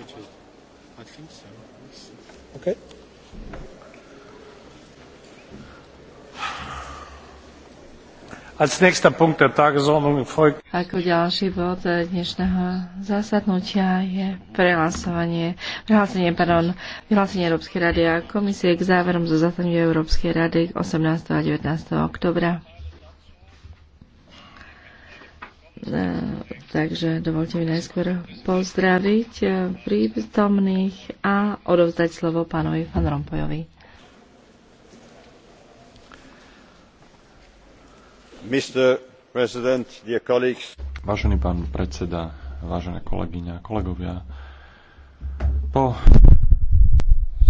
I think so. Okay. Ako ďalší bod dnešného zasadnutia je prehlasovanie, prehlasenie, pardon, vyhlásenie Európskej rady a komisie k záverom zo zasadnutia Európskej rady 18. a 19. oktobra. Takže dovolte mi najskôr pozdraviť eh, prítomných a odovzdať slovo pánovi Fan Rompojovi. Vážený pán predseda, vážené kolegyňa a kolegovia, po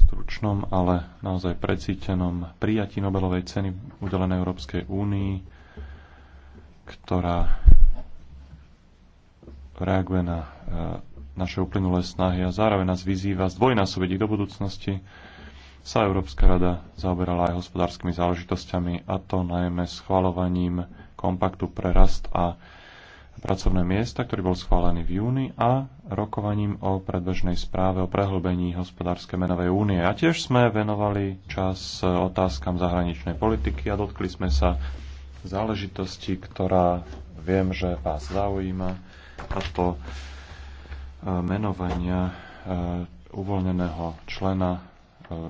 stručnom, ale naozaj precítenom prijatí Nobelovej ceny udelenej Európskej únii, ktorá ako reaguje na eh, naše uplynulé snahy a zároveň nás vyzýva zdvojnásobiť ich do budúcnosti, sa Európska rada zaoberala aj hospodárskymi záležitosťami, a to najmä schvalovaním kompaktu pre rast a pracovné miesta, ktorý bol schválený v júni a rokovaním o predbežnej správe o prehlbení hospodárskej menovej únie. A tiež sme venovali čas otázkam zahraničnej politiky a dotkli sme sa záležitosti, ktorá viem, že vás zaujíma táto e, menovania e, uvoľneného člena e,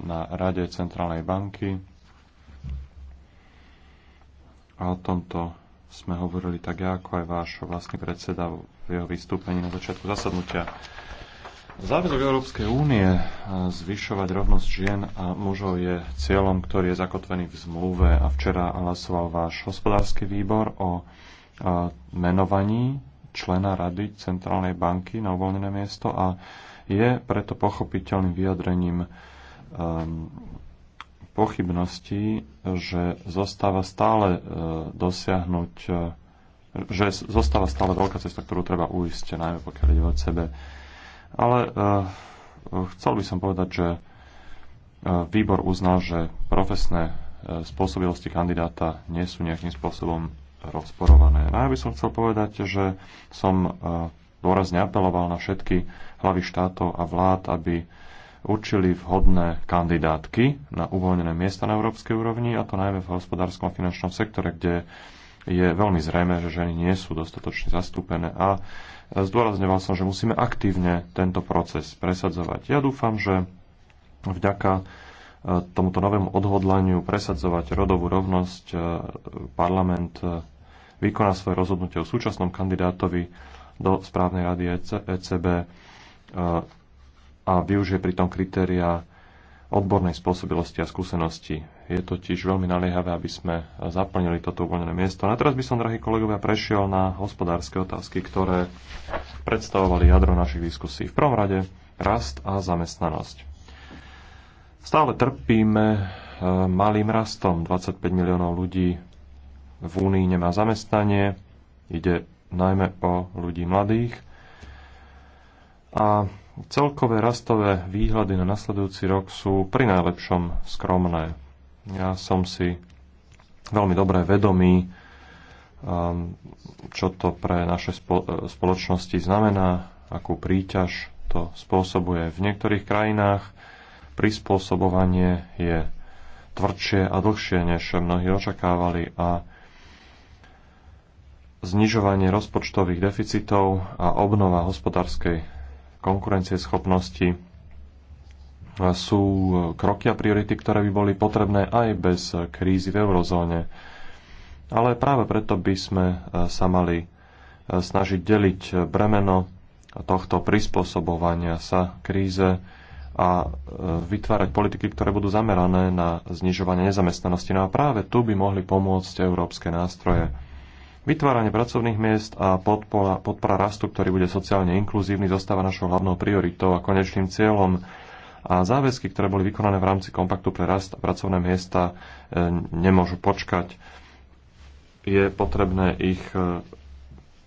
na Rade Centrálnej banky. A o tomto sme hovorili tak ja, ako aj váš vlastný predseda v jeho vystúpení na začiatku zasadnutia. Záväzok Európskej únie zvyšovať rovnosť žien a mužov je cieľom, ktorý je zakotvený v zmluve a včera hlasoval váš hospodársky výbor o menovaní člena Rady Centrálnej banky na uvoľnené miesto a je preto pochopiteľným vyjadrením um, pochybností, že zostáva stále uh, dosiahnuť, uh, že zostáva stále veľká cesta, ktorú treba uísť, najmä pokiaľ ide o sebe. Ale uh, chcel by som povedať, že výbor uznal, že profesné spôsobilosti kandidáta nie sú nejakým spôsobom rozporované. No ja by som chcel povedať, že som e, dôrazne apeloval na všetky hlavy štátov a vlád, aby určili vhodné kandidátky na uvoľnené miesta na európskej úrovni, a to najmä v hospodárskom a finančnom sektore, kde je veľmi zrejme, že ženy nie sú dostatočne zastúpené a zdôrazňoval som, že musíme aktívne tento proces presadzovať. Ja dúfam, že vďaka e, tomuto novému odhodlaniu presadzovať rodovú rovnosť e, parlament vykoná svoje rozhodnutie o súčasnom kandidátovi do správnej rady ECB e e, a využije pritom kritéria odbornej spôsobilosti a skúsenosti. Je totiž veľmi naliehavé, aby sme zaplnili toto uvoľnené miesto. A teraz by som, drahí kolegovia, prešiel na hospodárske otázky, ktoré predstavovali jadro našich diskusí. V prvom rade rast a zamestnanosť. Stále trpíme e, malým rastom. 25 miliónov ľudí v Únii nemá zamestnanie, ide najmä o ľudí mladých. A celkové rastové výhľady na nasledujúci rok sú pri najlepšom skromné. Ja som si veľmi dobre vedomý, um, čo to pre naše e, spoločnosti znamená, akú príťaž to spôsobuje. V niektorých krajinách prispôsobovanie je tvrdšie a dlhšie, než mnohí očakávali a znižovanie rozpočtových deficitov a obnova hospodárskej konkurencieschopnosti sú kroky a priority, ktoré by boli potrebné aj bez krízy v eurozóne. Ale práve preto by sme e, sa mali e, snažiť deliť bremeno tohto prispôsobovania sa kríze a e, vytvárať politiky, ktoré budú zamerané na znižovanie nezamestnanosti. No a práve tu by mohli pomôcť európske nástroje. Vytváranie pracovných miest a podpora, podpora rastu, ktorý bude sociálne inkluzívny, zostáva našou hlavnou prioritou a konečným cieľom a záväzky, ktoré boli vykonané v rámci kompaktu pre rast a pracovné miesta, e, nemôžu počkať. Je potrebné ich e,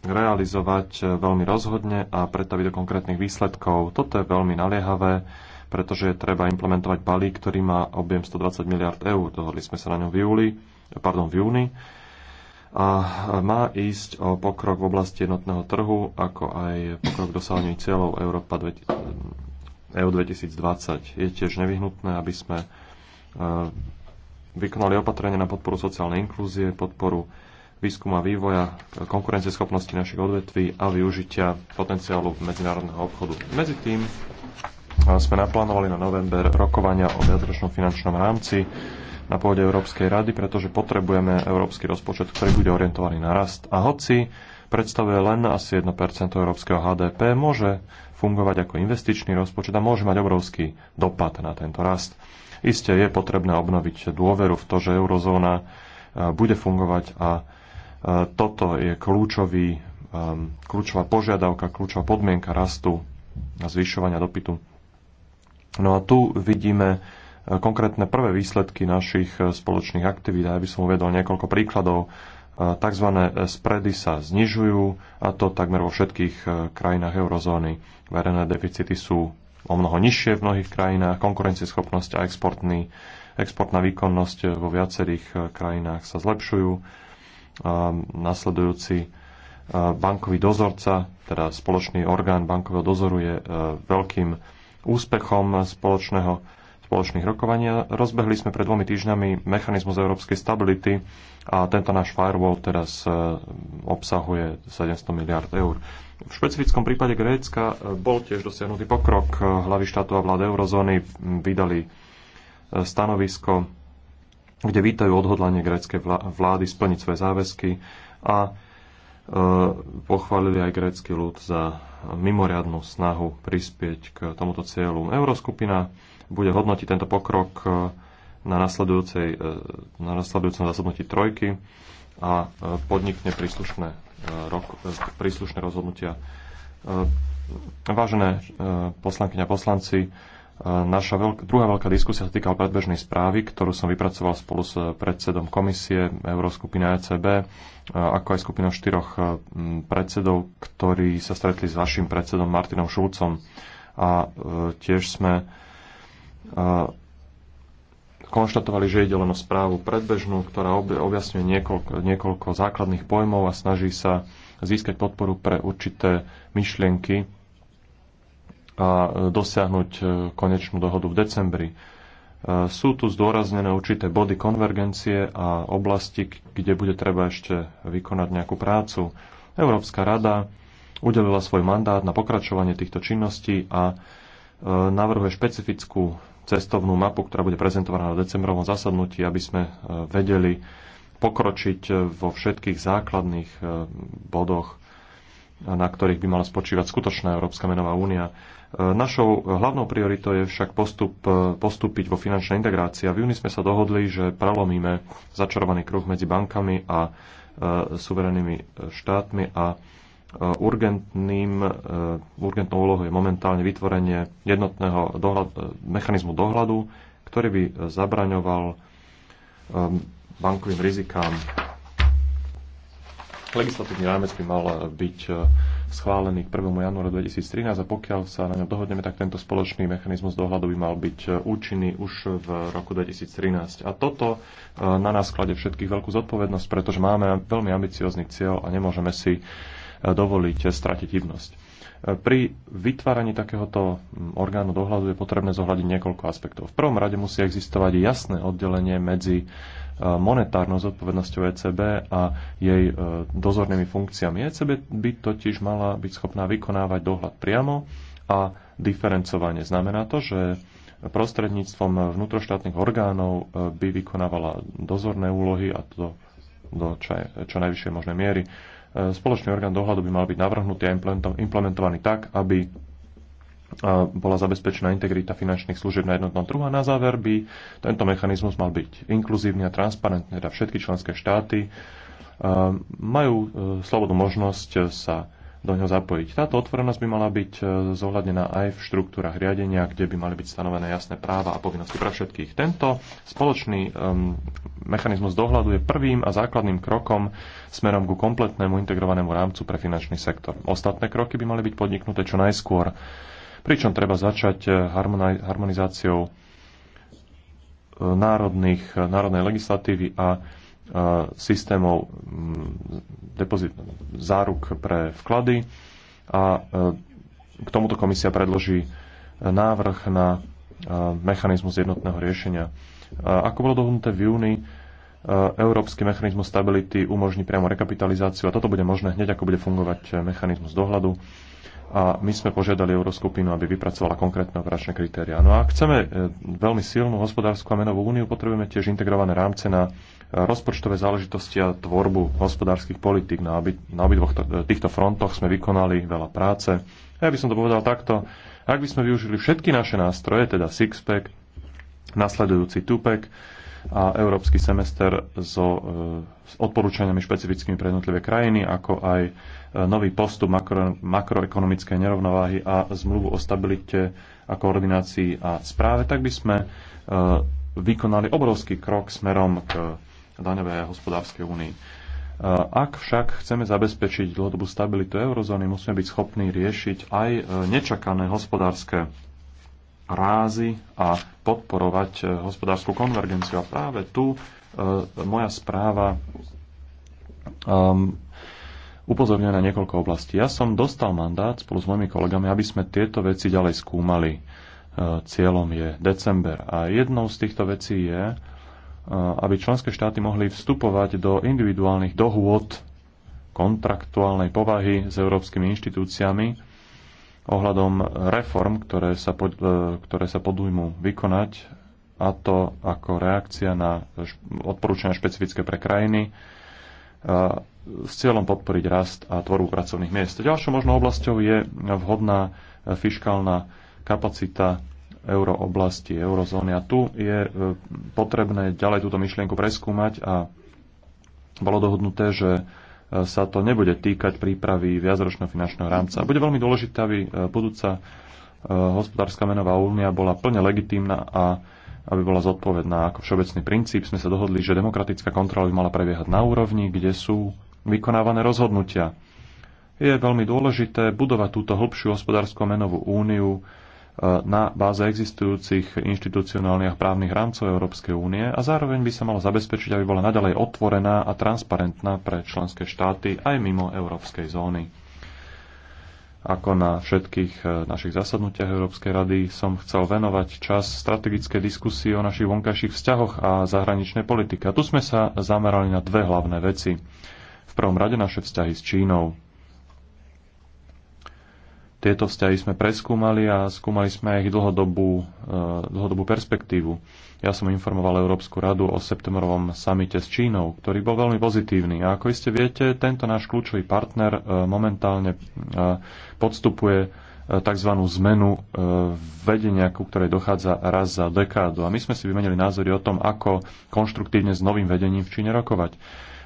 realizovať e, veľmi rozhodne a pretaviť do konkrétnych výsledkov. Toto je veľmi naliehavé, pretože je treba implementovať balík, ktorý má objem 120 miliard eur. Dohodli sme sa na ňom v júli, pardon, v júni a má ísť o pokrok v oblasti jednotného trhu, ako aj pokrok dosahovaní cieľov Európa 20, EU 2020. Je tiež nevyhnutné, aby sme e, vykonali opatrenia na podporu sociálnej inklúzie, podporu výskuma vývoja, konkurencieschopnosti našich odvetví a využitia potenciálu medzinárodného obchodu. Medzi tým e, sme naplánovali na november rokovania o viacročnom finančnom rámci na pôde Európskej rady, pretože potrebujeme európsky rozpočet, ktorý bude orientovaný na rast. A hoci predstavuje len asi 1% európskeho HDP, môže fungovať ako investičný rozpočet a môže mať obrovský dopad na tento rast. Isté je potrebné obnoviť dôveru v to, že eurozóna e, bude fungovať a e, toto je kľúčový, e, kľúčová požiadavka, kľúčová podmienka rastu a zvyšovania dopytu. No a tu vidíme konkrétne prvé výsledky našich eh, spoločných aktivít. Ja by som uvedol niekoľko príkladov. Eh, Tzv. spredy sa znižujú a to takmer vo všetkých eh, krajinách eurozóny. Verejné deficity sú o mnoho nižšie v mnohých krajinách, konkurencieschopnosť a exportný, exportná výkonnosť vo viacerých krajinách sa zlepšujú. Nasledujúci bankový dozorca, teda spoločný orgán bankového dozoru je veľkým úspechom spoločného spoločných rokovania. Rozbehli sme pred dvomi týždňami mechanizmus európskej stability a tento náš firewall teraz e, obsahuje 700 miliard eur. V špecifickom prípade Grécka e, bol tiež dosiahnutý pokrok. E, hlavy štátov a vlád eurozóny vydali stanovisko, kde vítajú odhodlanie gréckej vlády splniť svoje záväzky a pochválili aj grécky ľud za mimoriadnú snahu prispieť k tomuto cieľu. Euroskupina bude hodnotiť tento pokrok e, na, nasledujúcej, e, na nasledujúcom zasadnutí trojky a e, podnikne príslušné, rok, príslušné rozhodnutia. Vážené poslankyňa poslanci, naša veľk- druhá veľká diskusia sa týkala predbežnej správy, ktorú som vypracoval spolu s predsedom komisie Euróskupina ECB, ako aj skupina štyroch predsedov, ktorí sa stretli s vašim predsedom Martinom Šulcom. A tiež sme konštatovali, že ide len o správu predbežnú, ktorá objasňuje niekoľko, niekoľko základných pojmov a snaží sa získať podporu pre určité myšlienky a dosiahnuť e, konečnú dohodu v decembri. E, sú tu zdôraznené určité body konvergencie a oblasti, kde bude treba ešte vykonať nejakú prácu. Európska rada udelila svoj mandát na pokračovanie týchto činností a e, navrhuje špecifickú cestovnú mapu, ktorá bude prezentovaná na decembrovom zasadnutí, aby sme e, vedeli pokročiť e, vo všetkých základných e, bodoch, na ktorých by mala spočívať skutočná Európska menová únia. Našou hlavnou prioritou je však postup, postúpiť vo finančnej integrácii. v júni sme sa dohodli, že prelomíme začarovaný kruh medzi bankami a suverenými štátmi a Eh, urgentným, eh, urgentnou úlohou je momentálne vytvorenie jednotného dohľad, eh, mechanizmu dohľadu, ktorý by zabraňoval bankovým rizikám. Legislatívny rámec by mal byť schválený k 1. januáru 2013 a pokiaľ sa na ňom dohodneme, tak tento spoločný mechanizmus dohľadu by mal byť účinný už v roku 2013. A toto na nás klade všetkých veľkú zodpovednosť, pretože máme veľmi ambiciózny cieľ a nemôžeme si dovoliť stratiť hybnosť. Pri vytváraní takéhoto mm, orgánu dohľadu je potrebné zohľadiť niekoľko aspektov. V prvom rade musí existovať jasné oddelenie medzi e, monetárnou zodpovednosťou ECB a jej e, dozornými funkciami. ECB by totiž mala byť schopná vykonávať dohľad priamo a diferencovanie. Znamená to, že prostredníctvom vnútroštátnych orgánov e, by vykonávala dozorné úlohy a to do čo, čo najvyššej možnej miery. E, spoločný orgán dohľadu by mal byť navrhnutý a implementovaný tak, aby e, bola zabezpečená integrita finančných služieb na jednotnom trhu a na záver by tento mechanizmus mal byť inkluzívny a transparentný, teda všetky členské štáty e, majú slobodnú možnosť sa do ňoho zapojiť. Táto otvorenosť by mala byť e, zohľadnená aj v štruktúrach riadenia, kde by mali byť stanovené jasné práva a povinnosti pre všetkých. Tento spoločný um, mechanizmus dohľadu je prvým a základným krokom smerom ku kompletnému integrovanému rámcu pre finančný sektor. Ostatné kroky by mali byť podniknuté čo najskôr, pričom treba začať e, harmonizáciou národných, národnej legislatívy a systémov mm, depozit, záruk pre vklady a e, k tomuto komisia predloží návrh na e, mechanizmus jednotného riešenia. Ako bolo dohodnuté v júni, e, Európsky mechanizmus stability umožní priamo rekapitalizáciu a toto bude možné hneď, ako bude fungovať mechanizmus dohľadu. A my sme požiadali Euroskupinu, aby vypracovala konkrétne operačné kritéria. No a ak chceme veľmi silnú hospodárskú a menovú úniu, potrebujeme tiež integrované rámce na rozpočtové záležitosti a tvorbu hospodárskych politik. Na, obi, na obidvoch týchto frontoch sme vykonali veľa práce. Ja by som to povedal takto. Ak by sme využili všetky naše nástroje, teda Sixpack, nasledujúci Tupek a európsky semester so, e, s odporúčaniami špecifickými pre jednotlivé krajiny, ako aj e, nový postup makro, makroekonomickej nerovnováhy a zmluvu o stabilite a koordinácii a správe, tak by sme e, vykonali obrovský krok smerom k daňovej a hospodárskej únii. E, ak však chceme zabezpečiť dlhodobú stabilitu eurozóny, musíme byť schopní riešiť aj e, nečakané hospodárske rázy a podporovať e, hospodárskú konvergenciu. A práve tu moja správa um, upozorňuje na niekoľko oblastí. Ja som dostal mandát spolu s mojimi kolegami, aby sme tieto veci ďalej skúmali. Cieľom je december. A jednou z týchto vecí je, aby členské štáty mohli vstupovať do individuálnych dohôd kontraktuálnej povahy s európskymi inštitúciami ohľadom reform, ktoré sa, pod, e, ktoré sa podujmú vykonať, a to ako reakcia na odporúčania špecifické pre krajiny s cieľom podporiť rast a tvorbu pracovných miest. Ďalšou možnou oblasťou je vhodná fiškálna kapacita eurooblasti, eurozóny. A tu je e, potrebné ďalej túto myšlienku preskúmať a bolo dohodnuté, že e, sa to nebude týkať prípravy viacročného finančného rámca. Bude veľmi dôležité, aby e, budúca hospodárska menová únia bola plne legitímna a aby bola zodpovedná. Ako všeobecný princíp sme sa dohodli, že demokratická kontrola by mala prebiehať na úrovni, kde sú vykonávané rozhodnutia. Je veľmi dôležité budovať túto hĺbšiu hospodársko-menovú úniu E, na báze existujúcich inštitucionálnych a právnych rámcov Európskej únie a zároveň by sa malo zabezpečiť, aby bola nadalej otvorená a transparentná pre členské štáty aj mimo európskej zóny. Ako na všetkých e, našich zasadnutiach Európskej rady som chcel venovať čas strategické diskusie o našich vonkajších vzťahoch a zahraničnej politike. A tu sme sa zamerali na dve hlavné veci. V prvom rade naše vzťahy s Čínou. Tieto vzťahy sme preskúmali a skúmali sme ich dlhodobú, e, dlhodobú perspektívu. Ja som informoval Európsku radu o septembrovom samite s Čínou, ktorý bol veľmi pozitívny. A ako iste viete, tento náš kľúčový partner e, momentálne e, podstupuje tzv. zmenu vedenia, ku ktorej dochádza raz za dekádu. A my sme si vymenili názory o tom, ako konštruktívne s novým vedením v Číne rokovať.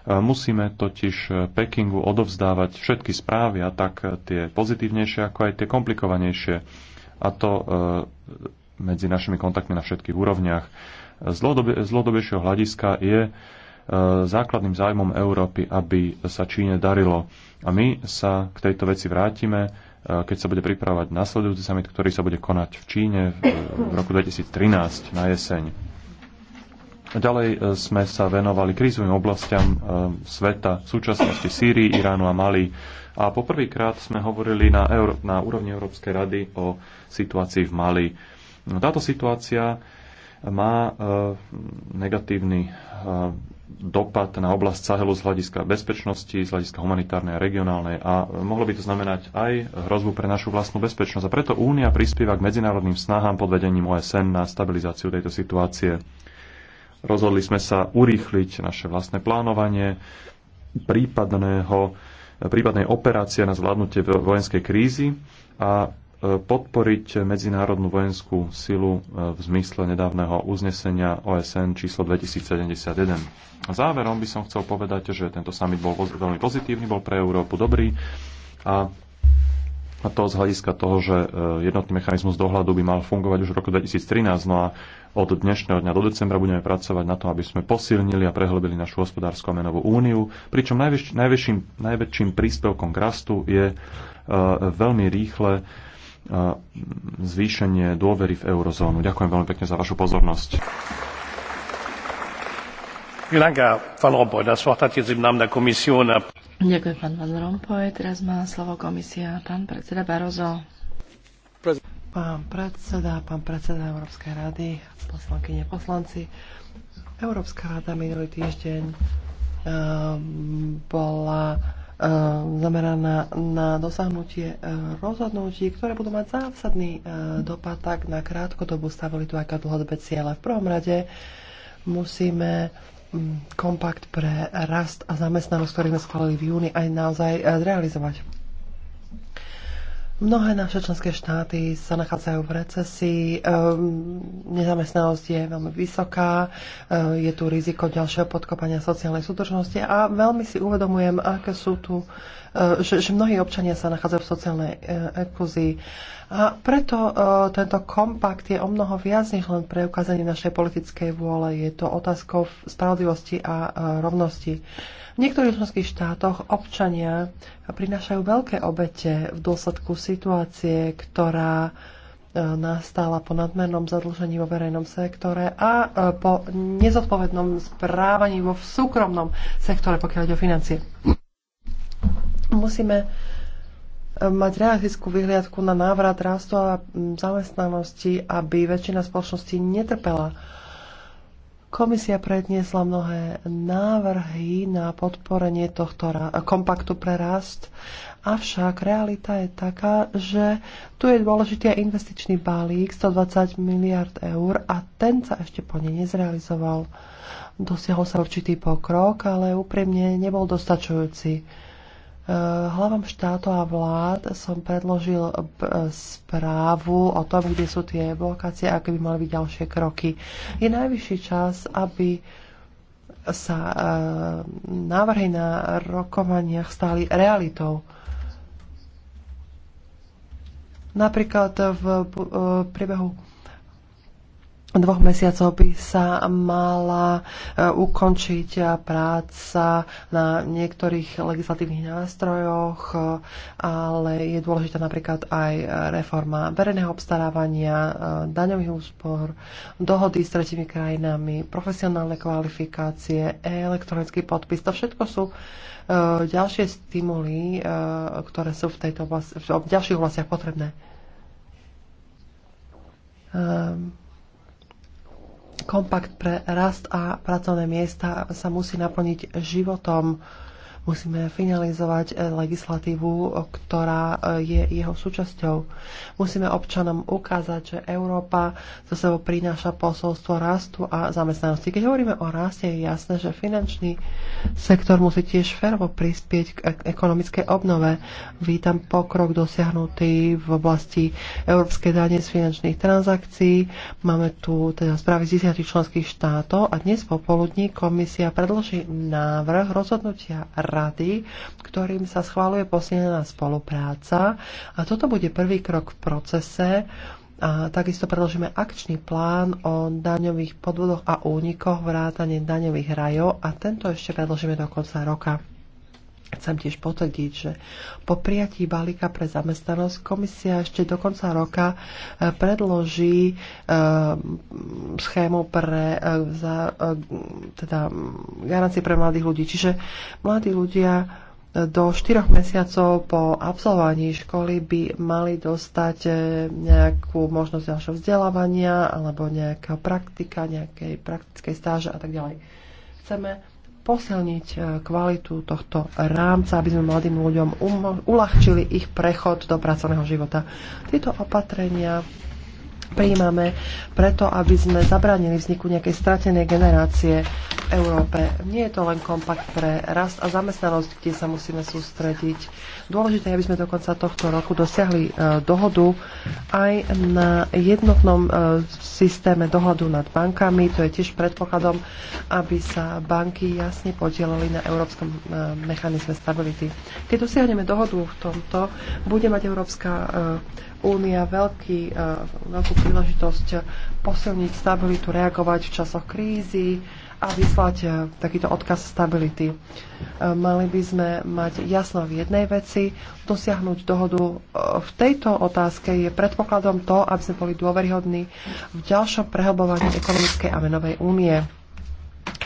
Musíme totiž e, Pekingu odovzdávať všetky správy, a tak e, tie pozitívnejšie, ako aj tie komplikovanejšie. A to e, medzi našimi kontaktmi na všetkých úrovniach. Z, dlhodobejšieho hľadiska je základným zájmom Európy, aby sa Číne darilo. A my sa k tejto veci vrátime, keď sa bude pripravovať nasledujúci summit, ktorý sa bude konať v Číne v roku 2013 na jeseň. Ďalej e, sme sa venovali krízovým oblastiam e, sveta v súčasnosti Sýrii, Iránu a Mali. A poprvýkrát sme hovorili na, Euró- na úrovni Európskej rady o situácii v Mali. No, táto situácia má e, negatívny e, dopad na oblasť Sahelu z hľadiska bezpečnosti, z hľadiska humanitárnej a regionálnej a mohlo by to znamenať aj hrozbu pre našu vlastnú bezpečnosť. A preto Únia prispieva k medzinárodným snahám pod vedením OSN na stabilizáciu tejto situácie. Rozhodli sme sa urýchliť naše vlastné plánovanie prípadného, prípadnej operácie na zvládnutie vojenskej krízy a e, podporiť medzinárodnú vojenskú silu e, v zmysle nedávneho uznesenia OSN číslo 2071. A záverom by som chcel povedať, že tento summit bol veľmi pozitívny, bol pre Európu dobrý a a to z hľadiska toho, že e, jednotný mechanizmus dohľadu by mal fungovať už v roku 2013. No a od dnešného dňa do decembra budeme pracovať na tom, aby sme posilnili a prehlbili našu hospodárskú a menovú úniu, pričom najväčším, najväčším príspevkom k rastu je e, veľmi rýchle e, zvýšenie dôvery v eurozónu. Ďakujem veľmi pekne za vašu pozornosť. Ďakujem, pán Van Rompuy. Teraz má slovo komisia. Pán predseda Barozo. Pán predseda, pán predseda Európskej rady, poslankyne, poslanci. Európska rada minulý týždeň ehm, bola ehm, zameraná na dosahnutie e, rozhodnutí, ktoré budú mať zásadný uh, dopad tak na krátkodobú stabilitu, aká dlhodobé cieľa. V prvom rade musíme mm, kompakt pre rast a zamestnanosť, ktorý sme schválili v júni, aj naozaj e, zrealizovať Mnohé naše členské štáty sa nachádzajú v recesii, ehm, nezamestnanosť je veľmi vysoká, ehm, je tu riziko ďalšieho podkopania sociálnej súdržnosti a veľmi si uvedomujem, aké sú tu, ehm, že, že mnohí občania sa nachádzajú v sociálnej inklúzii. A preto tento kompakt je o mnoho viac než len pre ukázanie našej politickej vôle. Je to otázkou spravodlivosti a rovnosti. V niektorých členských štátoch občania prinášajú veľké obete v dôsledku situácie, ktorá e, nastala po nadmernom zadlžení vo verejnom sektore a e, po nezodpovednom správaní vo súkromnom sektore, pokiaľ ide o financie. Musíme e, mať realistickú vyhliadku na návrat rastu a zamestnanosti, aby väčšina spoločnosti netrpela Komisia predniesla mnohé návrhy na podporenie tohto kompaktu pre rast, avšak realita je taká, že tu je dôležitý aj investičný balík 120 miliard eur a ten sa ešte po nej nezrealizoval. Dosiahol sa určitý pokrok, ale úprimne nebol dostačujúci Eh, hlavom štátu a vlád som predložil eh, eh, správu o tom, kde sú tie blokácie, aké by mali byť ďalšie kroky. Je najvyšší čas, aby sa návrhy na rokovaniach stali realitou. Napríklad v priebehu dvoch mesiacov by sa mala e, ukončiť e, práca na niektorých legislatívnych nástrojoch, e, ale je dôležitá napríklad aj reforma verejného obstarávania, daňových úspor, dohody s tretimi krajinami, profesionálne kvalifikácie, elektronický podpis. To všetko sú ďalšie stimuly, ktoré sú v, tejto oblasti, v ďalších oblastiach potrebné. Um, kompakt pre rast a pracovné miesta sa musí naplniť životom Musíme finalizovať e, legislatívu, e, ktorá e, je jeho súčasťou. Musíme občanom ukázať, že Európa za sebou prináša posolstvo rastu a zamestnanosti. Keď hovoríme o raste, je jasné, že finančný sektor musí tiež fervo prispieť k ekonomickej obnove. Vítam pokrok dosiahnutý v oblasti európskej dane z finančných transakcií. Máme tu teda správy z 10 členských štátov a dnes popoludní komisia predloží návrh rozhodnutia rady, ktorým sa schváluje posilnená spolupráca. A toto bude prvý krok v procese. A takisto predložíme akčný plán o daňových podvodoch a únikoch vrátane daňových rajov a tento ešte predložíme do konca roka. Chcem tiež potvrdiť, že po prijatí balíka pre zamestnanosť komisia ešte do konca roka e, predloží e, schému pre e, za, teda garancie pre mladých ľudí. Čiže mladí ľudia do 4 mesiacov po absolvovaní školy by mali dostať nejakú možnosť ďalšieho vzdelávania alebo nejakého praktika, nejakej praktickej stáže a tak ďalej. Chceme posilniť e, kvalitu tohto rámca, aby sme mladým ľuďom uľahčili ich prechod do pracovného života. Tieto opatrenia prijímame preto, aby sme zabránili vzniku nejakej stratenej generácie v Európe. Nie je to len kompakt pre rast a zamestnanosť, kde sa musíme sústrediť Dôležité, aby sme do konca tohto roku dosiahli e, dohodu aj na jednotnom e, systéme dohľadu nad bankami. To je tiež predpokladom, aby sa banky jasne podielali na európskom e, mechanizme stability. Keď dosiahneme dohodu v tomto, bude mať Európska únia veľký, veľkú príležitosť posilniť stabilitu, reagovať v časoch krízy, a vyslať e, takýto odkaz stability. E, mali by sme mať jasno v jednej veci. Dosiahnuť dohodu e, v tejto otázke je predpokladom to, aby sme boli dôveryhodní v ďalšom prehlbovaní ekonomickej a menovej únie.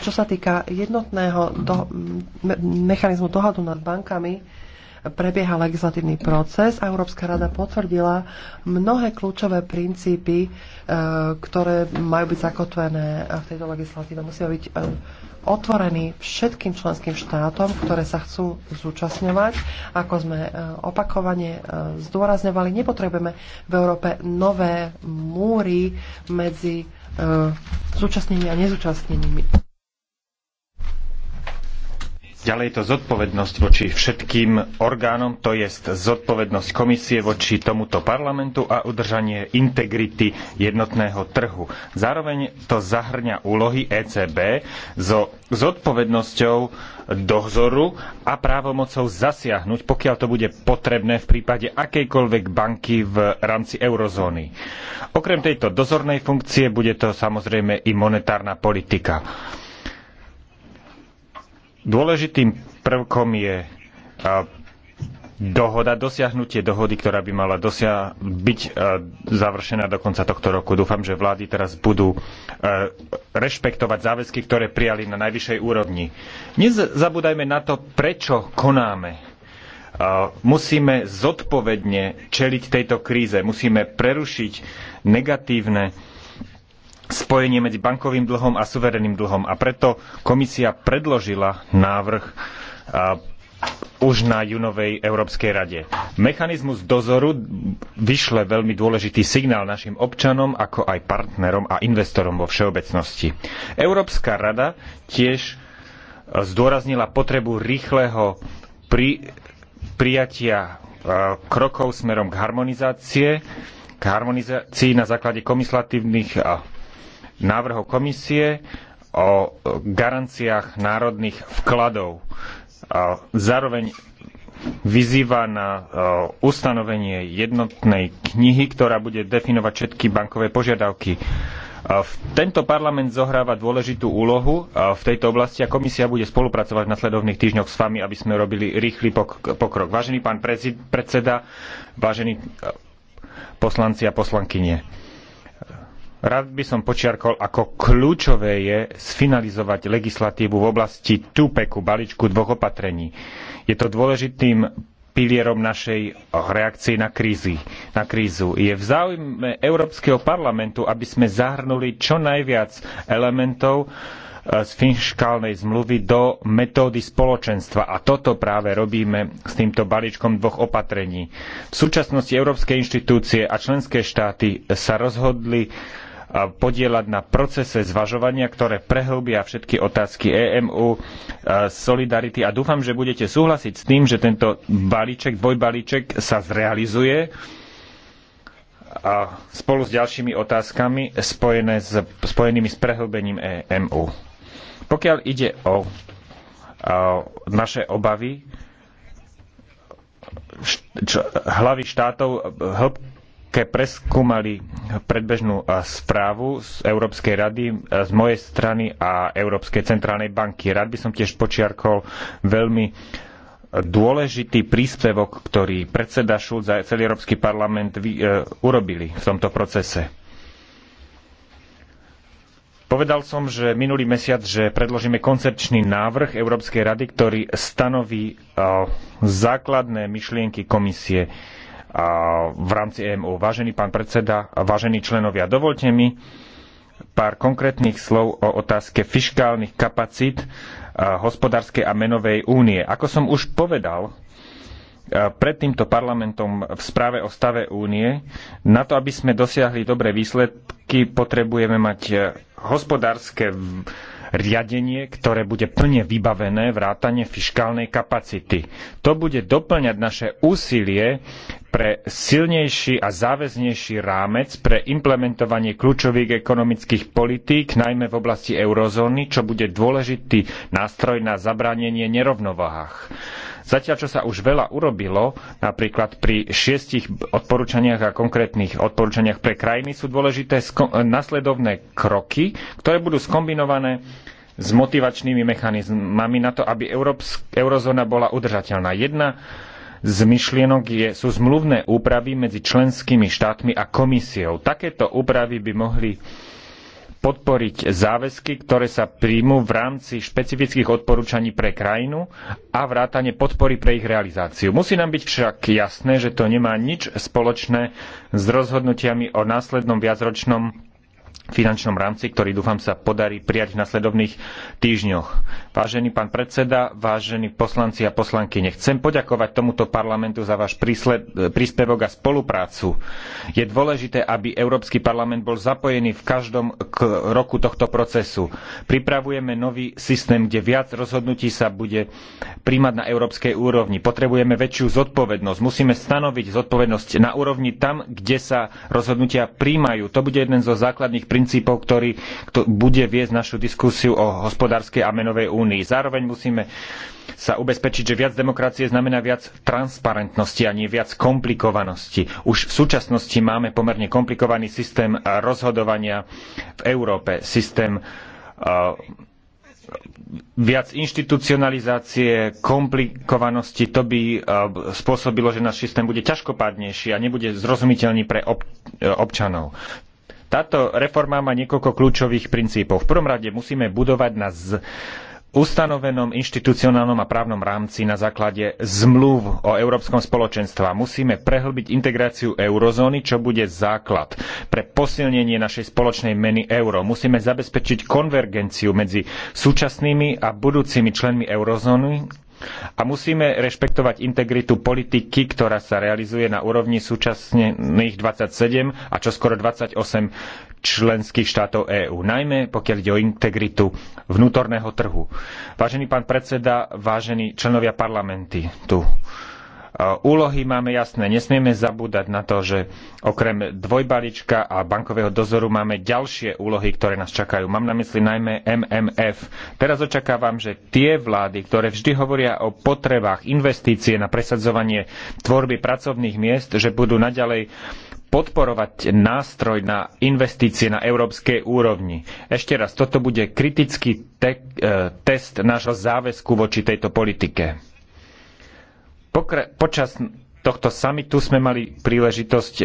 Čo sa týka jednotného do- me- mechanizmu dohadu nad bankami, prebieha legislatívny proces a Európska rada potvrdila mnohé kľúčové princípy, e, ktoré majú byť zakotvené v tejto legislatíve. Musíme byť e, otvorení všetkým členským štátom, ktoré sa chcú zúčastňovať. Ako sme e, opakovane zdôrazňovali, nepotrebujeme v Európe nové múry medzi zúčastnenými a nezúčastnenými. Ďalej je to zodpovednosť voči všetkým orgánom, to je zodpovednosť komisie voči tomuto parlamentu a udržanie integrity jednotného trhu. Zároveň to zahrňa úlohy ECB so zodpovednosťou dozoru a právomocou zasiahnuť, pokiaľ to bude potrebné v prípade akejkoľvek banky v rámci eurozóny. Okrem tejto dozornej funkcie bude to samozrejme i monetárna politika. Dôležitým prvkom je dohoda, dosiahnutie dohody, ktorá by mala dosia- byť završená do konca tohto roku. Dúfam, že vlády teraz budú rešpektovať záväzky, ktoré prijali na najvyššej úrovni. Nezabúdajme na to, prečo konáme. musíme zodpovedne čeliť tejto kríze. Musíme prerušiť negatívne spojenie medzi bankovým dlhom a suverénnym dlhom. A preto komisia predložila návrh už na junovej Európskej rade. Mechanizmus dozoru vyšle veľmi dôležitý signál našim občanom, ako aj partnerom a investorom vo všeobecnosti. Európska rada tiež e, zdôraznila potrebu rýchleho pri, prijatia e, krokov smerom k harmonizácie, k harmonizácii na základe komislatívnych návrhov komisie o garanciách národných vkladov. Zároveň vyzýva na e, ustanovenie jednotnej knihy, ktorá bude definovať všetky bankové požiadavky. E, tento parlament zohráva dôležitú úlohu v tejto oblasti a komisia bude spolupracovať v nasledovných týždňoch s vami, aby sme robili rýchly pokrok. Vážený pán predseda, vážení e, poslanci a poslankyne Rád by som počiarkol, ako kľúčové je sfinalizovať legislatívu v oblasti TUPEKu, balíčku dvoch opatrení. Je to dôležitým pilierom našej reakcie na, krízy, na krízu. Je v záujme Európskeho parlamentu, aby sme zahrnuli čo najviac elementov e, z finškálnej zmluvy do metódy spoločenstva. A toto práve robíme s týmto balíčkom dvoch opatrení. V súčasnosti európske inštitúcie a členské štáty sa rozhodli podielať na procese zvažovania, ktoré prehlbia všetky otázky EMU, e, solidarity a dúfam, že budete súhlasiť s tým, že tento balíček, dvojbalíček sa zrealizuje a spolu s ďalšími otázkami spojené s, spojenými s prehlbením EMU. Pokiaľ ide o, o naše obavy, št, čo, hlavy štátov ke preskúmali predbežnú správu z Európskej rady z mojej strany a Európskej centrálnej banky. Rád by som tiež počiarkol veľmi dôležitý príspevok, ktorý predseda Šulc a celý Európsky parlament vy, e, urobili v tomto procese. Povedal som, že minulý mesiac, že predložíme koncepčný návrh Európskej rady, ktorý stanoví e, základné myšlienky komisie v rámci EMU. Vážený pán predseda, vážení členovia, dovolte mi pár konkrétnych slov o otázke fiškálnych kapacít e, hospodárskej a menovej únie. Ako som už povedal, e, pred týmto parlamentom v správe o stave únie. Na to, aby sme dosiahli dobré výsledky, potrebujeme mať e, hospodárske riadenie, ktoré bude plne vybavené vrátane fiškálnej kapacity. To bude doplňať naše úsilie pre silnejší a záväznejší rámec pre implementovanie kľúčových ekonomických politík, najmä v oblasti eurozóny, čo bude dôležitý nástroj na zabránenie nerovnovahách. Zatiaľ, čo sa už veľa urobilo, napríklad pri šiestich odporúčaniach a konkrétnych odporúčaniach pre krajiny, sú dôležité nasledovné kroky, ktoré budú skombinované s motivačnými mechanizmami na to, aby Európsk, eurozóna bola udržateľná. Jedna z myšlienok je, sú zmluvné úpravy medzi členskými štátmi a komisiou. Takéto úpravy by mohli podporiť záväzky, ktoré sa príjmú v rámci špecifických odporúčaní pre krajinu a vrátane podpory pre ich realizáciu. Musí nám byť však jasné, že to nemá nič spoločné s rozhodnutiami o následnom viacročnom finančnom rámci, ktorý dúfam sa podarí prijať v nasledovných týždňoch. Vážený pán predseda, vážení poslanci a poslanky, nechcem poďakovať tomuto parlamentu za váš e, príspevok a spoluprácu. Je dôležité, aby Európsky parlament bol zapojený v každom roku tohto procesu. Pripravujeme nový systém, kde viac rozhodnutí sa bude príjmať na európskej úrovni. Potrebujeme väčšiu zodpovednosť. Musíme stanoviť zodpovednosť na úrovni tam, kde sa rozhodnutia príjmajú. To bude jeden zo základných princípov, ktorý bude viesť našu diskusiu o hospodárskej a menovej únii. Zároveň musíme sa ubezpečiť, že viac demokracie znamená viac transparentnosti a nie viac komplikovanosti. Už v súčasnosti máme pomerne komplikovaný systém rozhodovania v Európe, systém uh, viac inštitucionalizácie, komplikovanosti, to by uh, spôsobilo, že náš systém bude ťažkopádnejší a nebude zrozumiteľný pre občanov. Táto reforma má niekoľko kľúčových princípov. V prvom rade musíme budovať na z ustanovenom inštitucionálnom a právnom rámci na základe zmluv o Európskom spoločenstve. Musíme prehlbiť integráciu eurozóny, čo bude základ pre posilnenie našej spoločnej meny euro. Musíme zabezpečiť konvergenciu medzi súčasnými a budúcimi členmi eurozóny a musíme rešpektovať integritu politiky, ktorá sa realizuje na úrovni súčasných 27 a čoskoro 28 členských štátov EÚ, najmä pokiaľ ide o integritu vnútorného trhu. Vážený pán predseda, vážení členovia parlamenty tu úlohy máme jasné. Nesmieme zabúdať na to, že okrem dvojbalička a bankového dozoru máme ďalšie úlohy, ktoré nás čakajú. Mám na mysli najmä MMF. Teraz očakávam, že tie vlády, ktoré vždy hovoria o potrebách investície na presadzovanie tvorby pracovných miest, že budú naďalej podporovať nástroj na investície na európskej úrovni. Ešte raz, toto bude kritický te- e, test nášho záväzku voči tejto politike počas tohto samitu sme mali príležitosť e,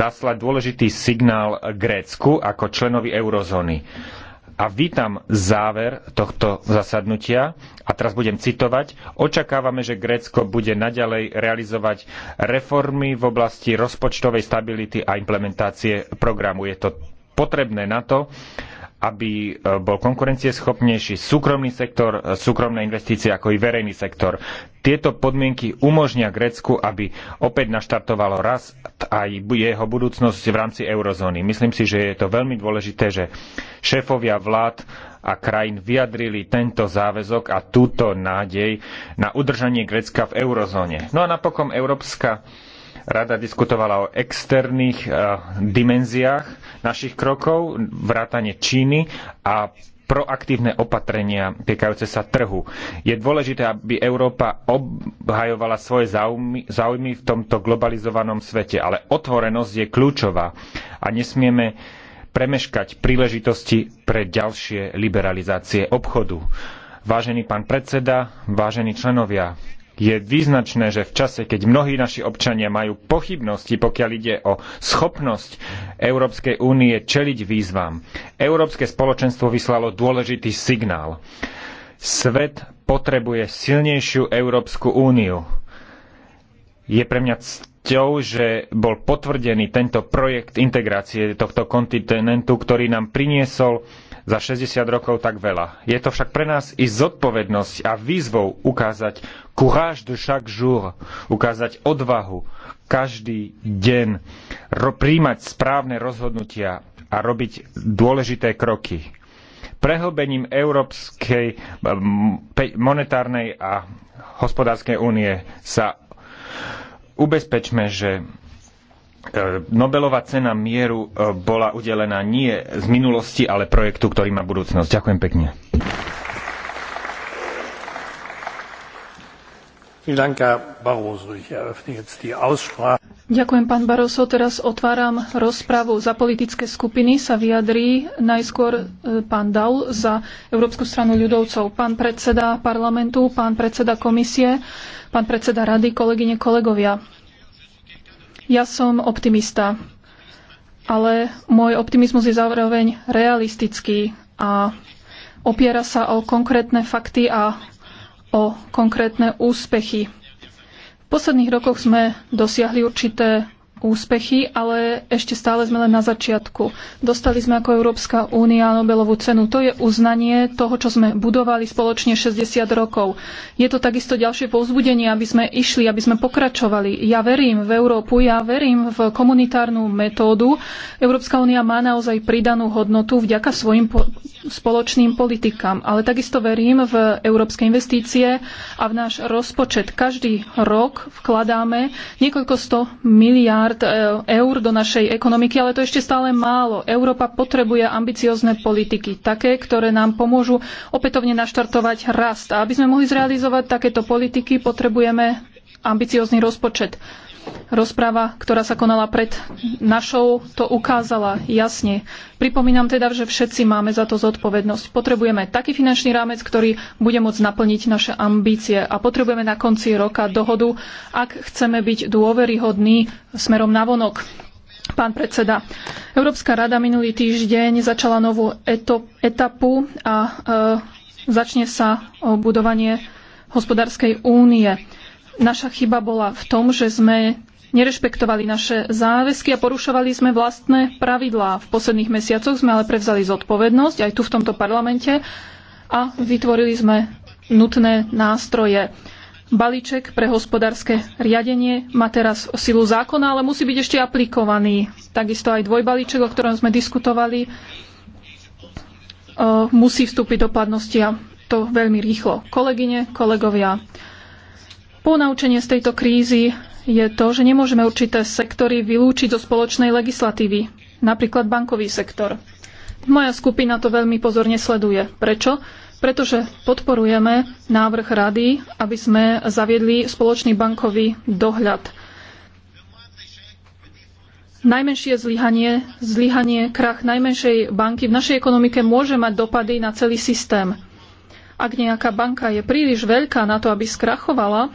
zaslať dôležitý signál Grécku ako členovi eurozóny. A vítam záver tohto zasadnutia a teraz budem citovať. Očakávame, že Grécko bude naďalej realizovať reformy v oblasti rozpočtovej stability a implementácie programu. Je to potrebné na to, aby e, bol konkurencieschopnejší súkromný sektor, e, súkromné investície ako i verejný sektor. Tieto podmienky umožnia Grécku, aby opäť naštartovalo rast aj jeho budúcnosť v rámci eurozóny. Myslím si, že je to veľmi dôležité, že šéfovia vlád a krajín vyjadrili tento záväzok a túto nádej na udržanie Grécka v eurozóne. No a napokon Európska Rada diskutovala o externých e, dimenziách našich krokov, vrátane Číny a proaktívne opatrenia týkajúce sa trhu. Je dôležité, aby Európa obhajovala svoje záujmy, záujmy v tomto globalizovanom svete, ale otvorenosť je kľúčová a nesmieme premeškať príležitosti pre ďalšie liberalizácie obchodu. Vážený pán predseda, vážení členovia je význačné, že v čase, keď mnohí naši občania majú pochybnosti, pokiaľ ide o schopnosť Európskej únie čeliť výzvam, Európske spoločenstvo vyslalo dôležitý signál. Svet potrebuje silnejšiu Európsku úniu. Je pre mňa cťou, že bol potvrdený tento projekt integrácie tohto kontinentu, ktorý nám priniesol za 60 rokov tak veľa. Je to však pre nás i zodpovednosť a výzvou ukázať courage de chaque jour, ukázať odvahu každý deň, príjmať správne rozhodnutia a robiť dôležité kroky. Prehlbením Európskej monetárnej a hospodárskej únie sa ubezpečme, že E, Nobelová cena mieru e, bola udelená nie z minulosti, ale projektu, ktorý má budúcnosť. Ďakujem pekne. Ďakujem, pán baroso. Teraz otváram rozpravu za politické skupiny. Sa vyjadrí najskôr e, pán Dal za Európsku stranu ľudovcov. Pán predseda parlamentu, pán predseda komisie, pán predseda rady, kolegyne, kolegovia. Ja som optimista, ale môj optimizmus je zároveň realistický a opiera sa o konkrétne fakty a o konkrétne úspechy. V posledných rokoch sme dosiahli určité úspechy, ale ešte stále sme len na začiatku. Dostali sme ako Európska únia Nobelovú cenu. To je uznanie toho, čo sme budovali spoločne 60 rokov. Je to takisto ďalšie povzbudenie, aby sme išli, aby sme pokračovali. Ja verím v Európu, ja verím v komunitárnu metódu. Európska únia má naozaj pridanú hodnotu vďaka svojim po- spoločným politikám. Ale takisto verím v európske investície a v náš rozpočet. Každý rok vkladáme niekoľko sto miliárd miliard e, eur do našej ekonomiky, ale to ešte stále málo. Európa potrebuje ambiciozne politiky, také, ktoré nám pomôžu opätovne naštartovať rast. A aby sme mohli zrealizovať takéto politiky, potrebujeme ambiciózny rozpočet. Rozpráva, ktorá sa konala pred našou, to ukázala jasne. Pripomínam teda, že všetci máme za to zodpovednosť. Potrebujeme taký finančný rámec, ktorý bude môcť naplniť naše ambície a potrebujeme na konci roka dohodu, ak chceme byť dôveryhodní smerom na vonok. Pán predseda, Európska rada minulý týždeň začala novú etapu a e, začne sa budovanie hospodárskej únie. Naša chyba bola v tom, že sme nerešpektovali naše záväzky a porušovali sme vlastné pravidlá. V posledných mesiacoch sme ale prevzali zodpovednosť aj tu v tomto parlamente a vytvorili sme nutné nástroje. Balíček pre hospodárske riadenie má teraz silu zákona, ale musí byť ešte aplikovaný. Takisto aj dvojbalíček, o ktorom sme diskutovali, e, musí vstúpiť do platnosti a to veľmi rýchlo. Kolegyne, kolegovia, Ponaučenie z tejto krízy je to, že nemôžeme určité sektory vylúčiť zo spoločnej legislatívy, napríklad bankový sektor. Moja skupina to veľmi pozorne sleduje. Prečo? Pretože podporujeme návrh rady, aby sme zaviedli spoločný bankový dohľad. Najmenšie zlyhanie, zlyhanie, krach najmenšej banky v našej ekonomike môže mať dopady na celý systém. Ak nejaká banka je príliš veľká na to, aby skrachovala,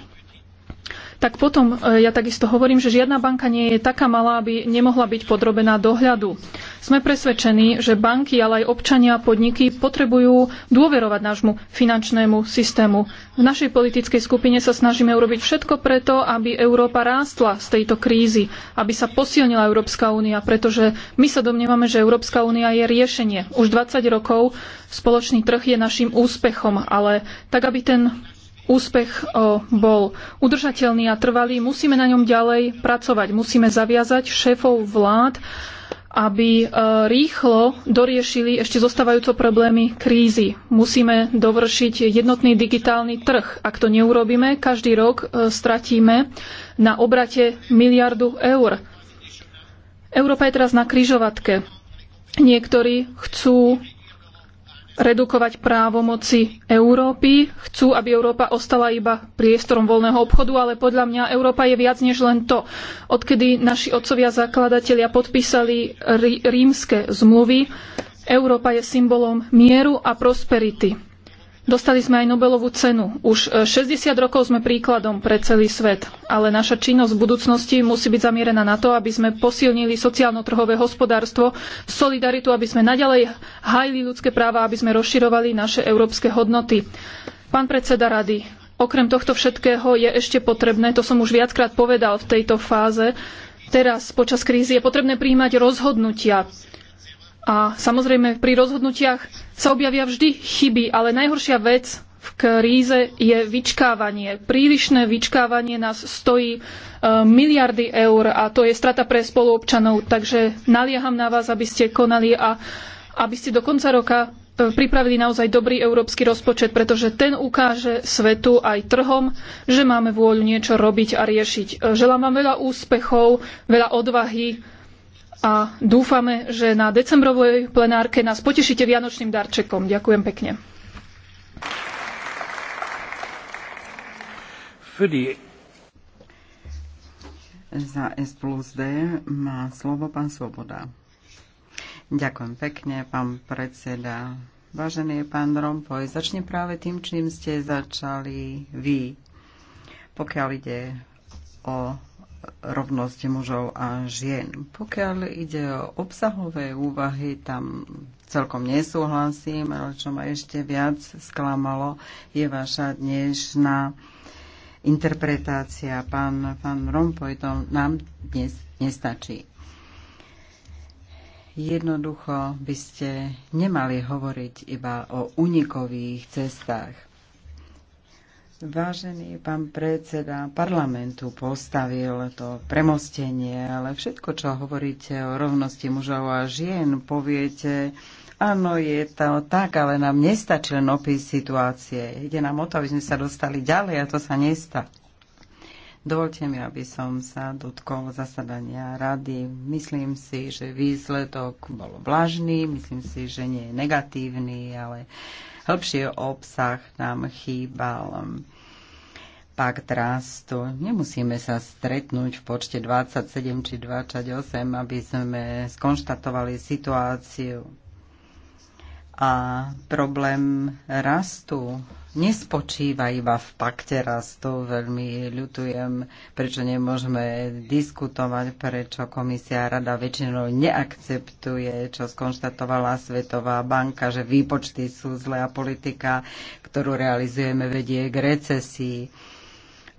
tak potom e, ja takisto hovorím, že žiadna banka nie je taká malá, aby nemohla byť podrobená dohľadu. Sme presvedčení, že banky, ale aj občania a podniky potrebujú dôverovať nášmu finančnému systému. V našej politickej skupine sa snažíme urobiť všetko preto, aby Európa rástla z tejto krízy, aby sa posilnila Európska únia, pretože my sa domnievame, že Európska únia je riešenie. Už 20 rokov spoločný trh je našim úspechom, ale tak, aby ten úspech eh, bol udržateľný a trvalý, musíme na ňom ďalej pracovať. Musíme zaviazať šéfov vlád, aby eh, rýchlo doriešili ešte zostávajúco problémy krízy. Musíme dovršiť jednotný digitálny trh. Ak to neurobíme, každý rok eh, stratíme na obrate miliardu eur. Európa je teraz na kryžovatke. Niektorí chcú redukovať právomoci Európy. Chcú, aby Európa ostala iba priestorom voľného obchodu, ale podľa mňa Európa je viac než len to. Odkedy naši otcovia zakladatelia podpísali rímske zmluvy, Európa je symbolom mieru a prosperity. Dostali sme aj Nobelovú cenu. Už 60 e, rokov sme príkladom pre celý svet, ale naša činnosť v budúcnosti musí byť zamierená na to, aby sme posilnili sociálno-trhové hospodárstvo, solidaritu, aby sme naďalej hájili ľudské práva, aby sme rozširovali naše európske hodnoty. Pán predseda rady, okrem tohto všetkého je ešte potrebné, to som už viackrát povedal v tejto fáze, teraz počas krízy je potrebné príjmať rozhodnutia. A samozrejme, pri rozhodnutiach sa objavia vždy chyby, ale najhoršia vec v kríze je vyčkávanie. Prílišné vyčkávanie nás stojí e, miliardy eur a to je strata pre spoluobčanov. Takže nalieham na vás, aby ste konali a aby ste do konca roka e, pripravili naozaj dobrý európsky rozpočet, pretože ten ukáže svetu aj trhom, že máme vôľu niečo robiť a riešiť. E, želám vám veľa úspechov, veľa odvahy a dúfame, že na decembrovej plenárke nás potešíte vianočným darčekom. Ďakujem pekne. Za S plus D má slovo pán Svoboda. Ďakujem pekne, pán predseda. Vážený pán Rompoj, začne práve tým, čím ste začali vy. Pokiaľ ide o rovnosť mužov a žien. Pokiaľ ide o obsahové úvahy, tam celkom nesúhlasím, ale čo ma ešte viac sklamalo, je vaša dnešná interpretácia. Pán, pán Rompuy to nám dnes nestačí. Jednoducho by ste nemali hovoriť iba o unikových cestách Vážený pán predseda parlamentu postavil to premostenie, ale všetko, čo hovoríte o rovnosti mužov a žien, poviete, áno, je to tak, ale nám nestačí len opis situácie. Ide nám o to, aby sme sa dostali ďalej a to sa nestá. Dovolte mi, aby som sa dotkol zasadania rady. Myslím si, že výsledok bol vlažný, myslím si, že nie je negatívny, ale hĺbšie obsah nám chýbal pakt rastu. Nemusíme sa stretnúť v počte 27 či 28, aby sme skonštatovali situáciu. A problém rastu nespočíva iba v pakte raz to Veľmi ľutujem, prečo nemôžeme diskutovať, prečo komisia rada väčšinou neakceptuje, čo skonštatovala Svetová banka, že výpočty sú zlé a politika, ktorú realizujeme, vedie k recesii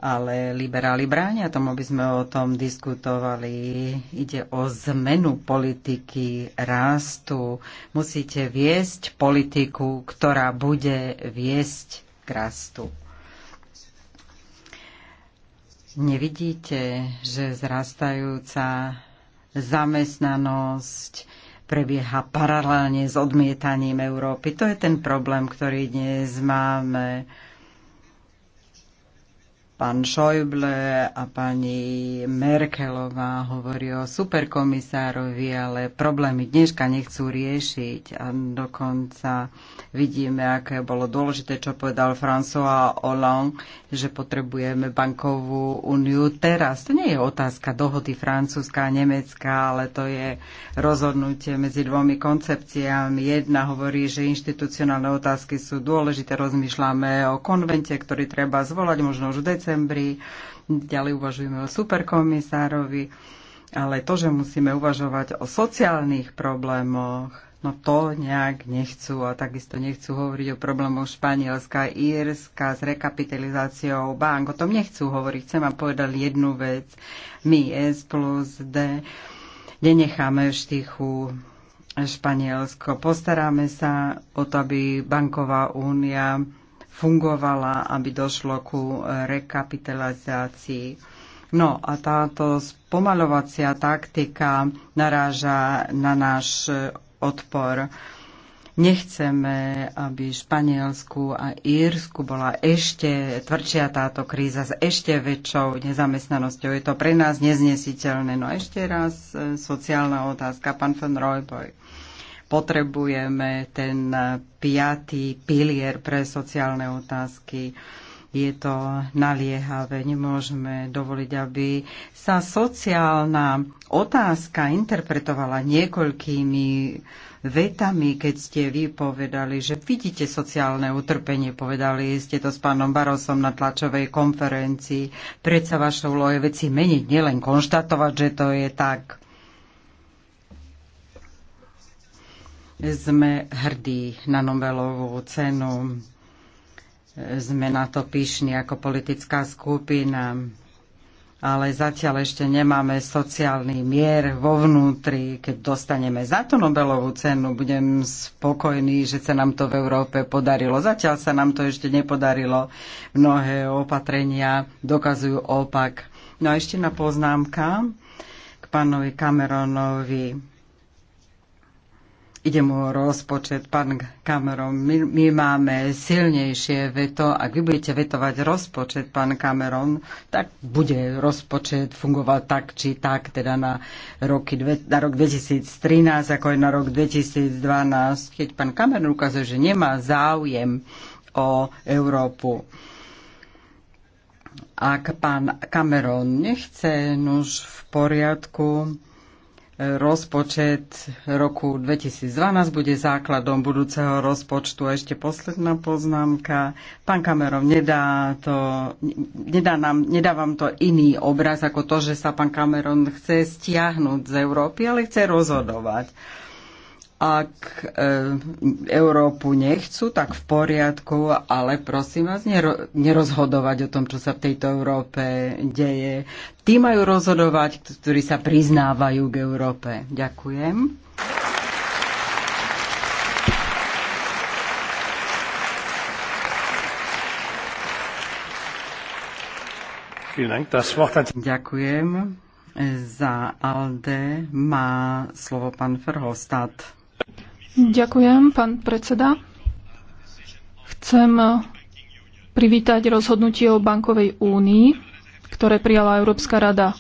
ale liberáli bránia tomu, aby sme o tom diskutovali. Ide o zmenu politiky rástu. Musíte viesť politiku, ktorá bude viesť k rastu. Nevidíte, že zrastajúca zamestnanosť prebieha paralelne s odmietaním Európy. To je ten problém, ktorý dnes máme Pán Schäuble a pani Merkelová hovorí o superkomisárovi, ale problémy dneška nechcú riešiť. A dokonca vidíme, aké bolo dôležité, čo povedal François Hollande, že potrebujeme bankovú úniu teraz. To nie je otázka dohody Francúzska a Nemecka, ale to je rozhodnutie medzi dvomi koncepciami. Jedna hovorí, že inštitucionálne otázky sú dôležité. Rozmýšľame o konvente, ktorý treba zvolať možno už v decembri decembri, ďalej uvažujeme o superkomisárovi, ale to, že musíme uvažovať o sociálnych problémoch, no to nejak nechcú a takisto nechcú hovoriť o problémoch Španielska, Írska s rekapitalizáciou bank. O tom nechcú hovoriť. Chcem vám povedať jednu vec. My S plus D nenecháme v štichu Španielsko. Postaráme sa o to, aby banková únia fungovala, aby došlo ku rekapitalizácii. No a táto spomalovacia taktika naráža na náš odpor. Nechceme, aby Španielsku a Írsku bola ešte tvrdšia táto kríza s ešte väčšou nezamestnanosťou. Je to pre nás neznesiteľné. No a ešte raz e, sociálna otázka, pán von Rojboj potrebujeme ten piatý pilier pre sociálne otázky. Je to naliehavé, nemôžeme dovoliť, aby sa sociálna otázka interpretovala niekoľkými vetami, keď ste vy povedali, že vidíte sociálne utrpenie, povedali ste to s pánom Barosom na tlačovej konferencii. Predsa vašou loje veci meniť, nielen konštatovať, že to je tak. Sme hrdí na Nobelovú cenu. Sme na to píšni ako politická skupina ale zatiaľ ešte nemáme sociálny mier vo vnútri. Keď dostaneme za tú Nobelovú cenu, budem spokojný, že sa nám to v Európe podarilo. Zatiaľ sa nám to ešte nepodarilo. Mnohé opatrenia dokazujú opak. No a ešte na poznámka k pánovi Cameronovi Ide mu o rozpočet, pán Cameron. My, my máme silnejšie veto. Ak vy budete vetovať rozpočet, pán Cameron, tak bude rozpočet fungovať tak či tak, teda na, roky, na rok 2013, ako aj na rok 2012. Keď pán Cameron ukazuje, že nemá záujem o Európu, ak pán Cameron nechce, nuž v poriadku, rozpočet roku 2012 bude základom budúceho rozpočtu. A ešte posledná poznámka. Pán Kamerov, nedá, to, nedá, nám, nedá vám to iný obraz ako to, že sa pán Kamerov chce stiahnuť z Európy, ale chce rozhodovať ak e, Európu nechcú, tak v poriadku, ale prosím vás, nero, nerozhodovať o tom, čo sa v tejto Európe deje. Tí majú rozhodovať, ktorí sa priznávajú k Európe. Ďakujem. Ďakujem. Za ALDE má slovo pán Ferhostat. Ďakujem, pán predseda. Chcem privítať rozhodnutie o bankovej únii, ktoré prijala Európska rada.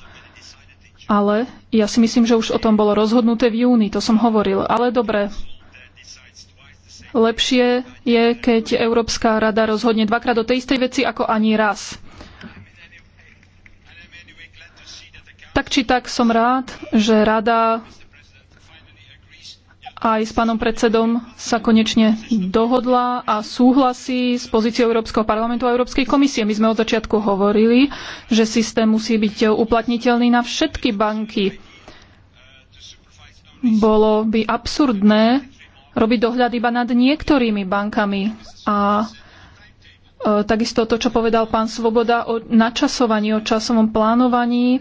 Ale ja si myslím, že už o tom bolo rozhodnuté v júni, to som hovoril. Ale dobre, lepšie je, keď Európska rada rozhodne dvakrát o tej istej veci ako ani raz. Tak či tak som rád, že rada aj s pánom predsedom sa konečne dohodla a súhlasí s pozíciou Európskeho parlamentu a Európskej komisie. My sme od začiatku hovorili, že systém musí byť uplatniteľný na všetky banky. Bolo by absurdné robiť dohľad iba nad niektorými bankami a e, takisto to, čo povedal pán Svoboda o načasovaní, o časovom plánovaní e,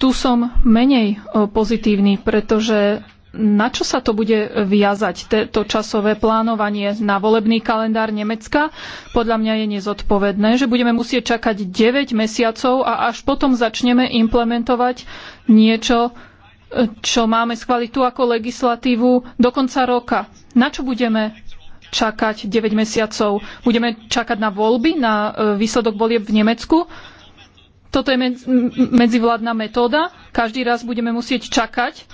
tu som menej e, pozitívny, pretože na čo sa to bude viazať, to časové plánovanie na volebný kalendár Nemecka? Podľa mňa je nezodpovedné, že budeme musieť čakať 9 mesiacov a až potom začneme implementovať niečo, e, čo máme schváliť tu ako legislatívu do konca roka. Na čo budeme čakať 9 mesiacov? Budeme čakať na voľby, na e, výsledok volieb v Nemecku? Toto je medzivládna metóda. Každý raz budeme musieť čakať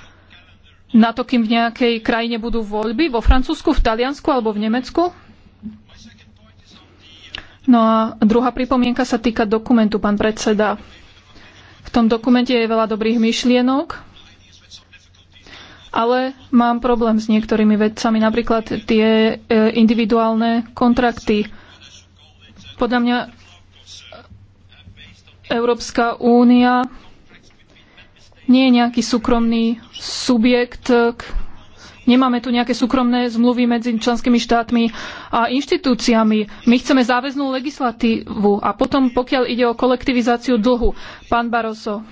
na to, kým v nejakej krajine budú voľby, vo Francúzsku, v Taliansku alebo v Nemecku. No a druhá pripomienka sa týka dokumentu, pán predseda. V tom dokumente je veľa dobrých myšlienok, ale mám problém s niektorými vedcami, napríklad tie e, individuálne kontrakty. Podľa mňa Európska únia nie je nejaký súkromný subjekt, Nemáme tu nejaké súkromné zmluvy medzi členskými štátmi a inštitúciami. My chceme záväznú legislatívu a potom, pokiaľ ide o kolektivizáciu dlhu, pán Barroso,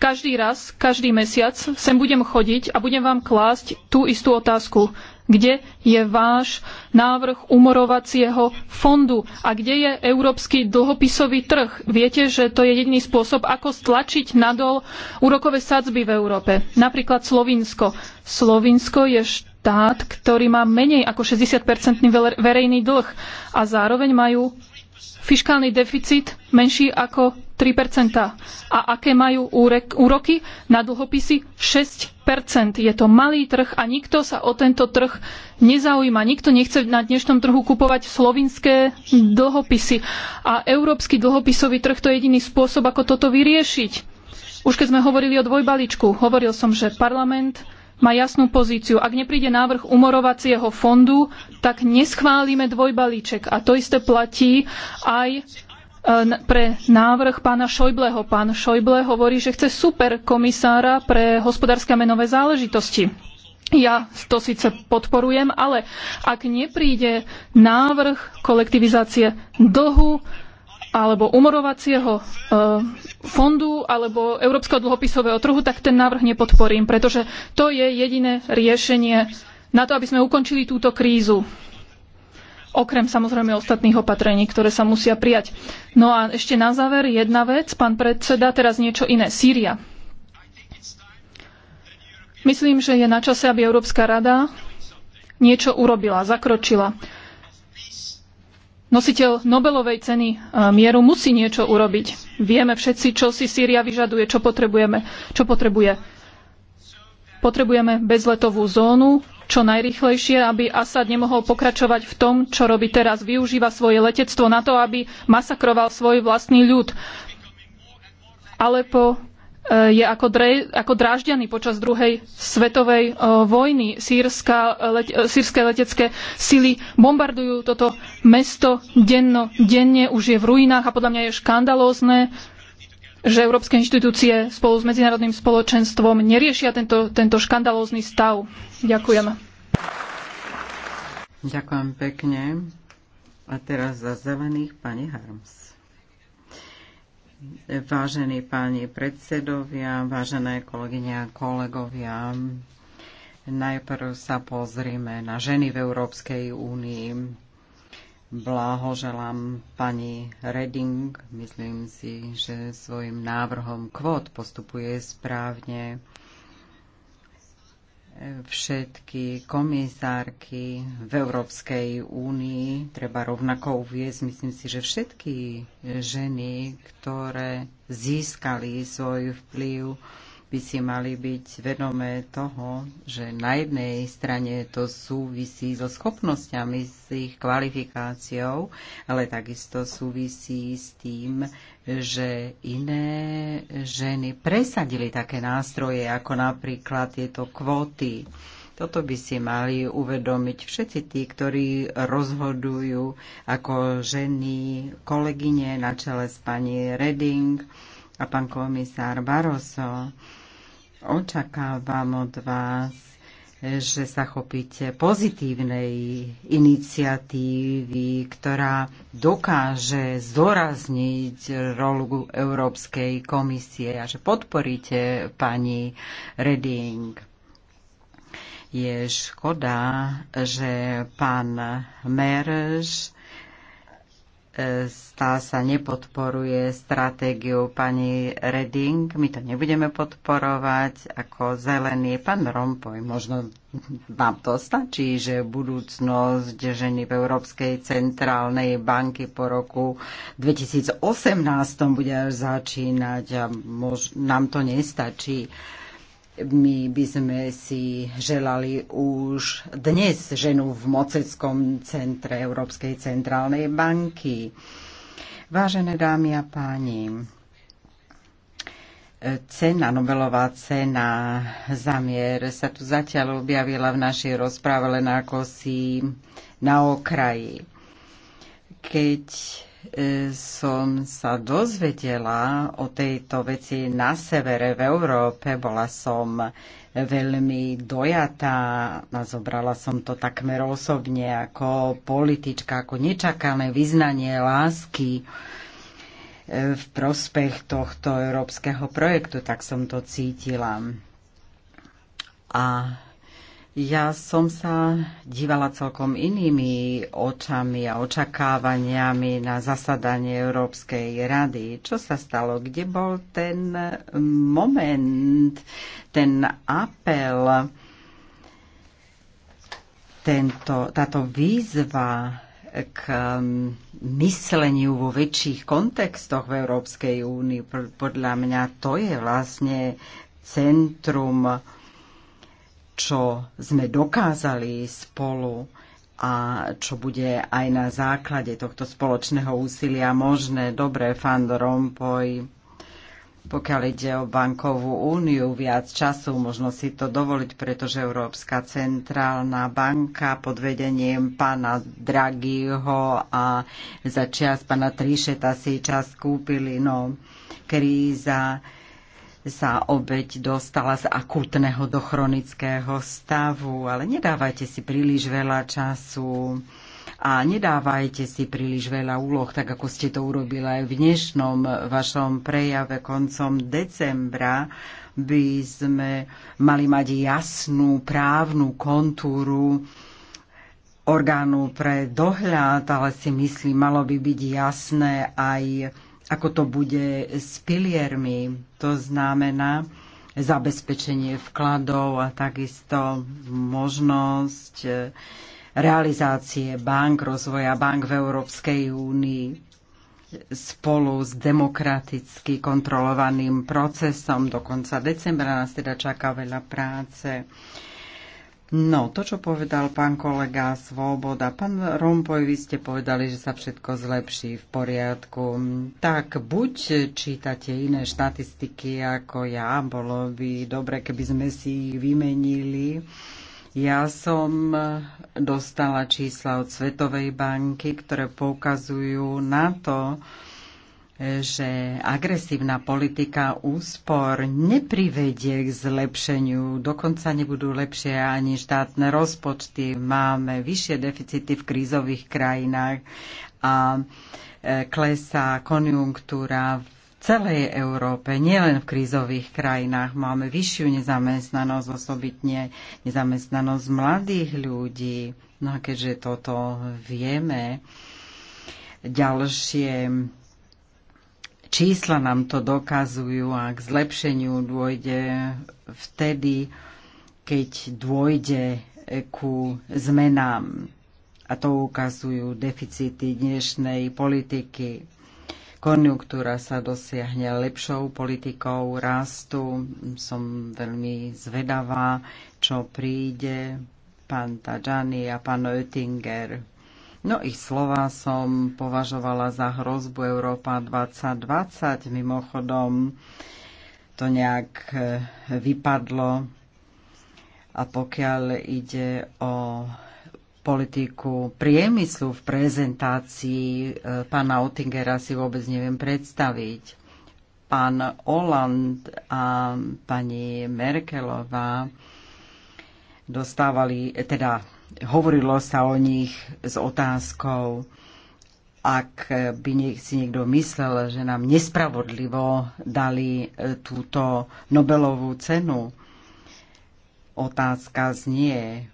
každý raz, každý mesiac sem budem chodiť a budem vám klásť tú istú otázku kde je váš návrh umorovacieho fondu a kde je európsky dlhopisový trh. Viete, že to je jediný spôsob, ako stlačiť nadol úrokové sadzby v Európe. Napríklad Slovinsko. Slovinsko je štát, ktorý má menej ako 60-percentný verejný dlh a zároveň majú fiškálny deficit menší ako 3 A aké majú úrek, úroky? Na dlhopisy 6 Je to malý trh a nikto sa o tento trh nezaujíma. Nikto nechce na dnešnom trhu kupovať slovinské dlhopisy. A európsky dlhopisový trh to je jediný spôsob, ako toto vyriešiť. Už keď sme hovorili o dvojbalíčku, hovoril som, že parlament má jasnú pozíciu. Ak nepríde návrh umorovacieho fondu, tak neschválime dvojbalíček. A to isté platí aj e, pre návrh pána Šojbleho. Pán Šojble hovorí, že chce super komisára pre hospodárske a menové záležitosti. Ja to síce podporujem, ale ak nepríde návrh kolektivizácie dlhu, alebo umorovacieho eh, fondu alebo Európskeho dlhopisového trhu, tak ten návrh nepodporím, pretože to je jediné riešenie na to, aby sme ukončili túto krízu. Okrem samozrejme ostatných opatrení, ktoré sa musia prijať. No a ešte na záver jedna vec, pán predseda, teraz niečo iné. Sýria. Myslím, že je na čase, aby Európska rada niečo urobila, zakročila. Nositeľ Nobelovej ceny e, mieru musí niečo urobiť. Vieme všetci, čo si Sýria vyžaduje, čo potrebujeme, čo potrebuje. Potrebujeme bezletovú zónu, čo najrychlejšie, aby Asad nemohol pokračovať v tom, čo robí teraz. Využíva svoje letectvo na to, aby masakroval svoj vlastný ľud. Alepo E, je ako, dre, ako počas druhej svetovej e, vojny. Sírska, let, e, sírske letecké sily bombardujú toto mesto denno, denne, už je v ruinách a podľa mňa je škandalózne, že európske inštitúcie spolu s medzinárodným spoločenstvom neriešia tento, tento škandalózny stav. Ďakujem. Ďakujem pekne. A teraz za zelených pani Harms vážení páni predsedovia, vážené kolegyne a kolegovia. Najprv sa pozrime na ženy v Európskej únii. Blahoželám pani Reding. Myslím si, že svojim návrhom kvót postupuje správne všetky komisárky v Európskej únii treba rovnako uviezť. Myslím si, že všetky ženy, ktoré získali svoj vplyv, by si mali byť vedomé toho, že na jednej strane to súvisí so schopnosťami, s ich kvalifikáciou, ale takisto súvisí s tým, že iné ženy presadili také nástroje, ako napríklad tieto kvóty. Toto by si mali uvedomiť všetci tí, ktorí rozhodujú ako ženy, kolegyne na čele s pani Reding a pán komisár Barroso. Očakávam od vás že sa chopíte pozitívnej iniciatívy, ktorá dokáže zdôrazniť rolu Európskej komisie a že podporíte pani Reding. Je škoda, že pán Merž E, stá sa nepodporuje stratégiu pani Reding. My to nebudeme podporovať ako zelený. Pán Rompoj, možno vám to stačí, že budúcnosť ženy v Európskej centrálnej banky po roku 2018 bude až začínať a mož, nám to nestačí. My by sme si želali už dnes ženu v moceckom centre Európskej centrálnej banky. Vážené dámy a páni, cena, Nobelová cena za mier sa tu zatiaľ objavila v našej rozprave len ako si na okraji. Keď E, som sa dozvedela o tejto veci na severe v Európe. Bola som veľmi dojatá a zobrala som to takmer osobne ako politička, ako nečakané vyznanie lásky e, v prospech tohto európskeho projektu, tak som to cítila. A ja som sa dívala celkom inými očami a očakávaniami na zasadanie Európskej rady. Čo sa stalo? Kde bol ten moment, ten apel, tento, táto výzva k um, mysleniu vo väčších kontextoch v Európskej únii? Podľa mňa to je vlastne centrum čo sme dokázali spolu a čo bude aj na základe tohto spoločného úsilia možné. Dobre, Fan Rompuy, pokiaľ ide o bankovú úniu, viac času možno si to dovoliť, pretože Európska centrálna banka pod vedením pána Draghiho a za čas pána Trišeta si čas kúpili. No, kríza sa obeď dostala z akútneho do chronického stavu, ale nedávajte si príliš veľa času a nedávajte si príliš veľa úloh, tak ako ste to urobili aj v dnešnom vašom prejave koncom decembra by sme mali mať jasnú právnu kontúru orgánu pre dohľad, ale si myslím, malo by byť jasné aj ako to bude s piliermi. To znamená zabezpečenie vkladov a takisto možnosť e, realizácie bank, rozvoja bank v Európskej únii spolu s demokraticky kontrolovaným procesom. Do konca decembra nás teda čaká veľa práce. No, to, čo povedal pán kolega Svoboda, pán Rompoj, vy ste povedali, že sa všetko zlepší v poriadku. Tak buď čítate iné štatistiky ako ja, bolo by dobre, keby sme si ich vymenili. Ja som dostala čísla od Svetovej banky, ktoré poukazujú na to, že agresívna politika úspor neprivedie k zlepšeniu, dokonca nebudú lepšie ani štátne rozpočty, máme vyššie deficity v krízových krajinách a e, klesá konjunktúra v celej Európe, nielen v krízových krajinách. Máme vyššiu nezamestnanosť, osobitne nezamestnanosť mladých ľudí. No a keďže toto vieme, ďalšie Čísla nám to dokazujú a k zlepšeniu dôjde vtedy, keď dôjde ku zmenám. A to ukazujú deficity dnešnej politiky. Konjunktúra sa dosiahne lepšou politikou rastu. Som veľmi zvedavá, čo príde pán Tajani a pán Oettinger No ich slova som považovala za hrozbu Európa 2020. Mimochodom to nejak e, vypadlo. A pokiaľ ide o politiku priemyslu v prezentácii e, pána Ottingera si vôbec neviem predstaviť. Pán Oland a pani Merkelová dostávali, e, teda hovorilo sa o nich s otázkou, ak by si niekto myslel, že nám nespravodlivo dali e, túto Nobelovú cenu. Otázka znie,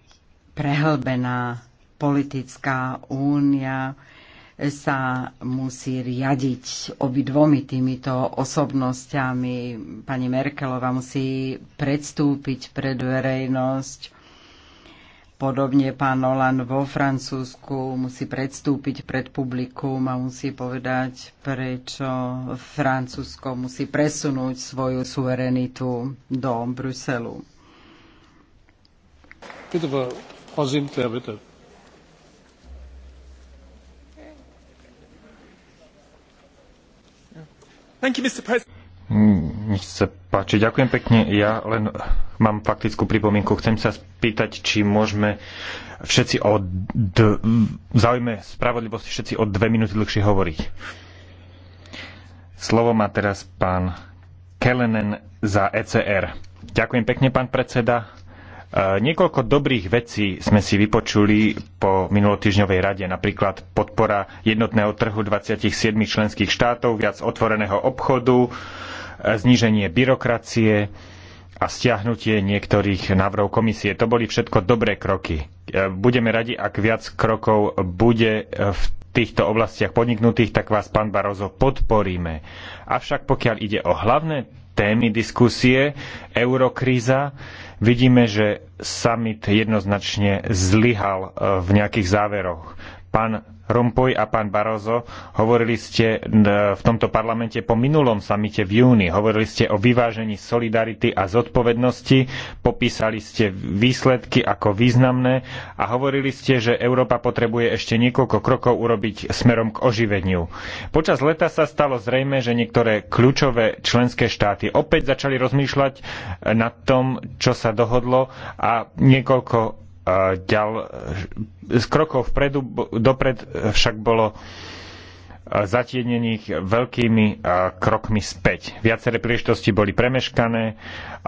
prehlbená politická únia sa musí riadiť obidvomi týmito osobnostiami. Pani Merkelová musí predstúpiť pred verejnosť Podobne pán Olan vo Francúzsku musí predstúpiť pred publikum a musí povedať, prečo Francúzsko musí presunúť svoju suverenitu do Bruselu. Bitte, Frau páči, ďakujem pekne. Ja len mám faktickú pripomienku. Chcem sa spýtať, či môžeme všetci o d- záujme spravodlivosti všetci o dve minúty dlhšie hovoriť. Slovo má teraz pán Kelenen za ECR. Ďakujem pekne, pán predseda. E, niekoľko dobrých vecí sme si vypočuli po minulotýžňovej rade, napríklad podpora jednotného trhu 27 členských štátov, viac otvoreného obchodu, zníženie byrokracie a stiahnutie niektorých návrhov komisie. To boli všetko dobré kroky. E, budeme radi, ak viac krokov bude v týchto oblastiach podniknutých, tak vás, pán Barozo, podporíme. Avšak pokiaľ ide o hlavné témy diskusie, eurokríza, vidíme, že summit jednoznačne zlyhal e, v nejakých záveroch. Pán Rompuy a pán Barroso, hovorili ste e, v tomto parlamente po minulom samite v júni, hovorili ste o vyvážení solidarity a zodpovednosti, popísali ste výsledky ako významné a hovorili ste, že Európa potrebuje ešte niekoľko krokov urobiť smerom k oživeniu. Počas leta sa stalo zrejme, že niektoré kľúčové členské štáty opäť začali rozmýšľať nad tom, čo sa dohodlo a niekoľko ďal, z krokov vpredu, dopred však bolo e, zatienených veľkými e, krokmi späť. Viaceré príležitosti boli premeškané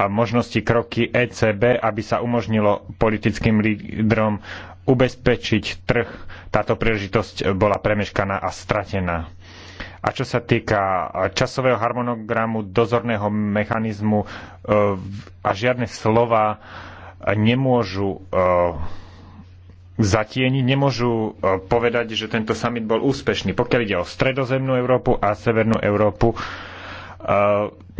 a možnosti kroky ECB, aby sa umožnilo politickým lídrom ubezpečiť trh, táto príležitosť bola premeškaná a stratená. A čo sa týka e, časového harmonogramu, dozorného mechanizmu a žiadne slova nemôžu eh, zatieniť, nemôžu eh, povedať, že tento summit bol úspešný. Pokiaľ ide o stredozemnú Európu a severnú Európu, eh,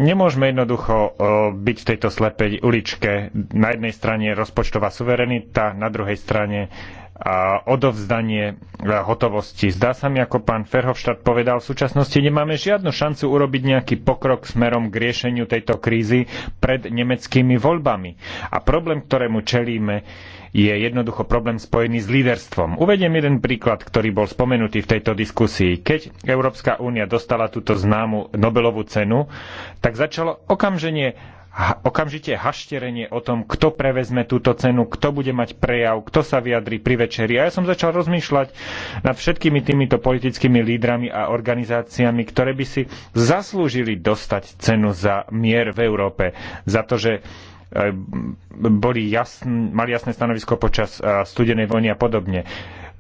nemôžeme jednoducho byť v tejto slepej uličke. Na jednej strane rozpočtová suverenita, na druhej strane a odovzdanie e, hotovosti. Zdá sa mi, ako pán Ferhovštát povedal, v súčasnosti nemáme žiadnu šancu urobiť nejaký pokrok smerom k riešeniu tejto krízy pred nemeckými voľbami. A problém, ktorému čelíme, je jednoducho problém spojený s líderstvom. Uvediem jeden príklad, ktorý bol spomenutý v tejto diskusii. Keď Európska únia dostala túto známu Nobelovú cenu, tak začalo okamžene okamžite hašterenie o tom, kto prevezme túto cenu, kto bude mať prejav, kto sa vyjadri pri večeri. A ja som začal rozmýšľať nad všetkými týmito politickými lídrami a organizáciami, ktoré by si zaslúžili dostať cenu za mier v Európe, za to, že e, boli jasn, mali jasné stanovisko počas e, studenej vojny a podobne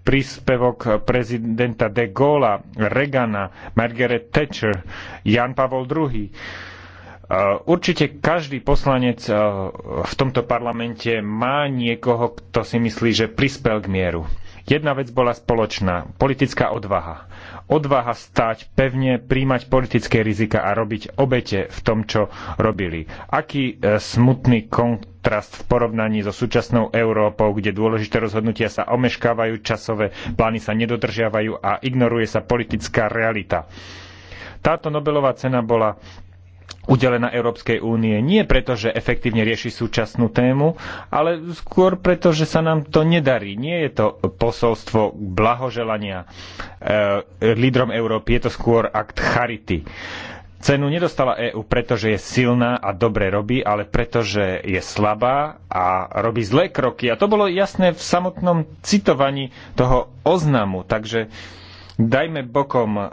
príspevok prezidenta de Gaulle, Regana, Margaret Thatcher, Jan Pavel II Eh, určite každý poslanec eh, v tomto parlamente má niekoho, kto si myslí, že prispel k mieru. Jedna vec bola spoločná, politická odvaha. Odvaha stať pevne, príjmať politické rizika a robiť obete v tom, čo robili. Aký eh, smutný kontrast v porovnaní so súčasnou Európou, kde dôležité rozhodnutia sa omeškávajú, časové plány sa nedodržiavajú a ignoruje sa politická realita. Táto Nobelová cena bola udelená Európskej únie. Nie preto, že efektívne rieši súčasnú tému, ale skôr preto, že sa nám to nedarí. Nie je to posolstvo blahoželania e, lídrom Európy, je to skôr akt charity. Cenu nedostala EÚ, pretože je silná a dobre robí, ale pretože je slabá a robí zlé kroky. A to bolo jasné v samotnom citovaní toho oznamu. Takže Dajme bokom e,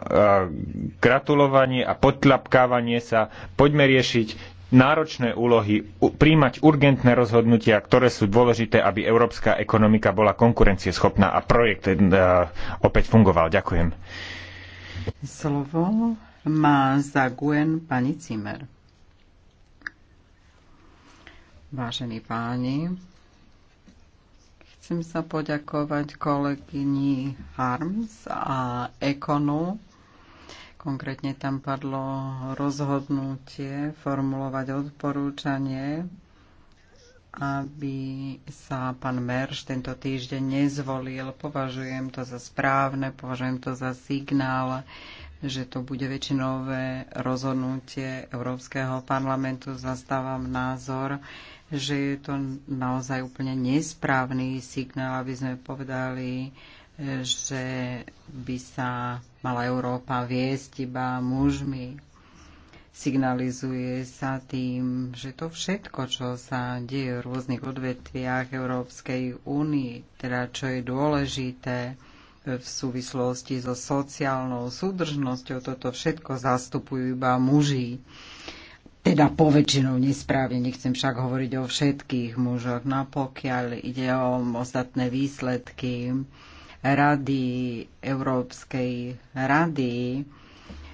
gratulovanie a podtlapkávanie sa, poďme riešiť náročné úlohy, príjmať urgentné rozhodnutia, ktoré sú dôležité, aby európska ekonomika bola konkurencieschopná a projekt e, opäť fungoval. Ďakujem. Slovo má za Gwen pani Cimer. Vážení páni, Chcem sa poďakovať kolegyni Harms a Ekonu. Konkrétne tam padlo rozhodnutie formulovať odporúčanie, aby sa pán Merš tento týždeň nezvolil. Považujem to za správne, považujem to za signál, že to bude väčšinové rozhodnutie Európskeho parlamentu. Zastávam názor, že je to naozaj úplne nesprávny signál, aby sme povedali, že by sa mala Európa viesť iba mužmi. Signalizuje sa tým, že to všetko, čo sa deje v rôznych odvetviach Európskej únie, teda čo je dôležité v súvislosti so sociálnou súdržnosťou, toto všetko zastupujú iba muži teda poväčšinou nesprávne, nechcem však hovoriť o všetkých mužoch, no pokiaľ ide o ostatné výsledky rady, Európskej rady,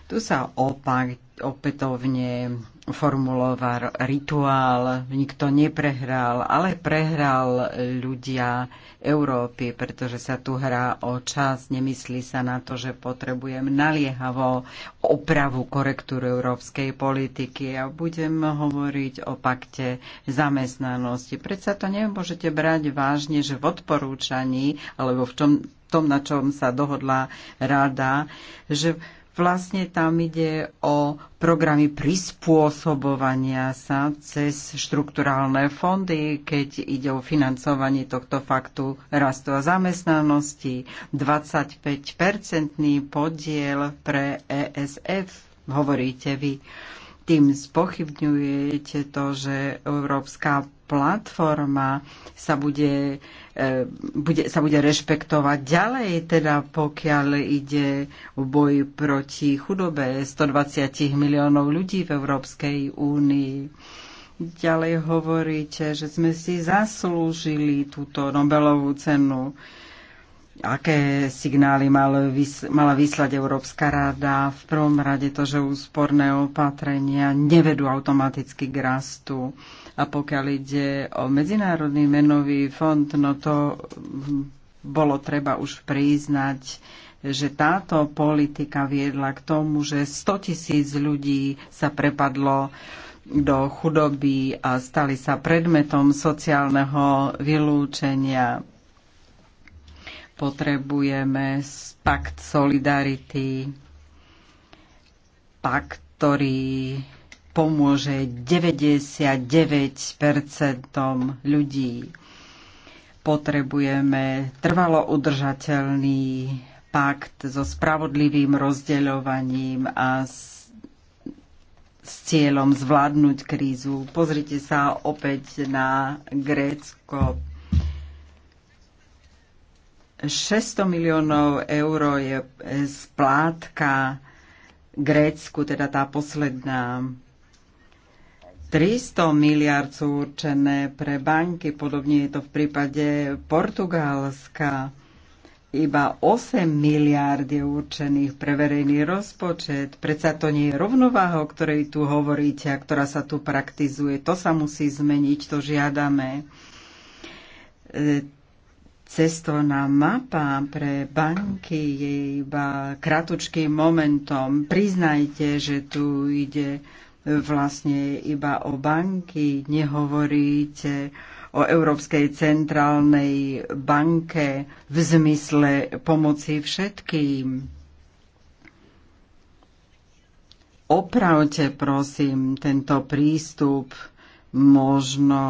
tu sa opak, opätovne formuloval rituál, nikto neprehral, ale prehral ľudia Európy, pretože sa tu hrá o čas, nemyslí sa na to, že potrebujem naliehavo opravu, korektúru európskej politiky a ja budem hovoriť o pakte zamestnanosti. Predsa to nemôžete brať vážne, že v odporúčaní, alebo v tom, tom, na čom sa dohodla rada, že Vlastne tam ide o programy prispôsobovania sa cez štrukturálne fondy, keď ide o financovanie tohto faktu rastu a zamestnanosti, 25-percentný podiel pre ESF, hovoríte vy. Tým spochybňujete to, že Európska platforma sa bude, e, bude, sa bude rešpektovať ďalej, teda pokiaľ ide o boj proti chudobe 120 miliónov ľudí v Európskej únii. Ďalej hovoríte, že sme si zaslúžili túto Nobelovú cenu. Aké signály mal mala vyslať Európska rada? V prvom rade to, že úsporné opatrenia nevedú automaticky k rastu a pokiaľ ide o Medzinárodný menový fond, no to bolo treba už priznať, že táto politika viedla k tomu, že 100 tisíc ľudí sa prepadlo do chudoby a stali sa predmetom sociálneho vylúčenia. Potrebujeme pakt solidarity, pakt, ktorý pomôže 99% ľudí. Potrebujeme trvalo udržateľný pakt so spravodlivým rozdeľovaním a s, s cieľom zvládnuť krízu. Pozrite sa opäť na Grécko. 600 miliónov eur je splátka Grécku, teda tá posledná 300 miliard sú určené pre banky, podobne je to v prípade Portugalska. Iba 8 miliard je určených pre verejný rozpočet. Predsa to nie je rovnováha, o ktorej tu hovoríte a ktorá sa tu praktizuje. To sa musí zmeniť, to žiadame. Cestovná mapa pre banky je iba kratučkým momentom. Priznajte, že tu ide vlastne iba o banky, nehovoríte o Európskej centrálnej banke v zmysle pomoci všetkým. Opravte prosím tento prístup. Možno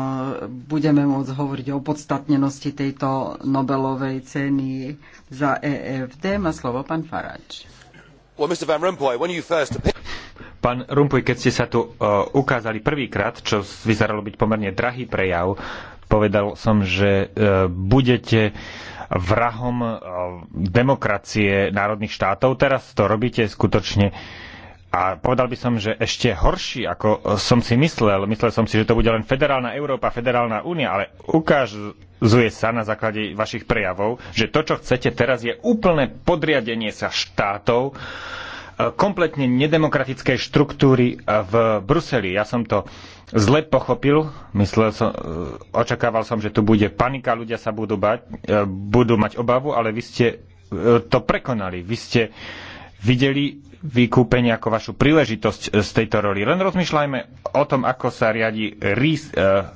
budeme môcť hovoriť o podstatnenosti tejto Nobelovej ceny za EFD. Má slovo pán Farač. Pán Rumpuj, keď ste sa tu uh, ukázali prvýkrát, čo vyzeralo byť pomerne drahý prejav, povedal som, že uh, budete vrahom uh, demokracie národných štátov. Teraz to robíte skutočne a povedal by som, že ešte horší, ako som si myslel. Myslel som si, že to bude len federálna Európa, federálna únia, ale ukáž, zuje sa na základe vašich prejavov, že to, čo chcete teraz, je úplné podriadenie sa štátov, e, kompletne nedemokratickej štruktúry e, v Bruseli. Ja som to zle pochopil, myslel som, e, očakával som, že tu bude panika, ľudia sa budú, bať, budú mať obavu, ale vy ste to prekonali. Vy ste videli vykúpenie ako vašu príležitosť z tejto roli. Len rozmýšľajme o tom, ako sa riadi rís, e,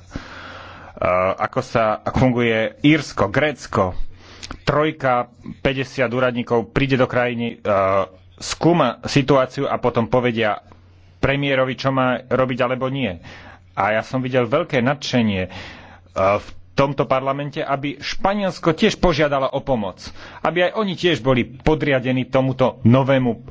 Eh, ako, sa, ako funguje Írsko, Grécko. Trojka 50 úradníkov príde do krajiny, eh, skúma situáciu a potom povedia premiérovi, čo má robiť alebo nie. A ja som videl veľké nadšenie eh, v tomto parlamente, aby Španielsko tiež požiadalo o pomoc. Aby aj oni tiež boli podriadení tomuto novému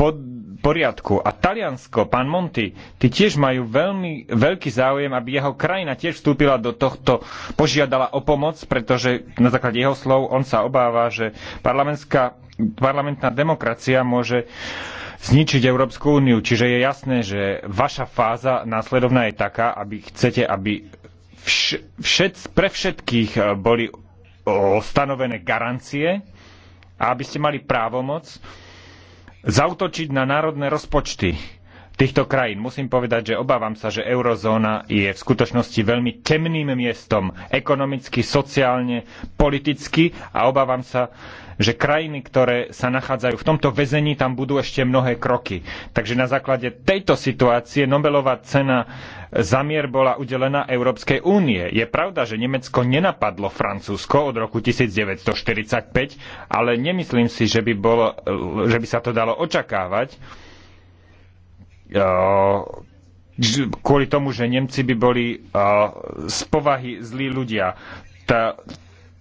pod, poriadku. A Taliansko, pán Monti, ty tiež majú veľmi veľký záujem, aby jeho krajina tiež vstúpila do tohto, požiadala o pomoc, pretože na základe jeho slov on sa obáva, že parlamentná demokracia môže zničiť Európsku úniu. Čiže je jasné, že vaša fáza následovná je taká, aby chcete, aby vš- všet- pre všetkých eh, boli eh, stanovené garancie a aby ste mali právomoc zautočiť na národné rozpočty týchto krajín. Musím povedať, že obávam sa, že eurozóna je v skutočnosti veľmi temným miestom ekonomicky, sociálne, politicky a obávam sa, že krajiny, ktoré sa nachádzajú v tomto väzení, tam budú ešte mnohé kroky. Takže na základe tejto situácie Nobelová cena za mier bola udelená Európskej únie. Je pravda, že Nemecko nenapadlo Francúzsko od roku 1945, ale nemyslím si, že by, bolo, že by sa to dalo očakávať eh, kvôli tomu, že Nemci by boli eh, z povahy zlí ľudia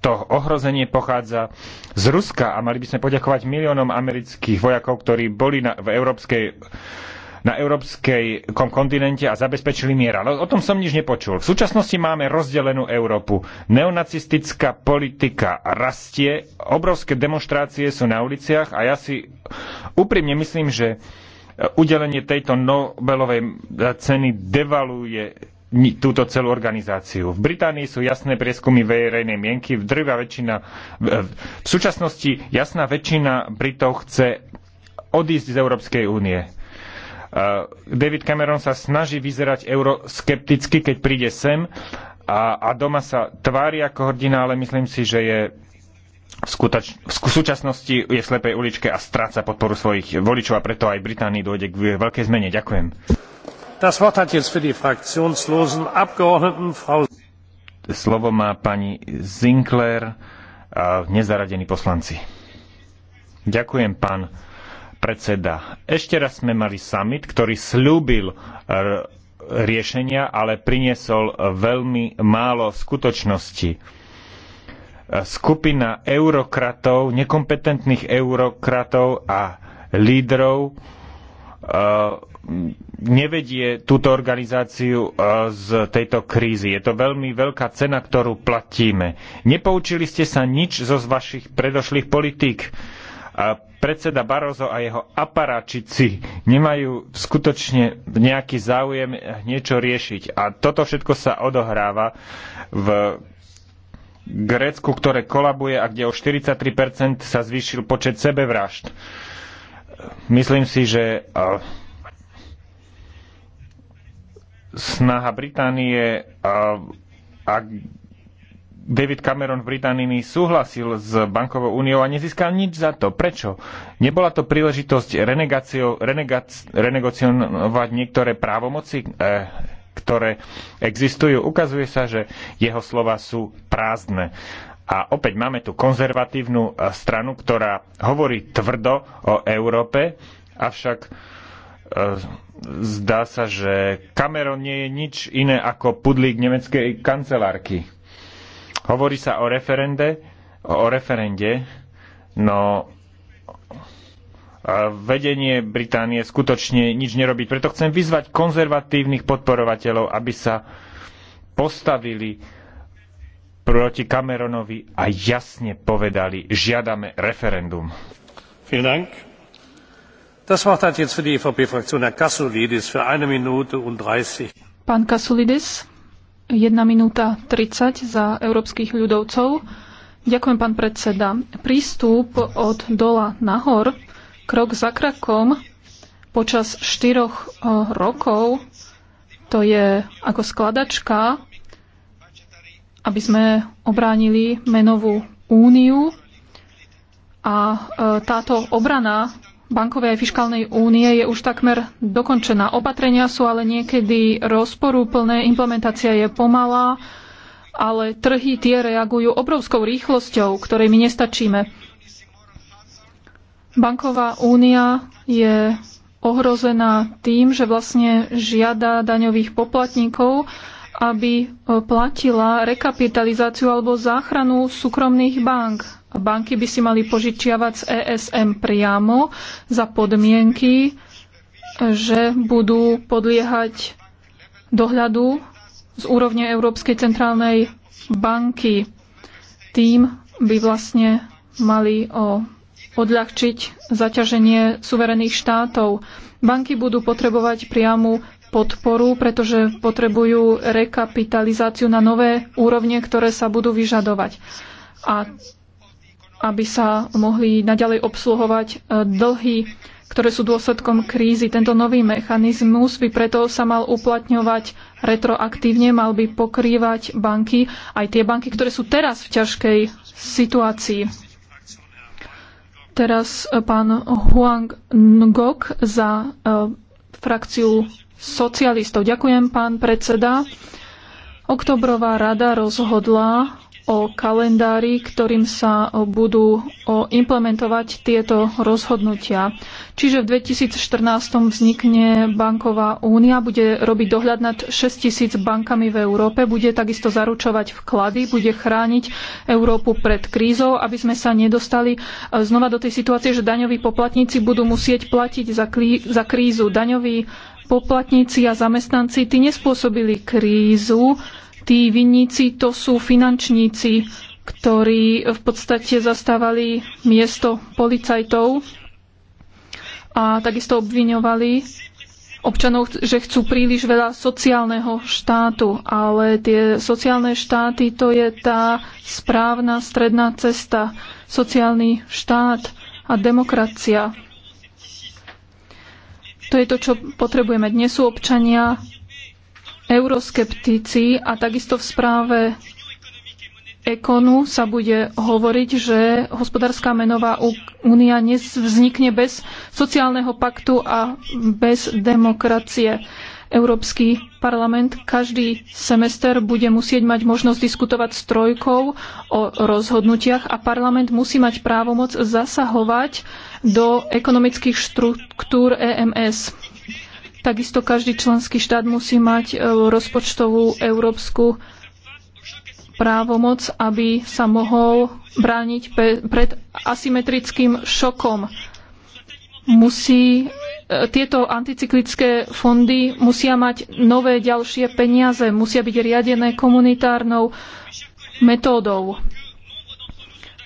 to ohrozenie pochádza z Ruska a mali by sme poďakovať miliónom amerických vojakov, ktorí boli na, v európskej na európskej kontinente a zabezpečili mier. Ale o tom som nič nepočul. V súčasnosti máme rozdelenú Európu. Neonacistická politika rastie, obrovské demonštrácie sú na uliciach a ja si úprimne myslím, že udelenie tejto Nobelovej ceny devaluje túto celú organizáciu. V Británii sú jasné prieskumy verejnej mienky, v drvá väčšina, v, súčasnosti jasná väčšina Britov chce odísť z Európskej únie. E, David Cameron sa snaží vyzerať euroskepticky, keď príde sem a, a doma sa tvári ako hrdina, ale myslím si, že je v, skutač- v súčasnosti je v slepej uličke a stráca podporu svojich voličov a preto aj Británii dojde k veľkej zmene. Ďakujem. Slovo má pani Zinkler, nezaradení poslanci. Ďakujem, pán predseda. Ešte raz sme mali summit, ktorý slúbil riešenia, ale priniesol veľmi málo v skutočnosti. Skupina eurokratov, nekompetentných eurokratov a lídrov e, nevedie túto organizáciu e, z tejto krízy. Je to veľmi veľká cena, ktorú platíme. Nepoučili ste sa nič zo z vašich predošlých politík. E, predseda Barozo a jeho aparáčici nemajú skutočne nejaký záujem niečo riešiť. A toto všetko sa odohráva v Grécku, ktoré kolabuje a kde o 43% sa zvýšil počet sebevražd. Myslím si, že e, snaha Británie a, a David Cameron v Británii súhlasil s bankovou úniou a nezískal nič za to. Prečo? Nebola to príležitosť renegociovať niektoré právomoci, e, ktoré existujú. Ukazuje sa, že jeho slova sú prázdne. A opäť máme tu konzervatívnu e, stranu, ktorá hovorí tvrdo o Európe, avšak e, zdá sa, že Cameron nie je nič iné ako pudlík nemeckej kancelárky. Hovorí sa o referende, o referende, no vedenie Británie skutočne nič nerobí. Preto chcem vyzvať konzervatívnych podporovateľov, aby sa postavili proti Cameronovi a jasne povedali, žiadame referendum. Vielen Dank. E pán Kasulidis, jedna minúta tridsať za európskych ľudovcov. Ďakujem, pán predseda. Prístup od dola nahor, krok za krakom, počas štyroch rokov, to je ako skladačka, aby sme obránili menovú úniu a e, táto obrana bankovej aj fiskálnej únie je už takmer dokončená. Opatrenia sú ale niekedy rozporúplné, implementácia je pomalá, ale trhy tie reagujú obrovskou rýchlosťou, ktorej my nestačíme. Banková únia je ohrozená tým, že vlastne žiada daňových poplatníkov, aby platila rekapitalizáciu alebo záchranu súkromných bank. Banky by si mali požičiavať z ESM priamo za podmienky, že budú podliehať dohľadu z úrovne Európskej centrálnej banky. Tým by vlastne mali o odľahčiť zaťaženie suverených štátov. Banky budú potrebovať priamu podporu, pretože potrebujú rekapitalizáciu na nové úrovne, ktoré sa budú vyžadovať. A aby sa mohli naďalej obsluhovať e, dlhy, ktoré sú dôsledkom krízy. Tento nový mechanizmus by preto sa mal uplatňovať retroaktívne, mal by pokrývať banky, aj tie banky, ktoré sú teraz v ťažkej situácii. Teraz e, pán Huang Ngok za e, frakciu socialistov. Ďakujem, pán predseda. Oktobrová rada rozhodla o kalendári, ktorým sa budú implementovať tieto rozhodnutia. Čiže v 2014 vznikne banková únia, bude robiť dohľad nad 6 tisíc bankami v Európe, bude takisto zaručovať vklady, bude chrániť Európu pred krízou, aby sme sa nedostali e, znova do tej situácie, že daňoví poplatníci budú musieť platiť za, klí, za krízu. Daňoví poplatníci a zamestnanci, tí nespôsobili krízu, Tí vinníci to sú finančníci, ktorí v podstate zastávali miesto policajtov a takisto obviňovali občanov, že chcú príliš veľa sociálneho štátu, ale tie sociálne štáty to je tá správna stredná cesta, sociálny štát a demokracia. To je to, čo potrebujeme. Dnes sú občania euroskeptici a takisto v správe Ekonu sa bude hovoriť, že hospodárska menová únia vznikne bez sociálneho paktu a bez demokracie. Európsky parlament každý semester bude musieť mať možnosť diskutovať s trojkou o rozhodnutiach a parlament musí mať právomoc zasahovať do ekonomických štruktúr EMS. Takisto každý členský štát musí mať e, rozpočtovú európsku právomoc, aby sa mohol brániť pred asymetrickým šokom. Musí e, tieto anticyklické fondy musia mať nové ďalšie peniaze, musia byť riadené komunitárnou metódou.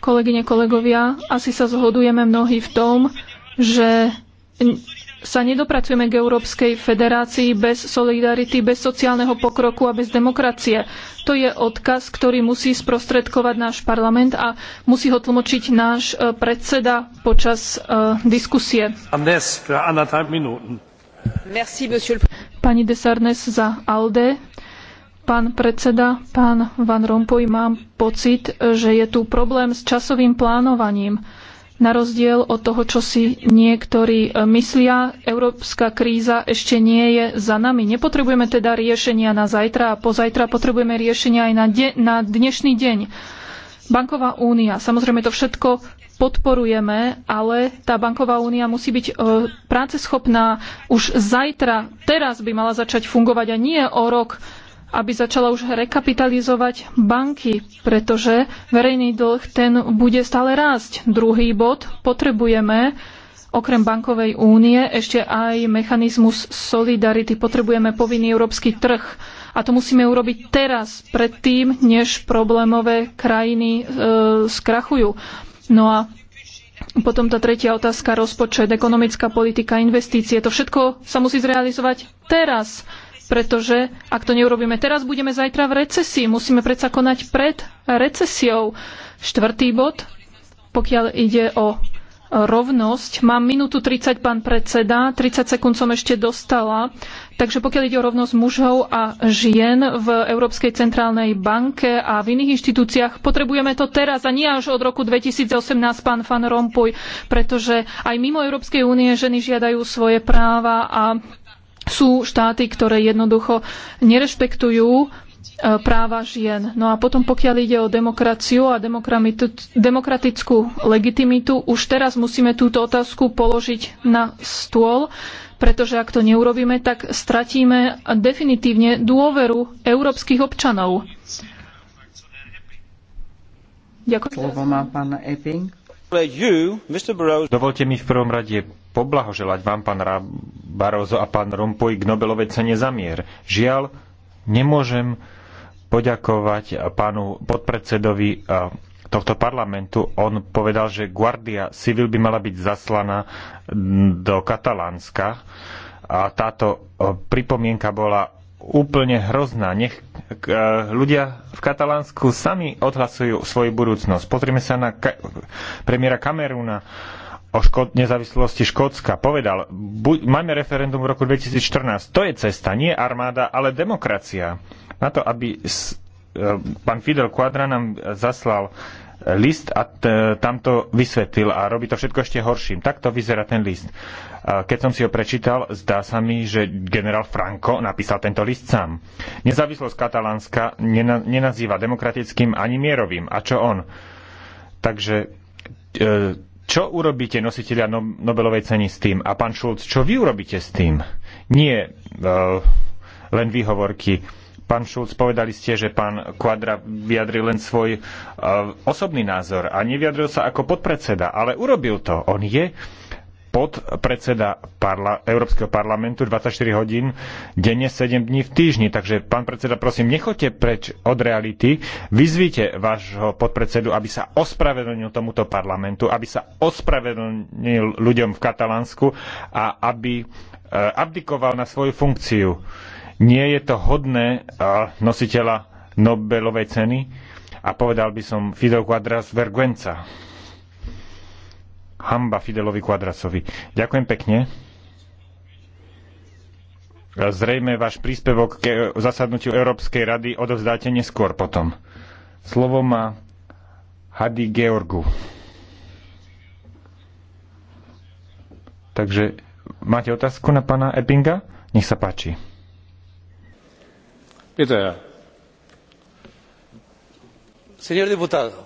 Kolegyne, kolegovia, asi sa zhodujeme mnohí v tom, že sa nedopracujeme k Európskej federácii bez solidarity, bez sociálneho pokroku a bez demokracie. To je odkaz, ktorý musí sprostredkovať náš parlament a musí ho tlmočiť náš e, predseda počas uh, diskusie. Pani Desarnes za ALDE. Pán predseda, pán Van Rompuy, mám pocit, e, že je tu problém s časovým plánovaním na rozdiel od toho, čo si niektorí e, myslia, európska kríza ešte nie je za nami. Nepotrebujeme teda riešenia na zajtra a pozajtra, potrebujeme riešenia aj na, de- na dnešný deň. Banková únia, samozrejme to všetko podporujeme, ale tá banková únia musí byť e, práceschopná už zajtra, teraz by mala začať fungovať a nie o rok aby začala už rekapitalizovať banky, pretože verejný dlh ten bude stále rásť. Druhý bod, potrebujeme okrem bankovej únie ešte aj mechanizmus solidarity. Potrebujeme povinný európsky trh. A to musíme urobiť teraz, predtým, než problémové krajiny e, skrachujú. No a potom tá tretia otázka, rozpočet, ekonomická politika, investície. To všetko sa musí zrealizovať teraz pretože ak to neurobíme teraz, budeme zajtra v recesii. Musíme predsa konať pred recesiou. Štvrtý bod, pokiaľ ide o rovnosť. Mám minútu 30, pán predseda, 30 sekúnd som ešte dostala. Takže pokiaľ ide o rovnosť mužov a žien v Európskej centrálnej banke a v iných inštitúciách, potrebujeme to teraz a nie až od roku 2018, pán Van Rompuy, pretože aj mimo Európskej únie ženy žiadajú svoje práva a sú štáty, ktoré jednoducho nerešpektujú e, práva žien. No a potom, pokiaľ ide o demokraciu a demokratickú legitimitu, už teraz musíme túto otázku položiť na stôl, pretože ak to neurobíme, tak stratíme definitívne dôveru európskych občanov. Ďakujem. Slovo má pán Epping. Dovolte mi v prvom rade poblahoželať vám, pán Barozo a pán Rompuy, k Nobelovej cene za mier. Žiaľ, nemôžem poďakovať pánu podpredsedovi eh, tohto parlamentu. On povedal, že Guardia Civil by mala byť zaslaná do Katalánska a táto eh, pripomienka bola úplne hrozná. Nech eh, ľudia v Katalánsku sami odhlasujú svoju budúcnosť. Pozrieme sa na ka- premiéra Kamerúna o ško- nezávislosti Škótska povedal, buď, máme referendum v roku 2014, to je cesta, nie armáda, ale demokracia. Na to, aby s, e, pán Fidel Quadra nám zaslal list a t, tamto vysvetlil a robí to všetko ešte horším. Takto vyzerá ten list. E, keď som si ho prečítal, zdá sa mi, že generál Franco napísal tento list sám. Nezávislosť katalánska nena, nenazýva demokratickým ani mierovým. A čo on? Takže e, čo urobíte nositeľa no- Nobelovej ceny s tým? A pán Šulc, čo vy urobíte s tým? Nie uh, len výhovorky. Pán Šulc, povedali ste, že pán Kvadra vyjadril len svoj uh, osobný názor a nevyjadril sa ako podpredseda, ale urobil to. On je uh, podpredseda parla- Európskeho parlamentu 24 hodín denne 7 dní v týždni. Takže, pán predseda, prosím, nechoďte preč od reality, vyzvite vášho podpredsedu, aby sa ospravedlnil tomuto parlamentu, aby sa ospravedlnil ľuďom v Katalánsku a aby e, abdikoval na svoju funkciu. Nie je to hodné e, nositeľa Nobelovej ceny a povedal by som Fidel Quadras Vergüenza hamba Fidelovi Quadrasovi. Ďakujem pekne. Zrejme váš príspevok k zasadnutiu Európskej rady odovzdáte neskôr potom. Slovo má Hadi Georgu. Takže máte otázku na pána Ebinga? Nech sa páči. Peter. Señor diputado,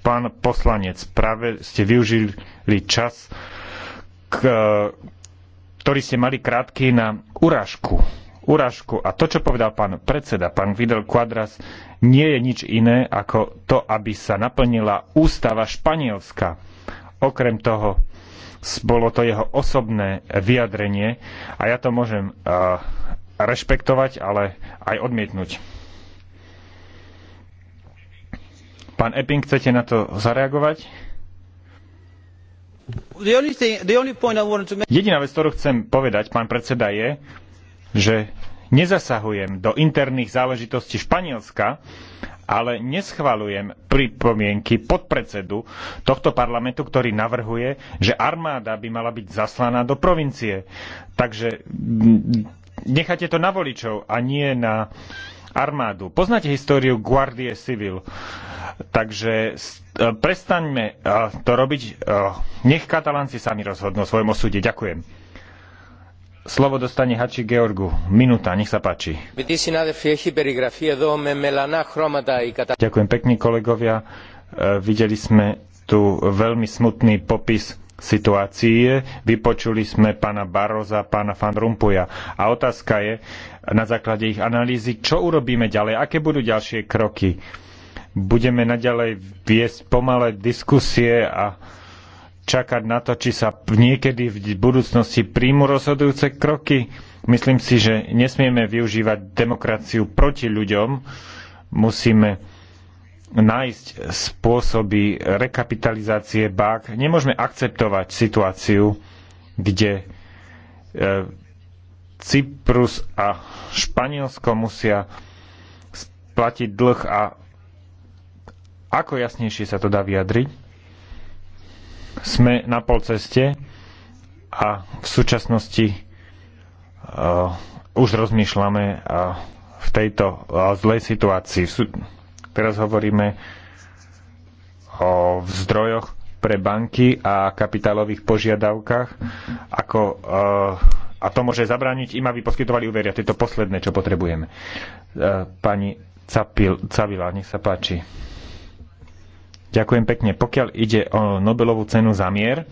Pán poslanec, práve ste využili čas, k, e, ktorý ste mali krátky na urážku. Urážku. A to, čo povedal pán predseda, pán Vidal Quadras, nie je nič iné ako to, aby sa naplnila ústava Španielska. Okrem toho, bolo to jeho osobné vyjadrenie a ja to môžem uh, rešpektovať, ale aj odmietnúť. Pán Epping, chcete na to zareagovať? Jediná vec, ktorú chcem povedať, pán predseda, je, že nezasahujem do interných záležitostí Španielska, ale neschvalujem pripomienky podpredsedu tohto parlamentu, ktorý navrhuje, že armáda by mala byť zaslaná do provincie. Takže nechajte to na voličov a nie na armádu. Poznáte históriu Guardie Civil. Takže e, prestaňme e, to robiť. E, nech katalanci sami rozhodnú o svojom osude. Ďakujem. Slovo dostane Hači Georgu. Minúta, nech sa páči. Ďakujem pekne, kolegovia. Videli sme tu veľmi smutný popis situácii. Vypočuli sme pána Barroza, pána Van Rumpuja. A otázka je, na základe ich analýzy, čo urobíme ďalej, aké budú ďalšie kroky. Budeme naďalej viesť pomalé diskusie a čakať na to, či sa niekedy v budúcnosti príjmu rozhodujúce kroky. Myslím si, že nesmieme využívať demokraciu proti ľuďom, musíme nájsť spôsoby rekapitalizácie bák. Nemôžeme akceptovať situáciu, kde e, Cyprus a Španielsko musia splatiť dlh a ako jasnejšie sa to dá vyjadriť? Sme na polceste a v súčasnosti uh, už rozmýšľame uh, v tejto uh, zlej situácii. V Teraz hovoríme o zdrojoch pre banky a kapitálových požiadavkách, ako, eh, a to môže zabrániť im, aby poskytovali úveria. To je to posledné, čo potrebujeme. Eh, pani Capil, Cavila, nech sa páči. Ďakujem pekne. Pokiaľ ide o Nobelovú cenu za mier,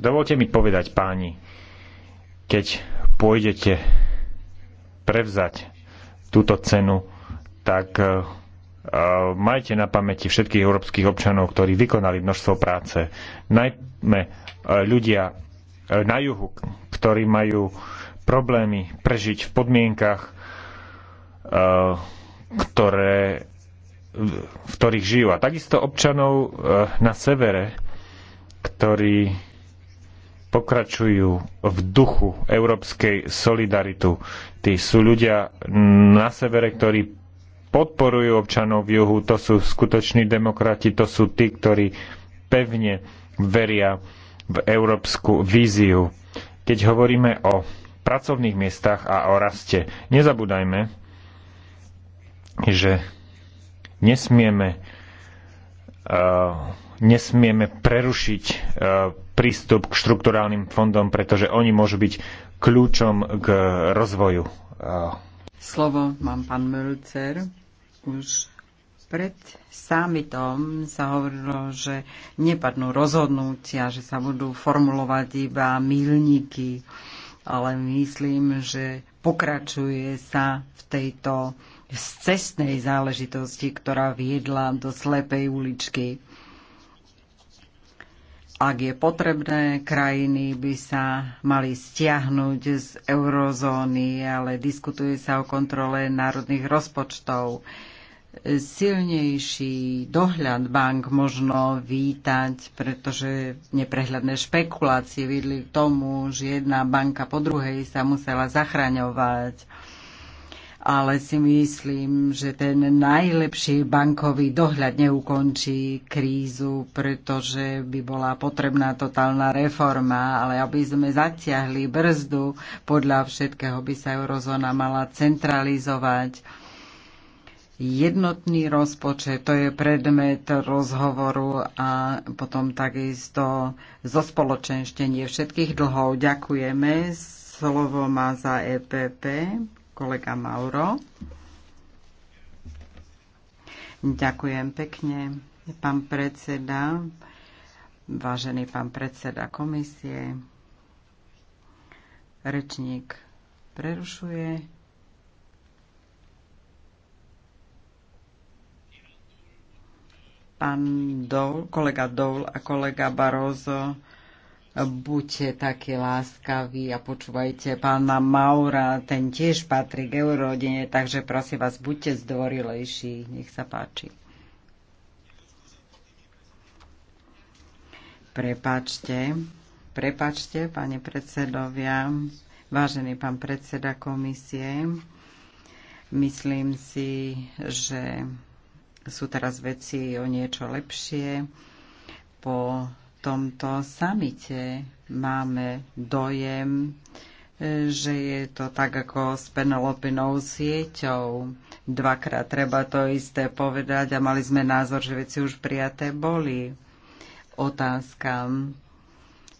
dovolte mi povedať páni, keď pôjdete prevzať túto cenu tak eh, eh, majte na pamäti všetkých európskych občanov, ktorí vykonali množstvo práce. Najmä eh, ľudia na juhu, ktorí majú problémy prežiť v podmienkach, ktoré, v ktorých žijú. A takisto občanov na severe, ktorí pokračujú v duchu európskej solidaritu. Tí sú ľudia na severe, ktorí podporujú občanov v juhu, to sú skutoční demokrati, to sú tí, ktorí pevne veria v európsku víziu. Keď hovoríme o pracovných miestach a o raste, nezabúdajme, že nesmieme, uh, nesmieme prerušiť uh, prístup k štrukturálnym fondom, pretože oni môžu byť kľúčom k rozvoju uh, Slovo mám pán Mölcer. Už pred summitom sa hovorilo, že nepadnú rozhodnutia, že sa budú formulovať iba milníky, ale myslím, že pokračuje sa v tejto z cestnej záležitosti, ktorá viedla do slepej uličky. Ak je potrebné, krajiny by sa mali stiahnuť z eurozóny, ale diskutuje sa o kontrole národných rozpočtov. Silnejší dohľad bank možno vítať, pretože neprehľadné špekulácie vidli k tomu, že jedna banka po druhej sa musela zachraňovať ale si myslím, že ten najlepší bankový dohľad neukončí krízu, pretože by bola potrebná totálna reforma, ale aby sme zatiahli brzdu, podľa všetkého by sa eurozóna mala centralizovať. Jednotný rozpočet, to je predmet rozhovoru a potom takisto zo spoločenštenie všetkých dlhov. Ďakujeme. Slovo má za EPP kolega Mauro. Ďakujem pekne, pán predseda, vážený pán predseda komisie. Rečník prerušuje. Pán Dol, kolega Dol a kolega Barozo buďte takí láskaví a počúvajte pána Maura, ten tiež patrí k eurodine, takže prosím vás, buďte zdvorilejší, nech sa páči. Prepačte, prepačte, pane predsedovia, vážený pán predseda komisie, myslím si, že sú teraz veci o niečo lepšie po tomto samite máme dojem, že je to tak ako s Penelopinou sieťou. Dvakrát treba to isté povedať a mali sme názor, že veci už prijaté boli. Otázka.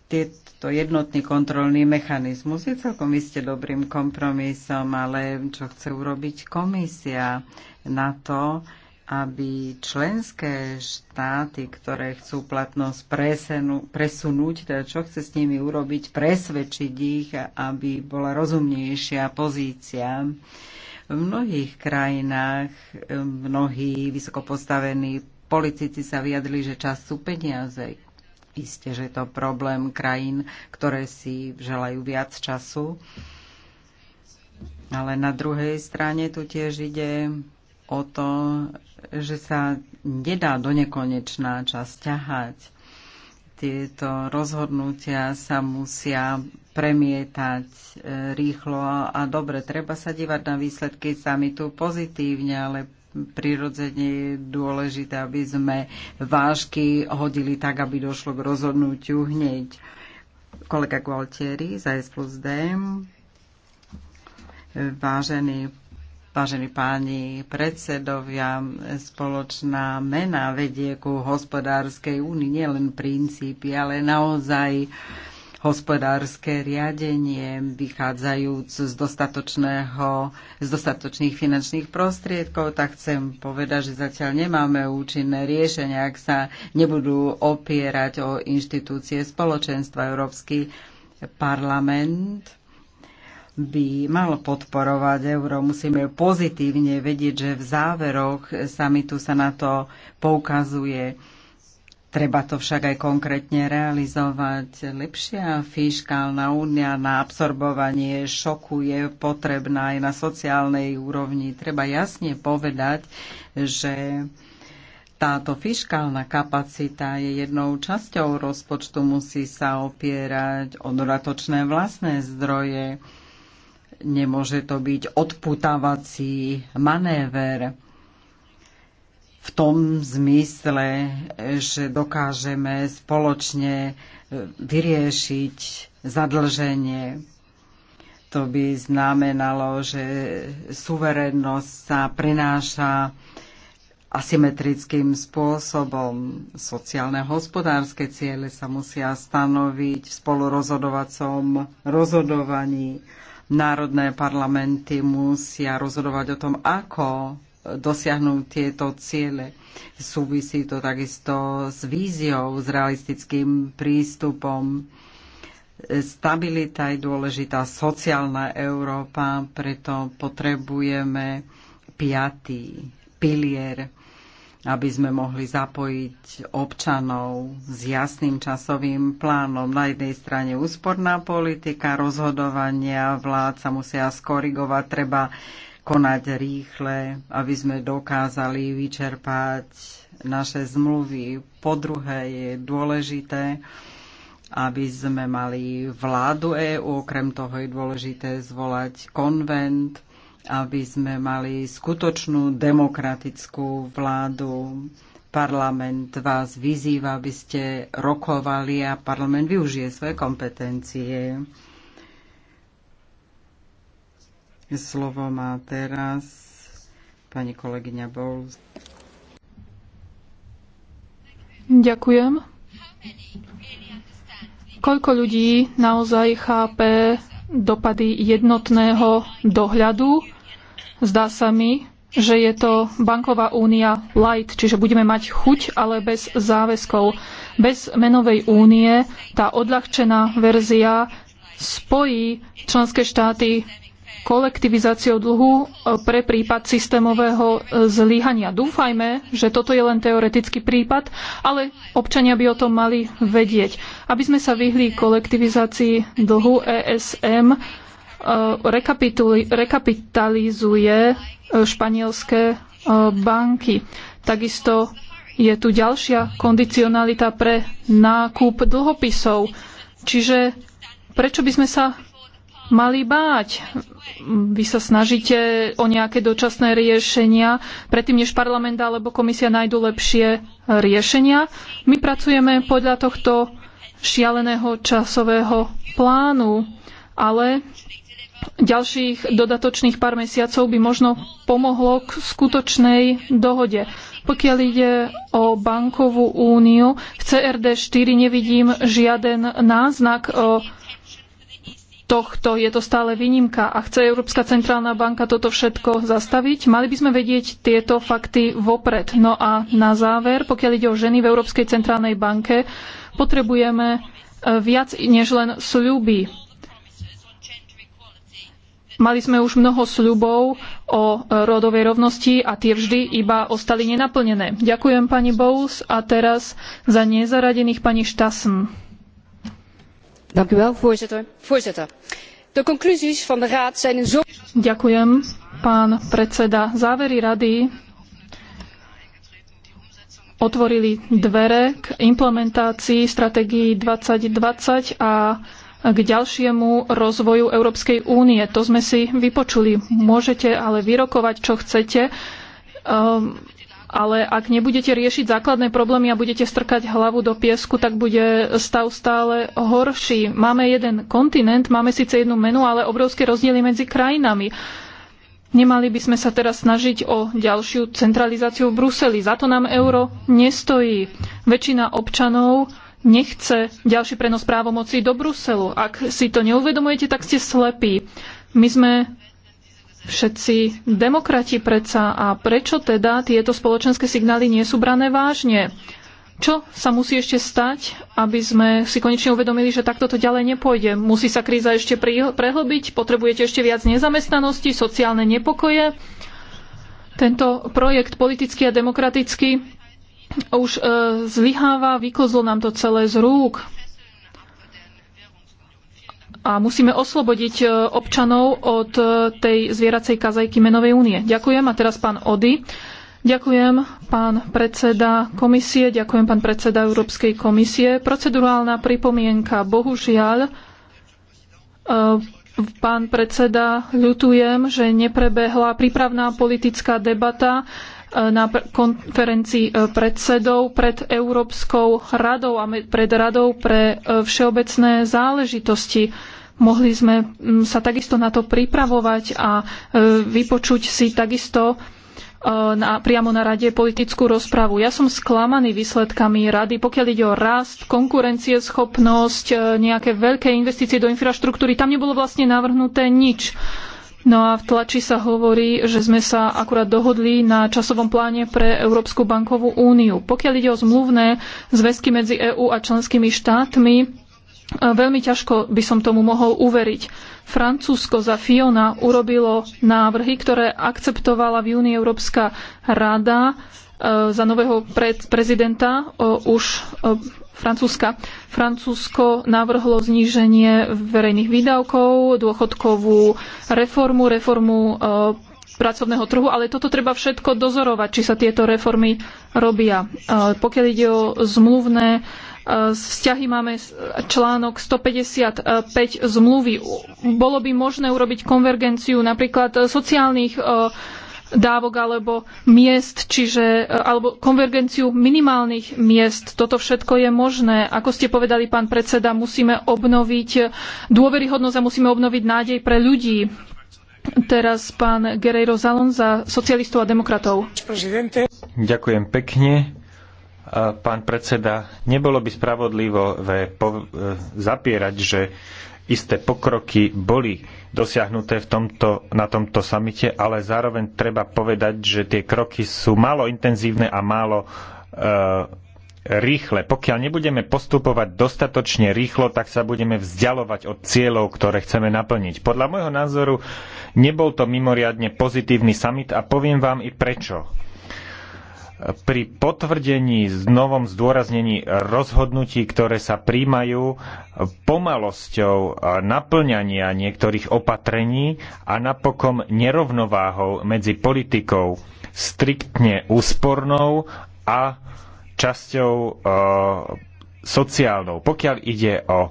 Tieto jednotný kontrolný mechanizmus je celkom iste dobrým kompromisom, ale čo chce urobiť komisia na to, aby členské štáty, ktoré chcú platnosť presenu, presunúť, teda čo chce s nimi urobiť, presvedčiť ich, aby bola rozumnejšia pozícia. V mnohých krajinách mnohí vysokopostavení politici sa vyjadli, že čas sú peniaze. Isté, že je to problém krajín, ktoré si želajú viac času. Ale na druhej strane tu tiež ide o to, že sa nedá do nekonečná čas ťahať. Tieto rozhodnutia sa musia premietať e, rýchlo a dobre. Treba sa dívať na výsledky samitu pozitívne, ale prirodzene je dôležité, aby sme vážky hodili tak, aby došlo k rozhodnutiu hneď. Kolega Gualtieri za S plus D. Vážený Vážení páni predsedovia, spoločná mena vedie ku hospodárskej únii, nielen princípy, ale naozaj hospodárske riadenie vychádzajúc z, dostatočného, z dostatočných finančných prostriedkov, tak chcem povedať, že zatiaľ nemáme účinné riešenia, ak sa nebudú opierať o inštitúcie spoločenstva Európsky parlament by mal podporovať euro. Musíme pozitívne vedieť, že v záveroch samitu sa na to poukazuje. Treba to však aj konkrétne realizovať. Lepšia fiskálna únia na absorbovanie šoku je potrebná aj na sociálnej úrovni. Treba jasne povedať, že táto fiškálna kapacita je jednou časťou rozpočtu, musí sa opierať o dodatočné vlastné zdroje nemôže to byť odputávací manéver v tom zmysle, že dokážeme spoločne e, vyriešiť zadlženie. To by znamenalo, že suverennosť sa prenáša asymetrickým spôsobom. Sociálne hospodárske ciele sa musia stanoviť v spolurozhodovacom rozhodovaní národné parlamenty musia rozhodovať o tom, ako dosiahnuť tieto ciele. Súvisí to takisto s víziou, s realistickým prístupom. Stabilita je dôležitá, sociálna Európa, preto potrebujeme piatý pilier aby sme mohli zapojiť občanov s jasným časovým plánom. Na jednej strane úsporná politika, rozhodovania vlád sa musia skorigovať, treba konať rýchle, aby sme dokázali vyčerpať naše zmluvy. Po druhé je dôležité, aby sme mali vládu EÚ, okrem toho je dôležité zvolať konvent aby sme mali skutočnú demokratickú vládu. Parlament vás vyzýva, aby ste rokovali a parlament využije svoje kompetencie. Slovo má teraz pani kolegyňa Bowles. Ďakujem. Koľko ľudí naozaj chápe dopady jednotného dohľadu Zdá sa mi, že je to banková únia light, čiže budeme mať chuť, ale bez záväzkov. Bez menovej únie tá odľahčená verzia spojí členské štáty kolektivizáciou dlhu e, pre prípad systémového e, zlyhania. Dúfajme, že toto je len teoretický prípad, ale občania by o tom mali vedieť. Aby sme sa vyhli kolektivizácii dlhu ESM, E, rekapitalizuje e, španielské e, banky. Takisto je tu ďalšia kondicionalita pre nákup dlhopisov. Čiže prečo by sme sa mali báť? Vy sa snažíte o nejaké dočasné riešenia, predtým než parlament alebo komisia nájdu lepšie riešenia. My pracujeme podľa tohto šialeného časového plánu, ale ďalších dodatočných pár mesiacov by možno pomohlo k skutočnej dohode. Pokiaľ ide o bankovú úniu, v CRD 4 nevidím žiaden náznak e, tohto. Je to stále výnimka a chce Európska centrálna banka toto všetko zastaviť. Mali by sme vedieť tieto fakty vopred. No a na záver, pokiaľ ide o ženy v Európskej centrálnej banke, potrebujeme e, viac než len sľuby Mali sme už mnoho sľubov o e, rodovej rovnosti a tie vždy iba ostali nenaplnené. Ďakujem pani Bous a teraz za nezaradených pani Štassen. Ďakujem, pán predseda. Závery rady otvorili dvere k implementácii stratégii 2020 a k ďalšiemu rozvoju Európskej únie. To sme si vypočuli. Môžete ale vyrokovať, čo chcete, um, ale ak nebudete riešiť základné problémy a budete strkať hlavu do piesku, tak bude stav stále horší. Máme jeden kontinent, máme síce jednu menu, ale obrovské rozdiely medzi krajinami. Nemali by sme sa teraz snažiť o ďalšiu centralizáciu v Bruseli. Za to nám euro nestojí. Väčšina občanov nechce ďalší prenos právomocí do Bruselu. Ak si to neuvedomujete, tak ste slepí. My sme všetci demokrati predsa a prečo teda tieto spoločenské signály nie sú brané vážne? Čo sa musí ešte stať, aby sme si konečne uvedomili, že takto to ďalej nepôjde? Musí sa kríza ešte prehlbiť? Potrebujete ešte viac nezamestnanosti, sociálne nepokoje? Tento projekt politický a demokratický už e, zlyháva, vyklzlo nám to celé z rúk. A musíme oslobodiť e, občanov od e, tej zvieracej kazajky menovej únie. Ďakujem. A teraz pán Ody. Ďakujem, pán predseda komisie, ďakujem, pán predseda Európskej komisie. Procedurálna pripomienka. Bohužiaľ, pán predseda, ľutujem, že neprebehla prípravná politická debata Eh, na konferencii eh, predsedov pred Európskou radou a pred radou pre eh, všeobecné záležitosti. Mohli sme mm, sa takisto na to pripravovať a vypočuť si takisto na, priamo na rade politickú rozpravu. Ja som sklamaný výsledkami rady, pokiaľ ide o rast, konkurencieschopnosť, nejaké veľké investície do infraštruktúry. Tam nebolo vlastne navrhnuté nič. No a v tlači sa hovorí, že sme sa akurát dohodli na časovom pláne pre Európsku bankovú úniu. Pokiaľ ide o zmluvné zväzky medzi EÚ a členskými štátmi, e, Veľmi ťažko by som tomu mohol uveriť. Francúzsko za Fiona urobilo návrhy, ktoré akceptovala v júni Európska rada e, za nového prezidenta e, už Francúzska. Francúzsko navrhlo zníženie verejných výdavkov, dôchodkovú reformu, reformu e, pracovného trhu, ale toto treba všetko dozorovať, či sa tieto reformy robia. E, pokiaľ ide o zmluvné e, vzťahy, máme článok 155 zmluvy. Bolo by možné urobiť konvergenciu napríklad sociálnych uh, dávok alebo miest, čiže alebo konvergenciu minimálnych miest. Toto všetko je možné. Ako ste povedali, pán predseda, musíme obnoviť dôveryhodnosť a musíme obnoviť nádej pre ľudí. Teraz pán Guerreiro Zalon za socialistov a demokratov. Ďakujem pekne. Pán predseda, nebolo by spravodlivo e, zapierať, že isté pokroky boli dosiahnuté v tomto, na tomto samite, ale zároveň treba povedať, že tie kroky sú málo intenzívne a málo e, rýchle. Pokiaľ nebudeme postupovať dostatočne rýchlo, tak sa budeme vzdialovať od cieľov, ktoré chceme naplniť. Podľa môjho názoru nebol to mimoriadne pozitívny summit a poviem vám i prečo pri potvrdení, novom zdôraznení rozhodnutí, ktoré sa príjmajú pomalosťou naplňania niektorých opatrení a napokon nerovnováhou medzi politikou striktne úspornou a časťou e, sociálnou. Pokiaľ ide o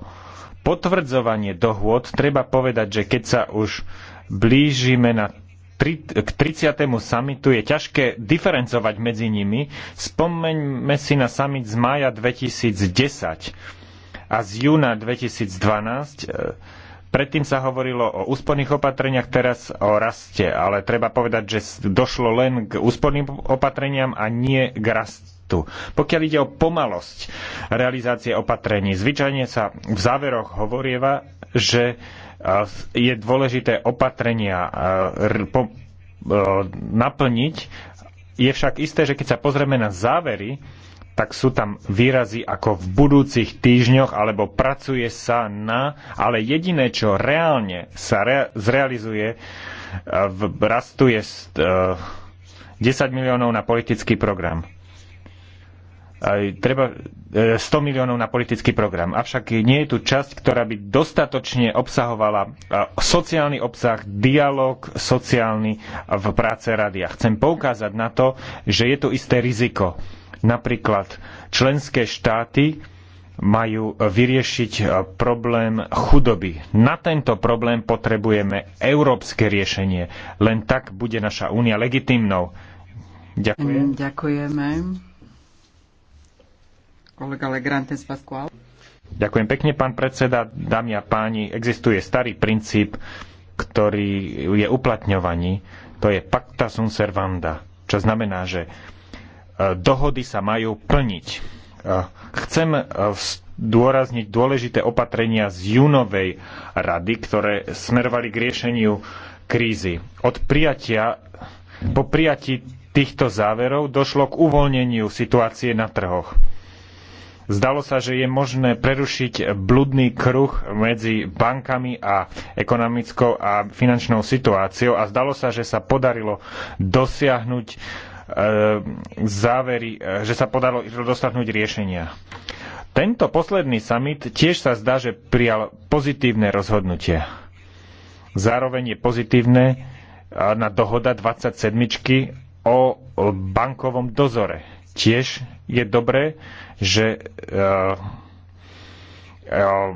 potvrdzovanie dohôd, treba povedať, že keď sa už blížime na k 30. samitu je ťažké diferencovať medzi nimi. Spomeňme si na Samit z mája 2010 a z júna 2012. E, predtým sa hovorilo o úsporných opatreniach, teraz o raste, ale treba povedať, že došlo len k úsporným opatreniam a nie k rastu. Pokiaľ ide o pomalosť realizácie opatrení, zvyčajne sa v záveroch hovorieva, že je dôležité opatrenia e, e, naplniť. Je však isté, že keď sa pozrieme na závery, tak sú tam výrazy ako v budúcich týždňoch, alebo pracuje sa na, ale jediné, čo reálne sa re, zrealizuje, e, v, rastu je 10 miliónov na politický program. Aj, treba 100 e, miliónov na politický program. Avšak nie je tu časť, ktorá by dostatočne obsahovala e, sociálny obsah, dialog sociálny v práce rady. A chcem poukázať na to, že je tu isté riziko. Napríklad členské štáty majú vyriešiť e, problém chudoby. Na tento problém potrebujeme európske riešenie. Len tak bude naša únia legitimnou. Ďakujem. Ďakujeme. Kolega Legrantes Pascual. Ďakujem pekne, pán predseda. Dámy a páni, existuje starý princíp, ktorý je uplatňovaní. To je pacta sunt servanda, čo znamená, že e, dohody sa majú plniť. E, chcem e, dôrazniť dôležité opatrenia z júnovej rady, ktoré smerovali k riešeniu krízy. Od prijatia, po prijatí týchto záverov došlo k uvoľneniu situácie na trhoch Zdalo sa, že je možné prerušiť bludný kruh medzi bankami a ekonomickou a finančnou situáciou a zdalo sa, že sa podarilo dosiahnuť e, závery, e, že sa podarilo dosiahnuť riešenia. Tento posledný summit tiež sa zdá, že prijal pozitívne rozhodnutie. Zároveň je pozitívne e, na dohoda 27 o bankovom dozore. Tiež je dobré, že e, e,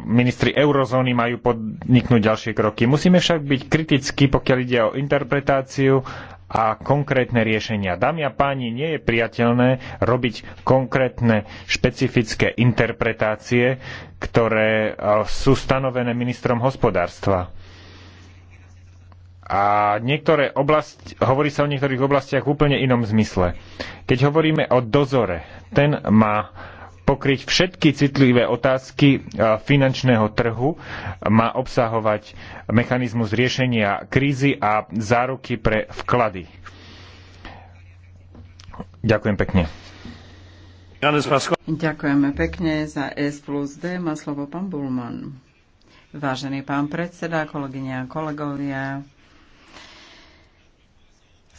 ministri eurozóny majú podniknúť ďalšie kroky. Musíme však byť kritickí, pokiaľ ide o interpretáciu a konkrétne riešenia. Dámy a páni, nie je priateľné robiť konkrétne špecifické interpretácie, ktoré e, sú stanovené ministrom hospodárstva. A niektoré oblasti, hovorí sa o niektorých oblastiach v úplne inom zmysle. Keď hovoríme o dozore, ten má pokryť všetky citlivé otázky e, finančného trhu, má obsahovať mechanizmus riešenia krízy a záruky pre vklady. Ďakujem pekne. Ďakujeme pekne za S plus D. Má slovo pán Bulman. Vážený pán predseda, kolegyne a kolegovia,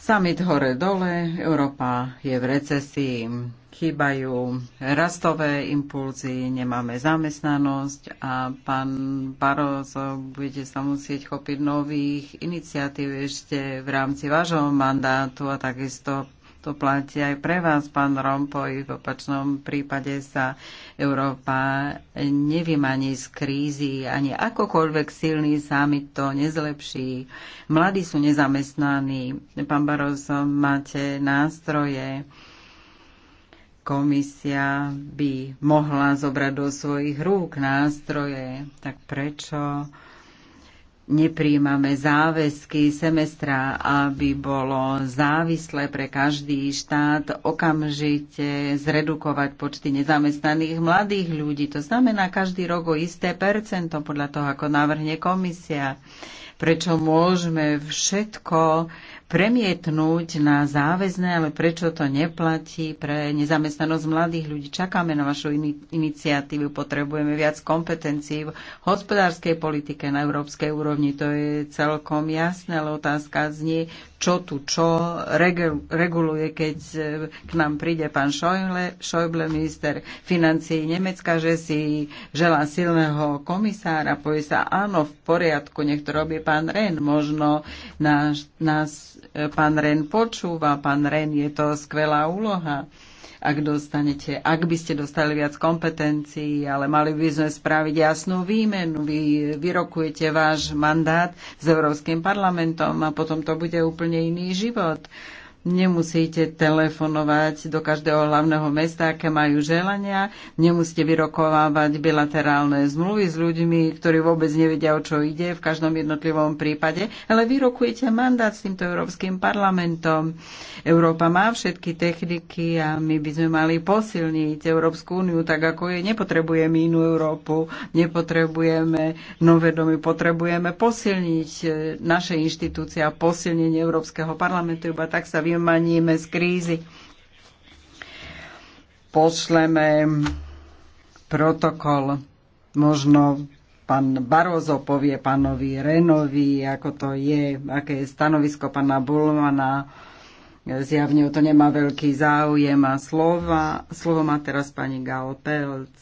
Summit hore-dole, Európa je v recesii, chýbajú rastové impulzy, nemáme zamestnanosť a pán Barroso, budete sa musieť chopiť nových iniciatív ešte v rámci vášho mandátu a takisto to platí aj pre vás, pán Rompoj. V opačnom prípade sa Európa nevymaní z krízy. Ani akokoľvek silný summit to nezlepší. Mladí sú nezamestnaní. Pán Baros, máte nástroje komisia by mohla zobrať do svojich rúk nástroje, tak prečo nepríjmame záväzky semestra, aby bolo závislé pre každý štát okamžite zredukovať počty nezamestnaných mladých ľudí. To znamená každý rok o isté percento podľa toho, ako navrhne komisia. Prečo môžeme všetko premietnúť na záväzné, ale prečo to neplatí pre nezamestnanosť mladých ľudí. Čakáme na vašu iniciatívu, potrebujeme viac kompetencií v hospodárskej politike na európskej úrovni, to je celkom jasné, ale otázka znie, čo tu čo reguluje, keď eh, k nám príde pán Schäuble, Schäuble minister financií Nemecka, že si želá silného komisára, povie sa áno, v poriadku, nech to robí pán Ren, možno nás, nás pán Ren počúva, pán Ren, je to skvelá úloha ak dostanete, ak by ste dostali viac kompetencií, ale mali by sme spraviť jasnú výmenu. Vy vyrokujete váš mandát s Európskym parlamentom a potom to bude úplne iný život nemusíte telefonovať do každého hlavného mesta, aké majú želania, nemusíte vyrokovávať bilaterálne zmluvy s ľuďmi, ktorí vôbec nevedia, o čo ide v každom jednotlivom prípade, ale vyrokujete mandát s týmto Európskym parlamentom. Európa má všetky techniky a my by sme mali posilniť Európsku úniu tak, ako je. Nepotrebujeme inú Európu, nepotrebujeme nové domy, potrebujeme posilniť naše inštitúcie a posilnenie Európskeho parlamentu. Iba tak sa vy vymaníme z krízy. Pošleme protokol. Možno pán Barozo povie pánovi Renovi, ako to je, aké je stanovisko pána Bulmana. Zjavne o to nemá veľký záujem a slova. Slovo má teraz pani Gal Pelc.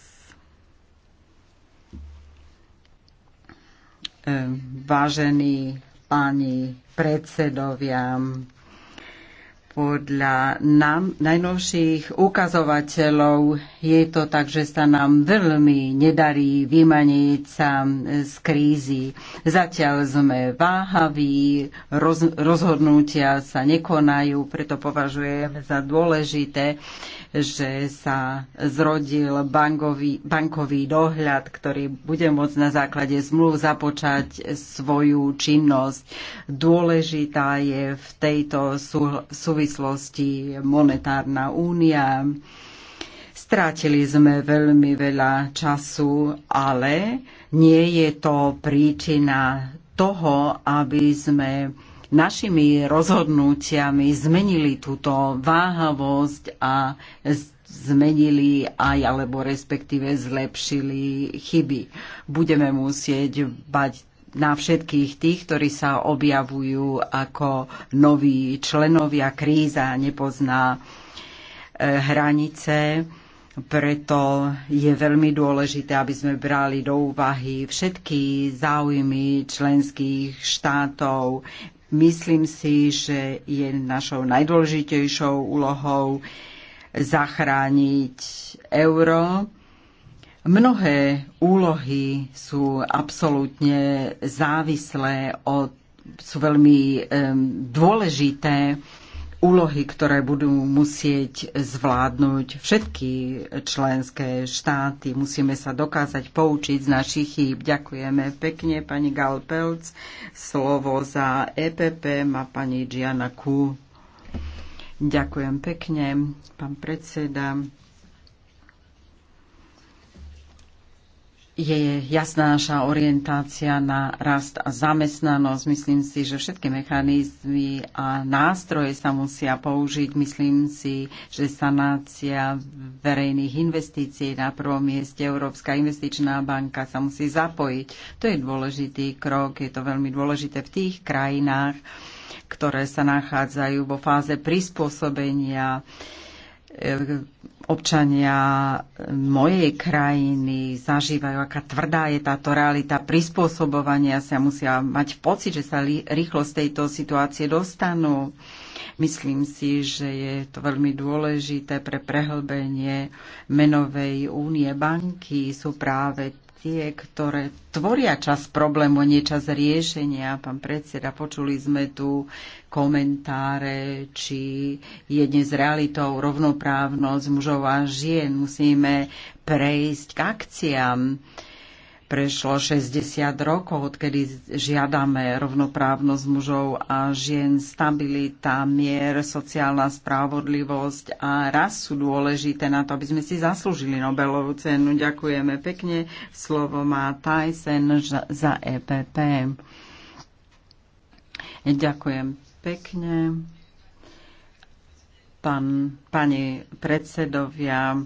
Ehm, vážení páni predsedovia, podľa nám najnovších ukazovateľov je to tak, že sa nám veľmi nedarí vymaniť sa z krízy. Zatiaľ sme váhaví, roz, rozhodnutia sa nekonajú, preto považujeme za dôležité, že sa zrodil bankový, bankový dohľad, ktorý bude môcť na základe zmluv započať svoju činnosť. Dôležitá je v tejto súvislosti súvislosti, monetárna únia. Strátili sme veľmi veľa času, ale nie je to príčina toho, aby sme našimi rozhodnutiami zmenili túto váhavosť a zmenili aj alebo respektíve zlepšili chyby. Budeme musieť bať na všetkých tých, ktorí sa objavujú ako noví členovia. Kríza nepozná e, hranice, preto je veľmi dôležité, aby sme brali do úvahy všetky záujmy členských štátov. Myslím si, že je našou najdôležitejšou úlohou zachrániť euro Mnohé úlohy sú absolútne závislé od, sú veľmi um, dôležité úlohy, ktoré budú musieť zvládnuť všetky členské štáty. Musíme sa dokázať poučiť z našich chýb. Ďakujeme pekne, pani Galpelc. Slovo za EPP má pani Gianna Ku. Ďakujem pekne, pán predseda. je jasná naša orientácia na rast a zamestnanosť. Myslím si, že všetky mechanizmy a nástroje sa musia použiť. Myslím si, že sanácia verejných investícií na prvom mieste Európska investičná banka sa musí zapojiť. To je dôležitý krok, je to veľmi dôležité v tých krajinách, ktoré sa nachádzajú vo fáze prispôsobenia občania mojej krajiny zažívajú, aká tvrdá je táto realita prispôsobovania sa, musia mať pocit, že sa rýchlo z tejto situácie dostanú. Myslím si, že je to veľmi dôležité pre prehlbenie menovej únie banky. Sú práve tie, ktoré tvoria čas problému, nie čas riešenia. Pán predseda, počuli sme tu komentáre, či je dnes realitou rovnoprávnosť mužov a žien. Musíme prejsť k akciám. Uh, Prešlo 60 rokov, odkedy žiadame rovnoprávnosť mužov a žien, stabilita, mier, sociálna spravodlivosť a raz sú dôležité na to, aby sme si zaslúžili Nobelovú cenu. Ďakujeme pekne. Slovo má Tyson za EPP. Ďakujem pekne. Pán, pani predsedovia,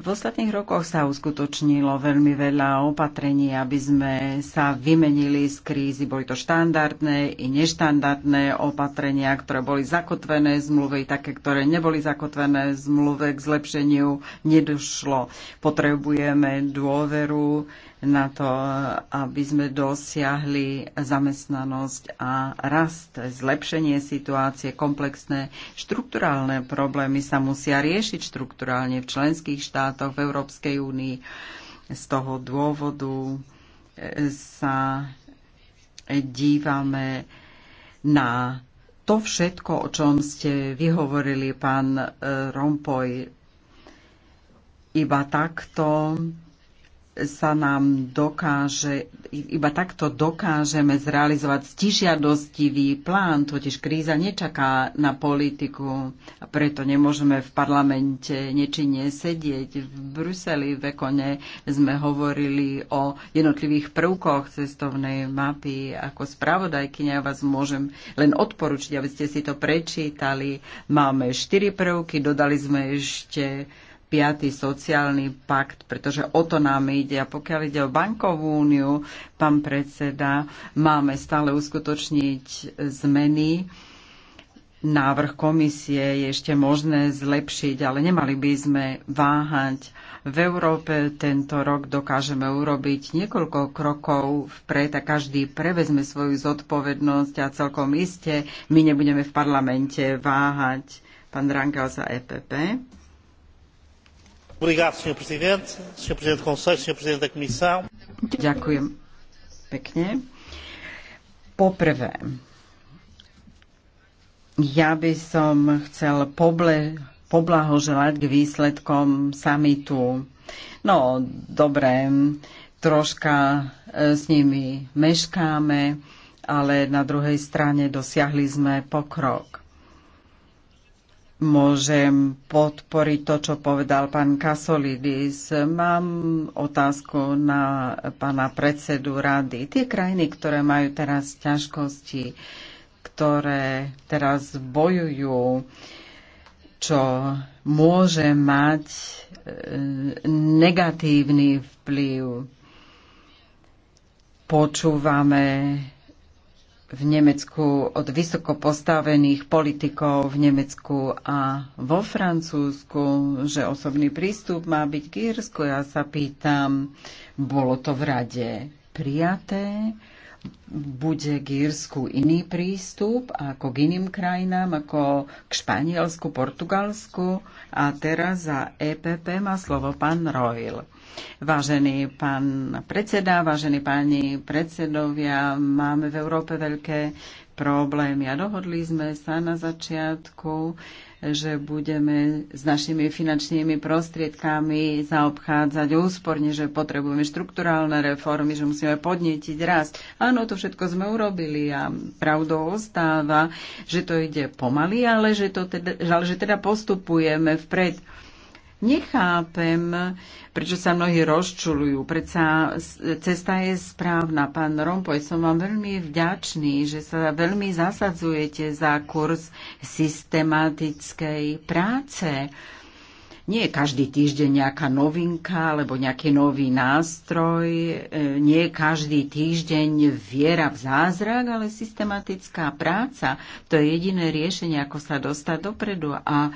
v ostatných rokoch sa uskutočnilo veľmi veľa opatrení, aby sme sa vymenili z krízy. Boli to štandardné i neštandardné opatrenia, ktoré boli zakotvené v zmluve, také, ktoré neboli zakotvené v zmluve, k zlepšeniu nedošlo. Potrebujeme dôveru na to, aby sme dosiahli zamestnanosť a rast, zlepšenie situácie, komplexné štrukturálne problémy sa musia riešiť štrukturálne v členských štátoch, v Európskej únii. Z toho dôvodu e, sa dívame na to všetko, o čom ste vyhovorili, pán e, Rompoj, iba takto sa nám dokáže, iba takto dokážeme zrealizovať stižiadostivý plán, totiž kríza nečaká na politiku a preto nemôžeme v parlamente nečinne sedieť. V Bruseli v Ekone sme hovorili o jednotlivých prvkoch cestovnej mapy. Ako spravodajkyňa vás môžem len odporučiť, aby ste si to prečítali. Máme štyri prvky, dodali sme ešte piatý sociálny pakt, pretože o to nám ide. A pokiaľ ide o bankovú úniu, pán predseda, máme stále uskutočniť zmeny. Návrh komisie je ešte možné zlepšiť, ale nemali by sme váhať. V Európe tento rok dokážeme urobiť niekoľko krokov vpred a každý prevezme svoju zodpovednosť a celkom iste my nebudeme v parlamente váhať. Pán Rangel za EPP. Ďakujem pekne. Poprvé, ja by som chcel poble, poblahoželať k výsledkom samitu. No, dobre, troška e, s nimi meškáme, ale na druhej strane dosiahli sme pokrok môžem podporiť to, čo povedal pán Kasolidis. Mám otázku na pána predsedu rady. Tie krajiny, ktoré majú teraz ťažkosti, ktoré teraz bojujú, čo môže mať e, negatívny vplyv. Počúvame v Nemecku od vysoko postavených politikov v Nemecku a vo Francúzsku, že osobný prístup má byť k Írsku. Ja sa pýtam, bolo to v rade prijaté? Bude k Írsku iný prístup ako k iným krajinám, ako k Španielsku, Portugalsku? A teraz za EPP má slovo pán Royl. Vážený pán predseda, vážení páni predsedovia, máme v Európe veľké problémy a dohodli sme sa na začiatku, že budeme s našimi finančnými prostriedkami zaobchádzať úsporne, že potrebujeme štrukturálne reformy, že musíme podnetiť rast. Áno, to všetko sme urobili a pravdou ostáva, že to ide pomaly, ale že, to teda, ale že teda postupujeme vpred. Nechápem, prečo sa mnohí rozčulujú. Predsa cesta je správna. Pán Rompoj, som vám veľmi vďačný, že sa veľmi zasadzujete za kurz systematickej práce. Nie je každý týždeň nejaká novinka alebo nejaký nový nástroj, nie je každý týždeň viera v zázrak, ale systematická práca. To je jediné riešenie, ako sa dostať dopredu. A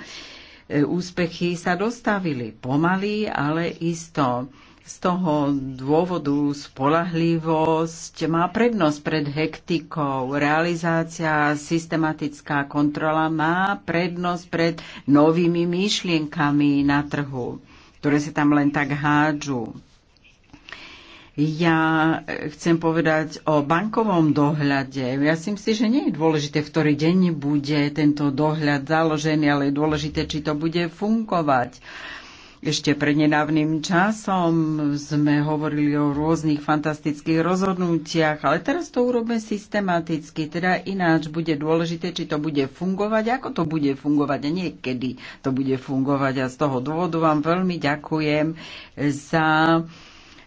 E, úspechy sa dostavili pomaly, ale isto. Z toho dôvodu spolahlivosť má prednosť pred hektikou. Realizácia, systematická kontrola má prednosť pred novými myšlienkami na trhu, ktoré sa tam len tak hádžu. Ja chcem povedať o bankovom dohľade. Ja si myslím, že nie je dôležité, v ktorý deň bude tento dohľad založený, ale je dôležité, či to bude fungovať. Ešte pred nedávnym časom sme hovorili o rôznych fantastických rozhodnutiach, ale teraz to urobme systematicky, teda ináč bude dôležité, či to bude fungovať, ako to bude fungovať a niekedy to bude fungovať. A z toho dôvodu vám veľmi ďakujem za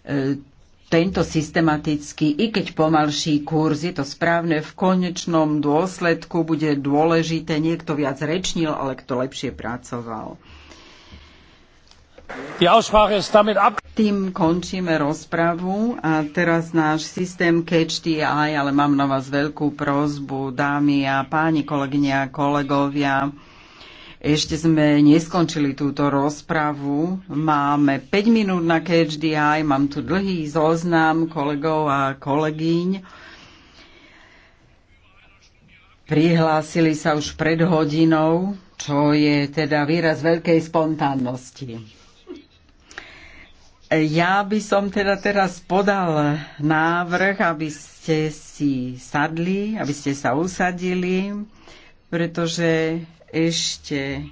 e, tento systematický, i keď pomalší kurz, je to správne, v konečnom dôsledku bude dôležité, niekto viac rečnil, ale kto lepšie pracoval. Tým končíme rozpravu a teraz náš systém Catch the Eye, ale mám na vás veľkú prozbu, dámy a páni, kolegyne a kolegovia. Ešte sme neskončili túto rozpravu. Máme 5 minút na KHDI, mám tu dlhý zoznam kolegov a kolegyň. Prihlásili sa už pred hodinou, čo je teda výraz veľkej spontánnosti. Ja by som teda teraz podal návrh, aby ste si sadli, aby ste sa usadili pretože ešte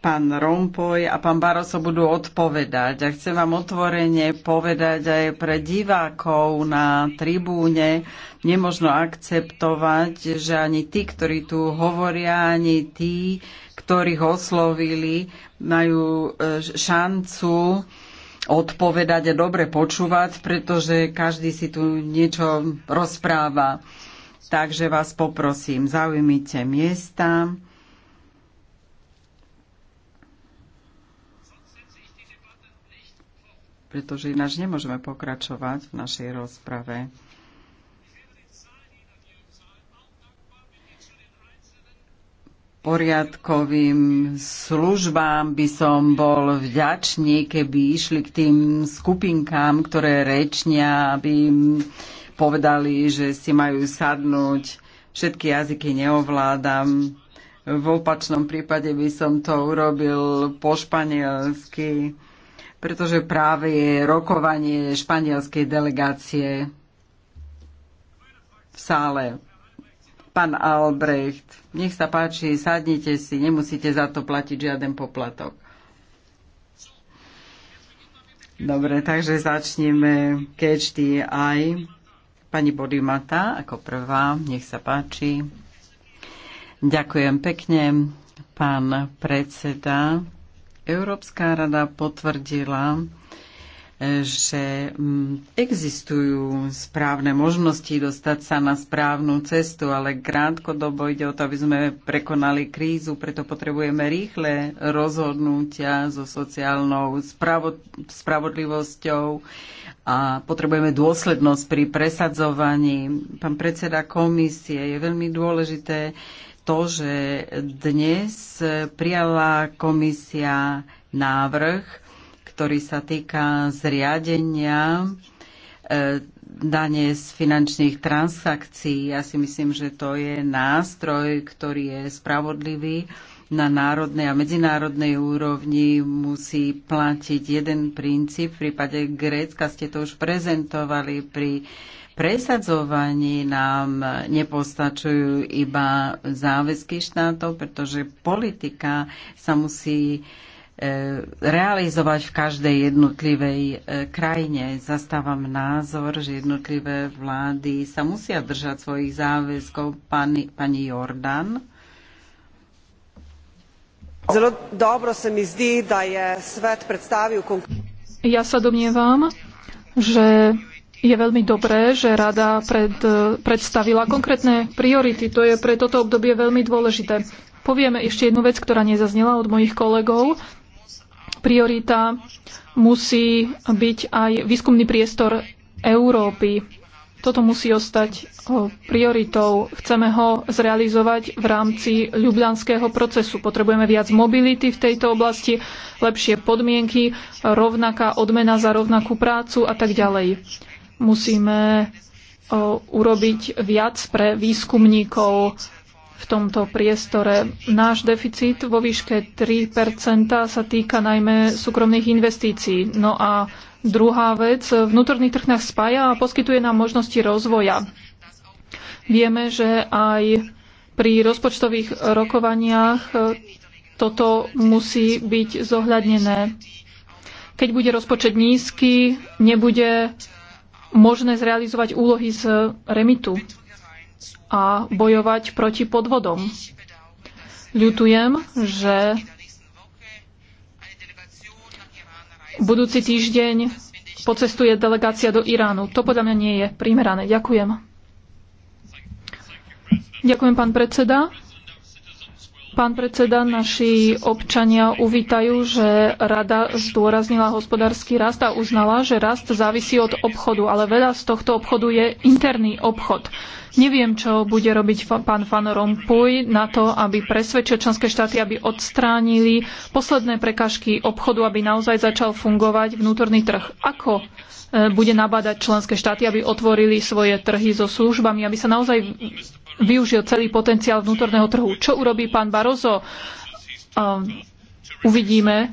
pán Rompoj a pán Baroso budú odpovedať. A chcem vám otvorene povedať aj pre divákov na tribúne, nemožno akceptovať, že ani tí, ktorí tu hovoria, ani tí, ktorých oslovili, majú e, šancu odpovedať a dobre počúvať, pretože každý si tu niečo rozpráva takže vás poprosím, zaujmite miesta. pretože ináč nemôžeme pokračovať v našej rozprave. poriadkovým službám by som bol vďačný, keby išli k tým skupinkám, ktoré rečnia, aby im povedali, že si majú sadnúť. Všetky jazyky neovládam. V opačnom prípade by som to urobil po španielsky, pretože práve je rokovanie španielskej delegácie v sále. Pán Albrecht, nech sa páči, sadnite si, nemusíte za to platiť žiaden poplatok. Dobre, takže začneme catch the eye. Pani Bodimata ako prvá, nech sa páči. Ďakujem pekne, pán predseda. Európska rada potvrdila, že mm, existujú správne možnosti dostať sa na správnu cestu, ale krátkodobo ide o to, aby sme prekonali krízu, preto potrebujeme rýchle rozhodnutia so sociálnou spravodlivosťou a potrebujeme dôslednosť pri presadzovaní. Pán predseda komisie, je veľmi dôležité to, že dnes prijala komisia návrh, ktorý sa týka zriadenia e, dane z finančných transakcií. Ja si myslím, že to je nástroj, ktorý je spravodlivý na národnej a medzinárodnej úrovni musí platiť jeden princíp. V prípade Grécka ste to už prezentovali pri presadzovaní nám nepostačujú iba záväzky štátov, pretože politika sa musí realizovať v každej jednotlivej e, krajine. Zastávam názor, že jednotlivé vlády sa musia držať svojich záväzkov. Pani, pani Jordan. Zelo dobro mi zdi, da je svet predstavil Ja sa domnievam, že je veľmi dobré, že rada pred, e, predstavila konkrétne priority. To je pre toto obdobie veľmi dôležité. Povieme ešte jednu vec, ktorá nezaznela od mojich kolegov. Priorita musí byť aj výskumný priestor Európy. Toto musí ostať prioritou. Chceme ho zrealizovať v rámci ľubľanského procesu. Potrebujeme viac mobility v tejto oblasti, lepšie podmienky, rovnaká odmena za rovnakú prácu a tak ďalej. Musíme urobiť viac pre výskumníkov, v tomto priestore. Náš deficit vo výške 3 sa týka najmä súkromných investícií. No a druhá vec, vnútorný trh nás spája a poskytuje nám možnosti rozvoja. Vieme, že aj pri rozpočtových rokovaniach toto musí byť zohľadnené. Keď bude rozpočet nízky, nebude možné zrealizovať úlohy z remitu a bojovať proti podvodom. Ľutujem, že budúci týždeň pocestuje delegácia do Iránu. To podľa mňa nie je primerané. Ďakujem. Ďakujem, pán predseda. Pán predseda, naši občania uvítajú, že rada zdôraznila hospodársky rast a uznala, že rast závisí od obchodu, ale veľa z tohto obchodu je interný obchod. Neviem, čo bude robiť pán Van Rompuy na to, aby presvedčil členské štáty, aby odstránili posledné prekažky obchodu, aby naozaj začal fungovať vnútorný trh. Ako e, bude nabádať členské štáty, aby otvorili svoje trhy so službami, aby sa naozaj využil celý potenciál vnútorného trhu. Čo urobí pán Barozo? Um, uvidíme,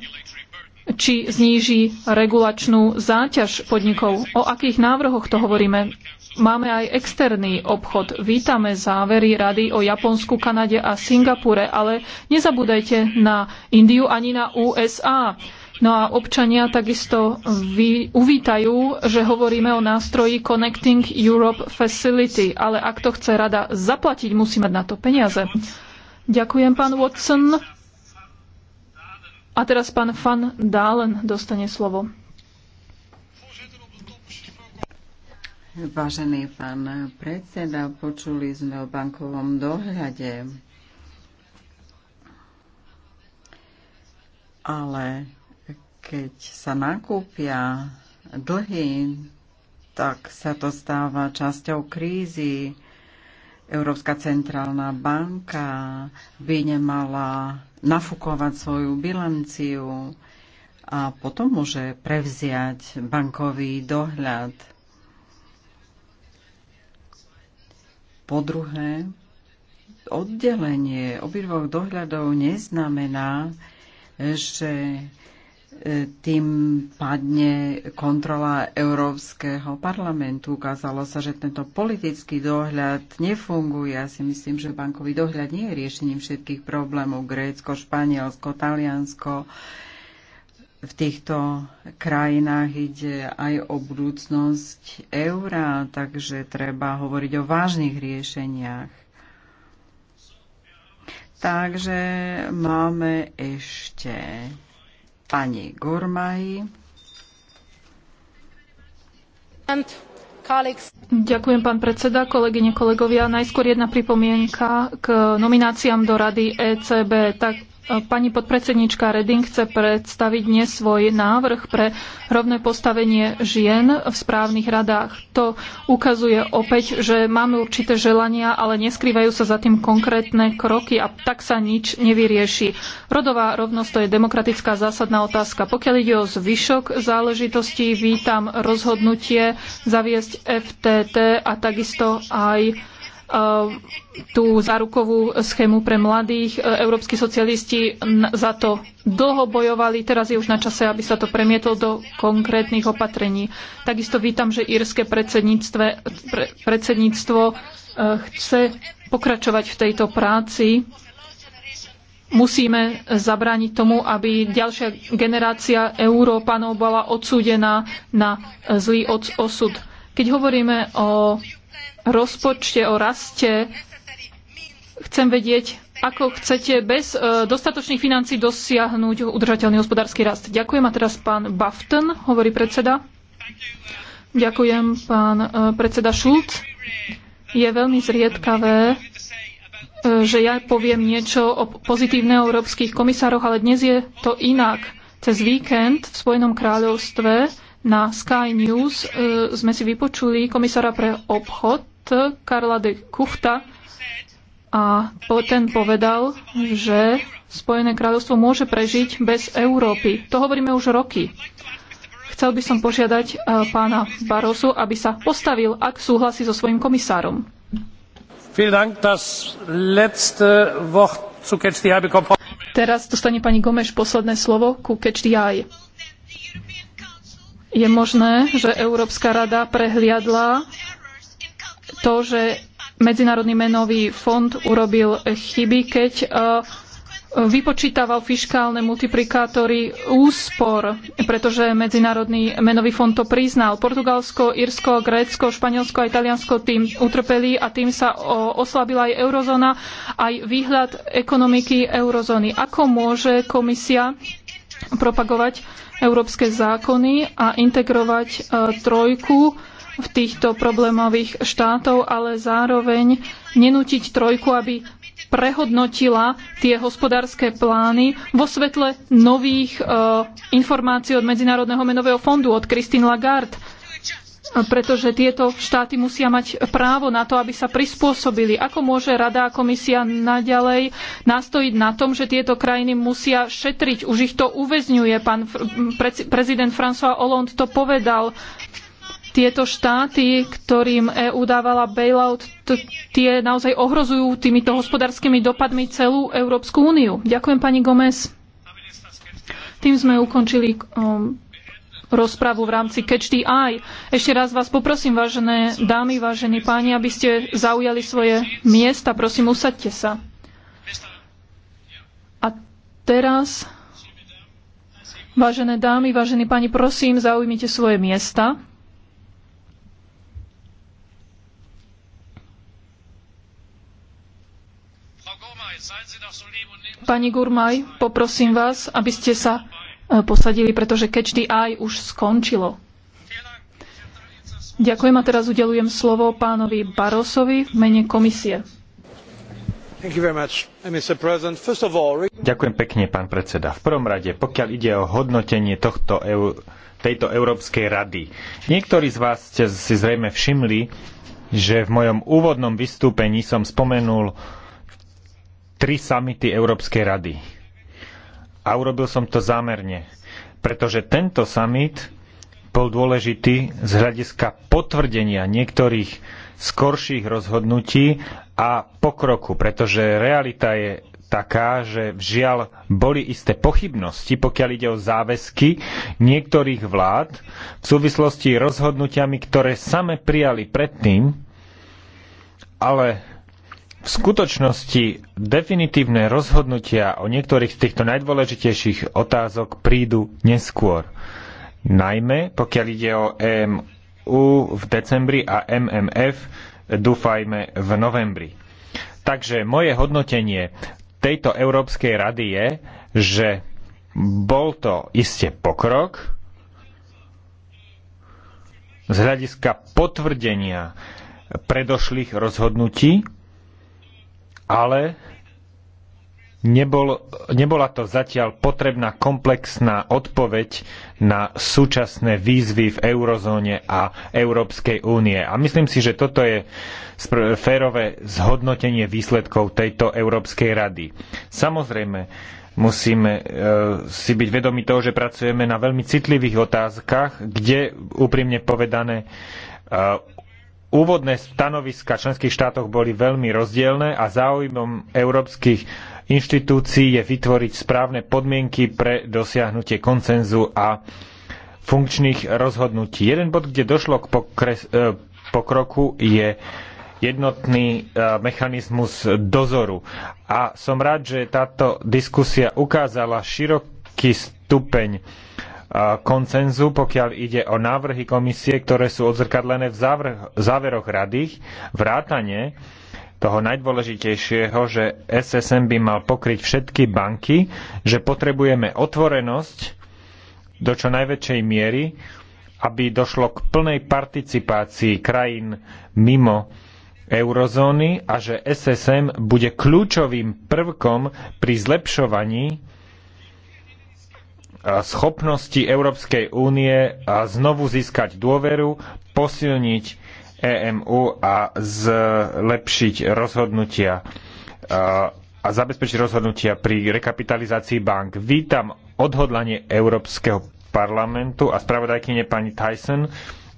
či zníži regulačnú záťaž podnikov. O akých návrhoch to hovoríme? Máme aj externý obchod. Vítame závery rady o Japonsku, Kanade a Singapure, ale nezabúdajte na Indiu ani na USA. No a občania takisto vy, uvítajú, že hovoríme o nástroji Connecting Europe Facility, ale ak to chce rada zaplatiť, musí mať na to peniaze. Ďakujem, pán Watson. A teraz pán Van Dalen dostane slovo. Vážený pán predseda, počuli sme o bankovom dohľade, ale keď sa nakúpia dlhy, tak sa to stáva časťou krízy. Európska centrálna banka by nemala nafúkovať svoju bilanciu a potom môže prevziať bankový dohľad. Po druhé, oddelenie obidvoch dohľadov neznamená, že tým padne kontrola Európskeho parlamentu. Ukázalo sa, že tento politický dohľad nefunguje. Ja si myslím, že bankový dohľad nie je riešením všetkých problémov. Grécko, Španielsko, Taliansko. V týchto krajinách ide aj o budúcnosť eura, takže treba hovoriť o vážnych riešeniach. Takže máme ešte pani Gormaj. Ďakujem, pán predseda, kolegyne, kolegovia. Najskôr jedna pripomienka k nomináciám do rady ECB. Tak Pani podpredsednička Reding chce predstaviť dnes svoj návrh pre rovné postavenie žien v správnych radách. To ukazuje opäť, že máme určité želania, ale neskrývajú sa za tým konkrétne kroky a tak sa nič nevyrieši. Rodová rovnosť to je demokratická zásadná otázka. Pokiaľ ide o zvyšok záležitostí, vítam rozhodnutie zaviesť FTT a takisto aj tú zárukovú schému pre mladých. E, európsky socialisti za to dlho bojovali, teraz je už na čase, aby sa to premietlo do konkrétnych opatrení. Takisto vítam, že írske predsedníctvo e, chce pokračovať v tejto práci. Musíme zabrániť tomu, aby ďalšia generácia Európanov bola odsúdená na zlý osud. Keď hovoríme o rozpočte, o raste. Chcem vedieť, ako chcete bez e, dostatočných financí dosiahnuť udržateľný hospodársky rast. Ďakujem a teraz pán Bafton, hovorí predseda. Ďakujem, pán e, predseda Schulz. Je veľmi zriedkavé, e, že ja poviem niečo o pozitívne európskych komisároch, ale dnes je to inak. Cez víkend v Spojenom kráľovstve na Sky News e, sme si vypočuli komisára pre obchod Karla de Kuchta a ten povedal, že Spojené kráľovstvo môže prežiť bez Európy. To hovoríme už roky. Chcel by som požiadať e, pána Barosu, aby sa postavil, ak súhlasí so svojím komisárom. Teraz dostane pani Gomeš posledné slovo ku Catch the Eye. Je možné, že Európska rada prehliadla to, že Medzinárodný menový fond urobil chyby, keď e, vypočítaval fiškálne multiplikátory úspor, pretože Medzinárodný menový fond to priznal. Portugalsko, Írsko, Grécko, Španielsko a Taliansko tým utrpeli a tým sa oslabila aj eurozóna, aj výhľad ekonomiky eurozóny. Ako môže komisia propagovať európske zákony a integrovať e, trojku v týchto problémových štátov, ale zároveň nenútiť trojku, aby prehodnotila tie hospodárske plány vo svetle nových e, informácií od Medzinárodného menového fondu, od Christine Lagarde pretože tieto štáty musia mať právo na to, aby sa prispôsobili. Ako môže Rada a komisia naďalej nastojiť na tom, že tieto krajiny musia šetriť? Už ich to uväzňuje. Pán prezident François Hollande to povedal. Tieto štáty, ktorým EÚ dávala bailout, tie naozaj ohrozujú týmito hospodárskymi dopadmi celú Európsku úniu. Ďakujem pani Gomez. Tým sme ukončili um, rozpravu v rámci Catch the Eye. Ešte raz vás poprosím, vážené dámy, vážení páni, aby ste zaujali svoje miesta. Prosím, usaďte sa. A teraz, vážené dámy, vážení páni, prosím, zaujmite svoje miesta. Pani Gurmaj, poprosím vás, aby ste sa Eh, posadili, pretože the eye už skončilo. Ďakujem a teraz udelujem slovo pánovi Barosovi v mene komisie. Ďakujem pekne, pán predseda. V prvom rade, pokiaľ ide o hodnotenie tohto, tejto Európskej rady, niektorí z vás ste si zrejme všimli, že v mojom úvodnom vystúpení som spomenul tri samity Európskej rady a urobil som to zámerne, pretože tento summit bol dôležitý z hľadiska potvrdenia niektorých skorších rozhodnutí a pokroku, pretože realita je taká, že žiaľ boli isté pochybnosti, pokiaľ ide o záväzky niektorých vlád v súvislosti s rozhodnutiami, ktoré same prijali predtým, ale v skutočnosti definitívne rozhodnutia o niektorých z týchto najdôležitejších otázok prídu neskôr. Najmä pokiaľ ide o EMU v decembri a MMF dúfajme v novembri. Takže moje hodnotenie tejto Európskej rady je, že bol to iste pokrok z hľadiska potvrdenia predošlých rozhodnutí ale nebol, nebola to zatiaľ potrebná komplexná odpoveď na súčasné výzvy v eurozóne a Európskej únie. A myslím si, že toto je férové zhodnotenie výsledkov tejto Európskej rady. Samozrejme, musíme e, si byť vedomi toho, že pracujeme na veľmi citlivých otázkach, kde úprimne povedané e, Úvodné stanoviska členských štátoch boli veľmi rozdielne a záujmom európskych inštitúcií je vytvoriť správne podmienky pre dosiahnutie koncenzu a funkčných rozhodnutí. Jeden bod, kde došlo k pokres, e, pokroku, je jednotný e, mechanizmus dozoru. A som rád, že táto diskusia ukázala široký stupeň koncenzu, pokiaľ ide o návrhy komisie, ktoré sú odzrkadlené v záveroch rady, vrátane toho najdôležitejšieho, že SSM by mal pokryť všetky banky, že potrebujeme otvorenosť do čo najväčšej miery, aby došlo k plnej participácii krajín mimo eurozóny a že SSM bude kľúčovým prvkom pri zlepšovaní schopnosti Európskej únie znovu získať dôveru, posilniť EMU a zlepšiť rozhodnutia a zabezpečiť rozhodnutia pri rekapitalizácii bank. Vítam odhodlanie Európskeho parlamentu a spravodajkyne pani Tyson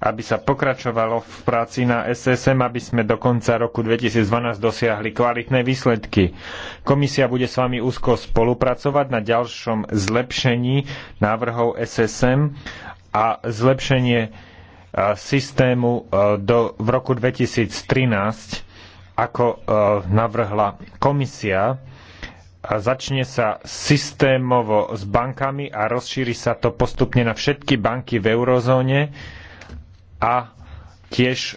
aby sa pokračovalo v práci na SSM, aby sme do konca roku 2012 dosiahli kvalitné výsledky. Komisia bude s vami úzko spolupracovať na ďalšom zlepšení návrhov SSM a zlepšenie e, systému e, do, v roku 2013, ako e, navrhla komisia. A začne sa systémovo s bankami a rozšíri sa to postupne na všetky banky v eurozóne a tiež e,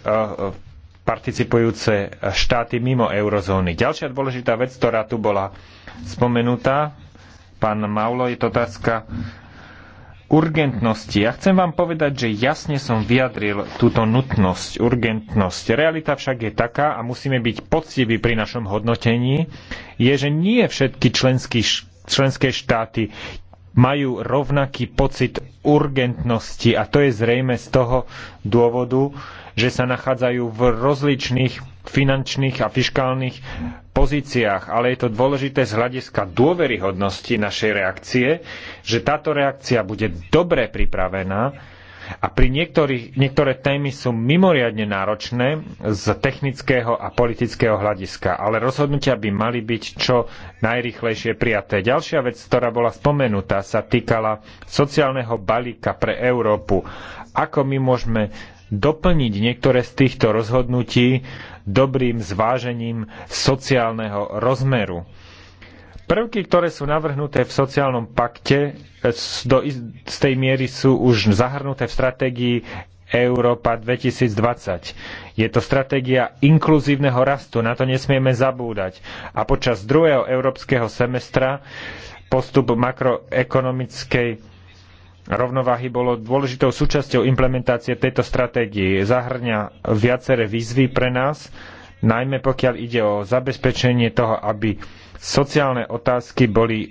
participujúce štáty mimo eurozóny. Ďalšia dôležitá vec, ktorá tu bola spomenutá, pán Maulo, je to otázka urgentnosti. Ja chcem vám povedať, že jasne som vyjadril túto nutnosť, urgentnosť. Realita však je taká, a musíme byť poctiví pri našom hodnotení, je, že nie všetky členské štáty majú rovnaký pocit urgentnosti a to je zrejme z toho dôvodu, že sa nachádzajú v rozličných finančných a fiškálnych pozíciách, ale je to dôležité z hľadiska dôveryhodnosti našej reakcie, že táto reakcia bude dobre pripravená, a pri niektorých, niektoré témy sú mimoriadne náročné z technického a politického hľadiska, ale rozhodnutia by mali byť čo najrychlejšie prijaté. Ďalšia vec, ktorá bola spomenutá, sa týkala sociálneho balíka pre Európu. Ako my môžeme doplniť niektoré z týchto rozhodnutí dobrým zvážením sociálneho rozmeru Prvky, ktoré sú navrhnuté v sociálnom pakte, e, do z tej miery sú už zahrnuté v stratégii Európa 2020. Je to stratégia inkluzívneho rastu, na to nesmieme zabúdať. A počas druhého európskeho semestra postup makroekonomickej rovnováhy bolo dôležitou súčasťou implementácie tejto stratégie. Zahrňa viaceré výzvy pre nás, najmä pokiaľ ide o zabezpečenie toho, aby sociálne otázky boli eh,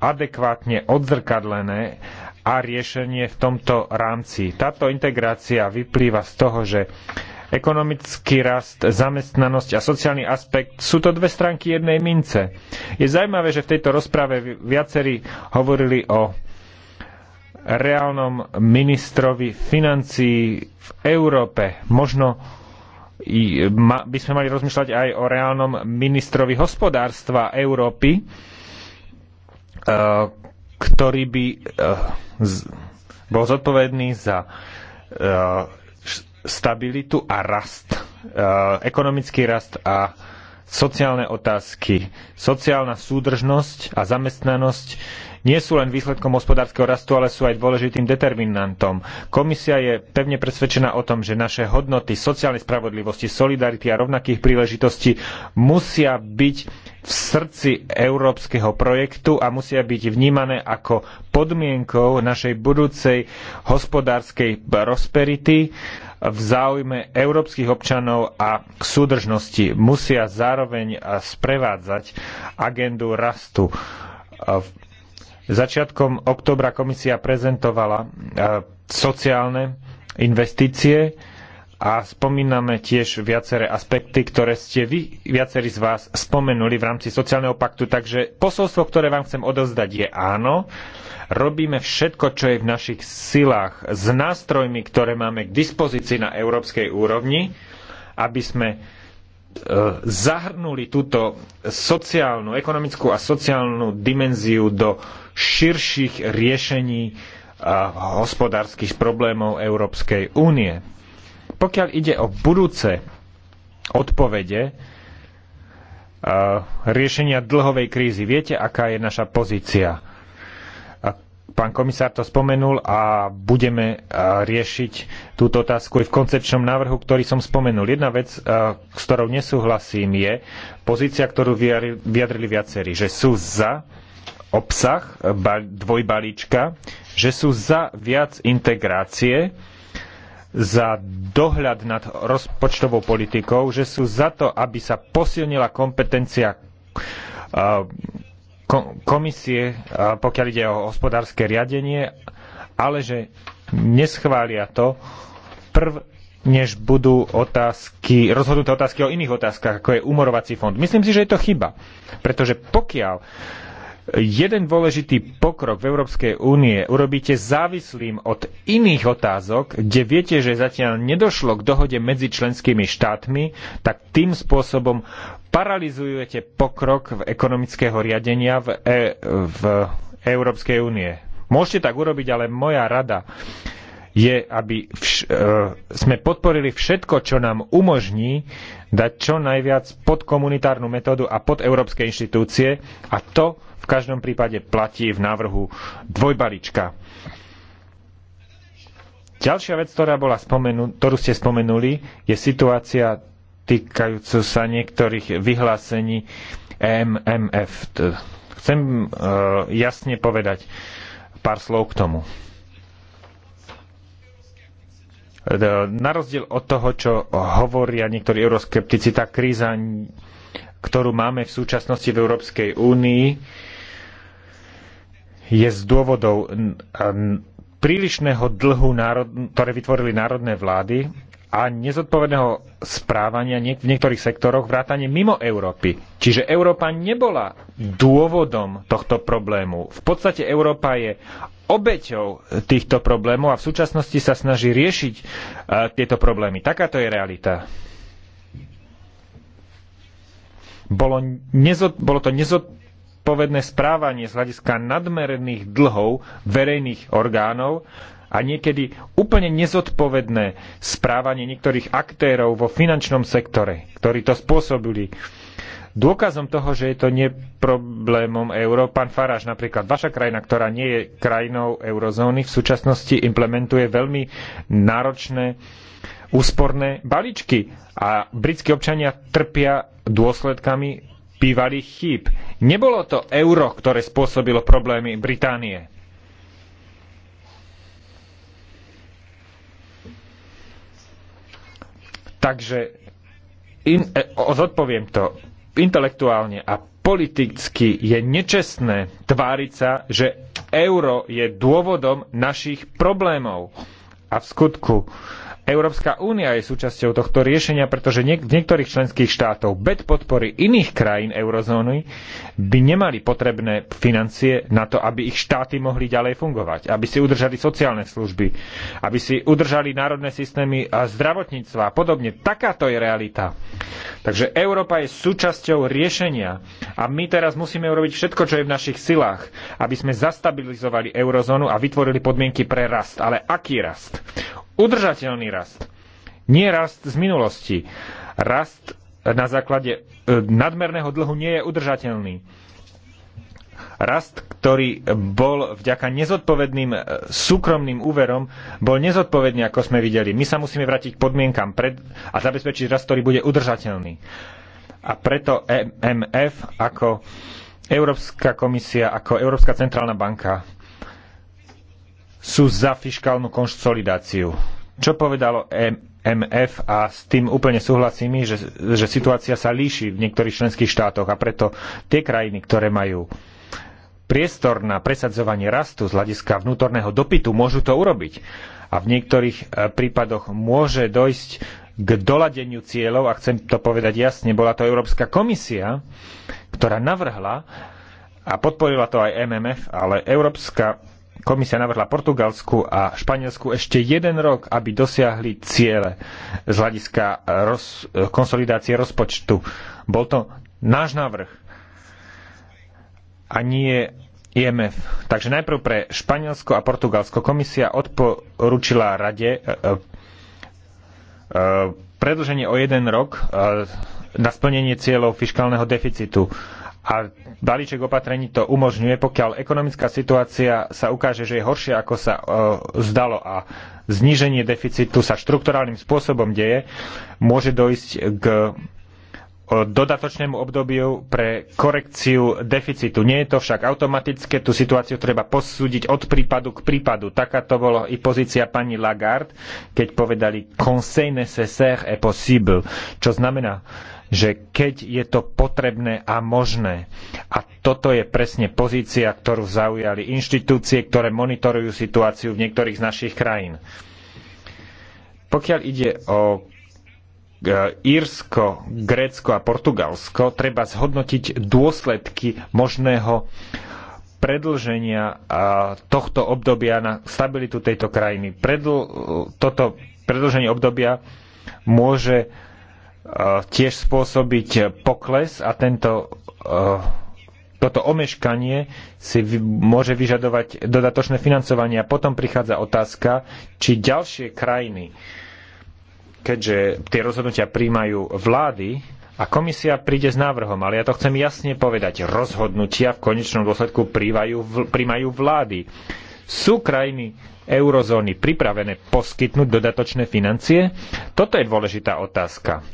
adekvátne odzrkadlené a riešenie v tomto rámci. Táto integrácia vyplýva z toho, že ekonomický rast, zamestnanosť a sociálny aspekt sú to dve stránky jednej mince. Je zaujímavé, že v tejto rozprave viacerí hovorili o reálnom ministrovi financií v Európe. Možno by sme mali rozmýšľať aj o reálnom ministrovi hospodárstva Európy, e, ktorý by e, bol zodpovedný za e, stabilitu a rast, ekonomický rast a Sociálne otázky, sociálna súdržnosť a zamestnanosť nie sú len výsledkom hospodárskeho rastu, ale sú aj dôležitým determinantom. Komisia je pevne presvedčená o tom, že naše hodnoty sociálnej spravodlivosti, solidarity a rovnakých príležitostí musia byť v srdci európskeho projektu a musia byť vnímané ako podmienkou našej budúcej hospodárskej prosperity v záujme európskych občanov a k súdržnosti. Musia zároveň sprevádzať agendu rastu. Začiatkom oktobra komisia prezentovala e, sociálne investície a spomíname tiež viaceré aspekty, ktoré ste vy, viacerí z vás spomenuli v rámci sociálneho paktu. Takže posolstvo, ktoré vám chcem odozdať je áno, Robíme všetko, čo je v našich silách s nástrojmi, ktoré máme k dispozícii na európskej úrovni, aby sme e, zahrnuli túto sociálnu, ekonomickú a sociálnu dimenziu do širších riešení e, hospodárskych problémov Európskej únie. Pokiaľ ide o budúce odpovede e, riešenia dlhovej krízy, viete, aká je naša pozícia? pán komisár to spomenul a budeme e, riešiť túto otázku aj v koncepčnom návrhu, ktorý som spomenul. Jedna vec, e, s ktorou nesúhlasím, je pozícia, ktorú vyjadrili viacerí, že sú za obsah e, dvojbalíčka, že sú za viac integrácie, za dohľad nad rozpočtovou politikou, že sú za to, aby sa posilnila kompetencia komisie, pokiaľ ide o hospodárske riadenie, ale že neschvália to prv, než budú otázky, rozhodnuté otázky o iných otázkach, ako je umorovací fond. Myslím si, že je to chyba, pretože pokiaľ jeden dôležitý pokrok v Európskej únie urobíte závislým od iných otázok, kde viete, že zatiaľ nedošlo k dohode medzi členskými štátmi, tak tým spôsobom paralizujete pokrok v ekonomického riadenia v, e, v Európskej únie. Môžete tak urobiť, ale moja rada je, aby vš- e, sme podporili všetko, čo nám umožní dať čo najviac pod komunitárnu metódu a pod európske inštitúcie a to v každom prípade platí v návrhu dvojbalička. Ďalšia vec, ktorá bola spomenu- ktorú ste spomenuli, je situácia týkajúca sa niektorých vyhlásení MMF. Chcem e, jasne povedať pár slov k tomu. E, na rozdiel od toho, čo hovoria niektorí euroskeptici, tá kríza, ktorú máme v súčasnosti v Európskej únii, je z dôvodov prílišného dlhu, ktoré vytvorili národné vlády a nezodpovedného správania v niektorých sektoroch vrátane mimo Európy. Čiže Európa nebola dôvodom tohto problému. V podstate Európa je obeťou týchto problémov a v súčasnosti sa snaží riešiť e, tieto problémy. Takáto je realita. Bolo, nezod, bolo to nezodpovedné správanie z hľadiska nadmerených dlhov verejných orgánov a niekedy úplne nezodpovedné správanie niektorých aktérov vo finančnom sektore, ktorí to spôsobili. Uh, dôkazom toho, že je to nie problémom euro. Pán Faráš napríklad, vaša krajina, ktorá nie je krajinou eurozóny, v súčasnosti implementuje veľmi náročné úsporné balíčky a britskí občania trpia dôsledkami bývalých chýb. Nebolo to euro, ktoré spôsobilo problémy Británie. Takže in, e, zodpoviem to intelektuálne a politicky je nečestné tváriť sa, že euro je dôvodom našich problémov. A v skutku Európska únia je súčasťou tohto riešenia, pretože niek- niektorých členských štátov bez podpory iných krajín eurozóny by nemali potrebné financie na to, aby ich štáty mohli ďalej fungovať, aby si udržali sociálne služby, aby si udržali národné systémy a zdravotníctva a podobne. Takáto je realita. Takže Európa je súčasťou riešenia a my teraz musíme urobiť všetko, čo je v našich silách, aby sme zastabilizovali eurozónu a vytvorili podmienky pre rast. Ale aký rast? udržateľný rast. Nie rast z minulosti. Rast na základe e, nadmerného dlhu nie je udržateľný. Rast, ktorý bol vďaka nezodpovedným e, súkromným úverom, bol nezodpovedný, ako sme videli. My sa musíme vrátiť k podmienkam pred a zabezpečiť rast, ktorý bude udržateľný. A preto e MMF ako Európska komisia, ako Európska centrálna banka sú za fiškálnu konsolidáciu. Čo povedalo MF a s tým úplne súhlasím, že, že situácia sa líši v niektorých členských štátoch a preto tie krajiny, ktoré majú priestor na presadzovanie rastu z hľadiska vnútorného dopytu, môžu to urobiť. A v niektorých e, prípadoch môže dojsť k doladeniu cieľov, a chcem to povedať jasne, bola to Európska komisia, ktorá navrhla a podporila to aj MMF, ale Európska komisia navrhla Portugalsku a Španielsku ešte jeden rok, aby dosiahli ciele z hľadiska roz, konsolidácie rozpočtu. Bol to náš návrh a nie IMF. Takže najprv pre Španielsko a Portugalsko komisia odporúčila rade e, e, e, predlženie o jeden rok e, na splnenie cieľov fiskálneho deficitu a balíček opatrení to umožňuje, pokiaľ ekonomická situácia sa ukáže, že je horšia, ako sa e, zdalo a zníženie deficitu sa štrukturálnym spôsobom deje, môže dojsť k e, dodatočnému obdobiu pre korekciu deficitu. Nie je to však automatické, tú situáciu treba posúdiť od prípadu k prípadu. Taká to bola i pozícia pani Lagarde, keď povedali Conseil nécessaire est possible, čo znamená, že keď je to potrebné a možné. A toto je presne pozícia, ktorú zaujali inštitúcie, ktoré monitorujú situáciu v niektorých z našich krajín. Pokiaľ ide o e, Írsko, Grécko a Portugalsko, treba zhodnotiť dôsledky možného predlženia e, tohto obdobia na stabilitu tejto krajiny. Predl, toto predlženie obdobia môže tiež spôsobiť pokles a tento, toto omeškanie si môže vyžadovať dodatočné financovanie. A potom prichádza otázka, či ďalšie krajiny, keďže tie rozhodnutia príjmajú vlády, a komisia príde s návrhom, ale ja to chcem jasne povedať. Rozhodnutia v konečnom dôsledku príjmajú vlády. Sú krajiny eurozóny pripravené poskytnúť dodatočné financie? Toto je dôležitá otázka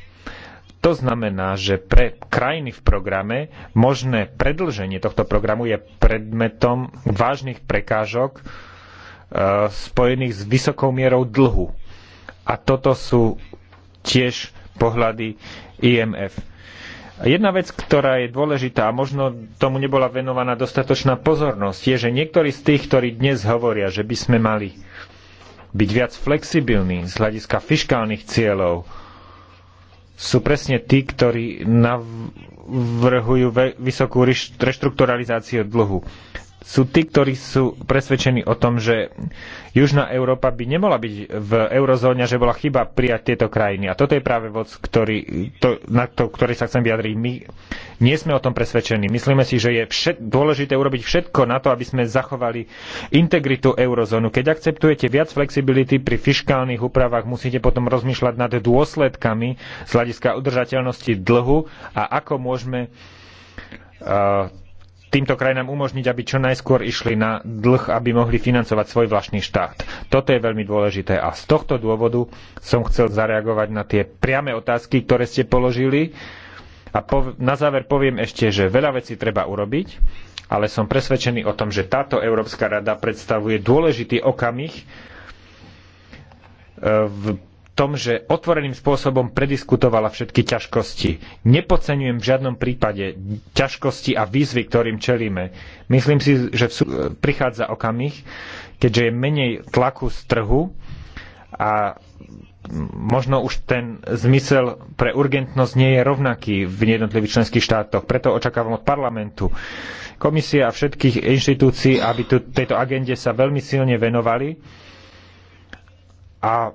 to znamená, že pre krajiny v programe možné predlženie tohto programu je predmetom vážnych prekážok e, spojených s vysokou mierou dlhu. A toto sú tiež pohľady IMF. Jedna vec, ktorá je dôležitá a možno tomu nebola venovaná dostatočná pozornosť, je, že niektorí z tých, ktorí dnes hovoria, že by sme mali byť viac flexibilní z hľadiska fiškálnych cieľov, sú presne tí, ktorí navrhujú vysokú reštrukturalizáciu dlhu sú tí, ktorí sú presvedčení o tom, že Južná Európa by nemohla byť v eurozóne, že bola chyba prijať tieto krajiny. A toto je práve vod, ktorý, to, na to, ktorý sa chcem vyjadriť. My nie sme o tom presvedčení. Myslíme si, že je všet, dôležité urobiť všetko na to, aby sme zachovali integritu eurozónu. Keď akceptujete viac flexibility pri fiškálnych úpravách, musíte potom rozmýšľať nad dôsledkami z hľadiska udržateľnosti dlhu a ako môžeme uh, týmto krajinám umožniť, aby čo najskôr išli na dlh, aby mohli financovať svoj vlastný štát. Toto je veľmi dôležité a z tohto dôvodu som chcel zareagovať na tie priame otázky, ktoré ste položili. A po, na záver poviem ešte, že veľa vecí treba urobiť, ale som presvedčený o tom, že táto Európska rada predstavuje dôležitý okamih e, v tom, že otvoreným spôsobom prediskutovala všetky ťažkosti. Nepodceňujem v žiadnom prípade ťažkosti a výzvy, ktorým čelíme. Myslím si, že prichádza okamih, keďže je menej tlaku z trhu a možno už ten zmysel pre urgentnosť nie je rovnaký v jednotlivých členských štátoch. Preto očakávam od parlamentu, komisie a všetkých inštitúcií, aby tu, tejto agende sa veľmi silne venovali a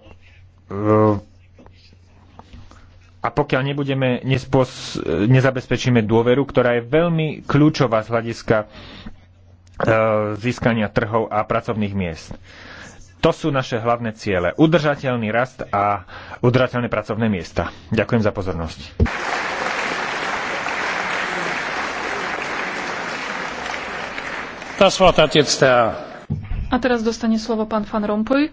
a pokiaľ nebudeme, nespos, nezabezpečíme dôveru, ktorá je veľmi kľúčová z hľadiska e, získania trhov a pracovných miest. To sú naše hlavné ciele. Udržateľný rast a udržateľné pracovné miesta. Ďakujem za pozornosť. A teraz dostane slovo pán Van Rompuy.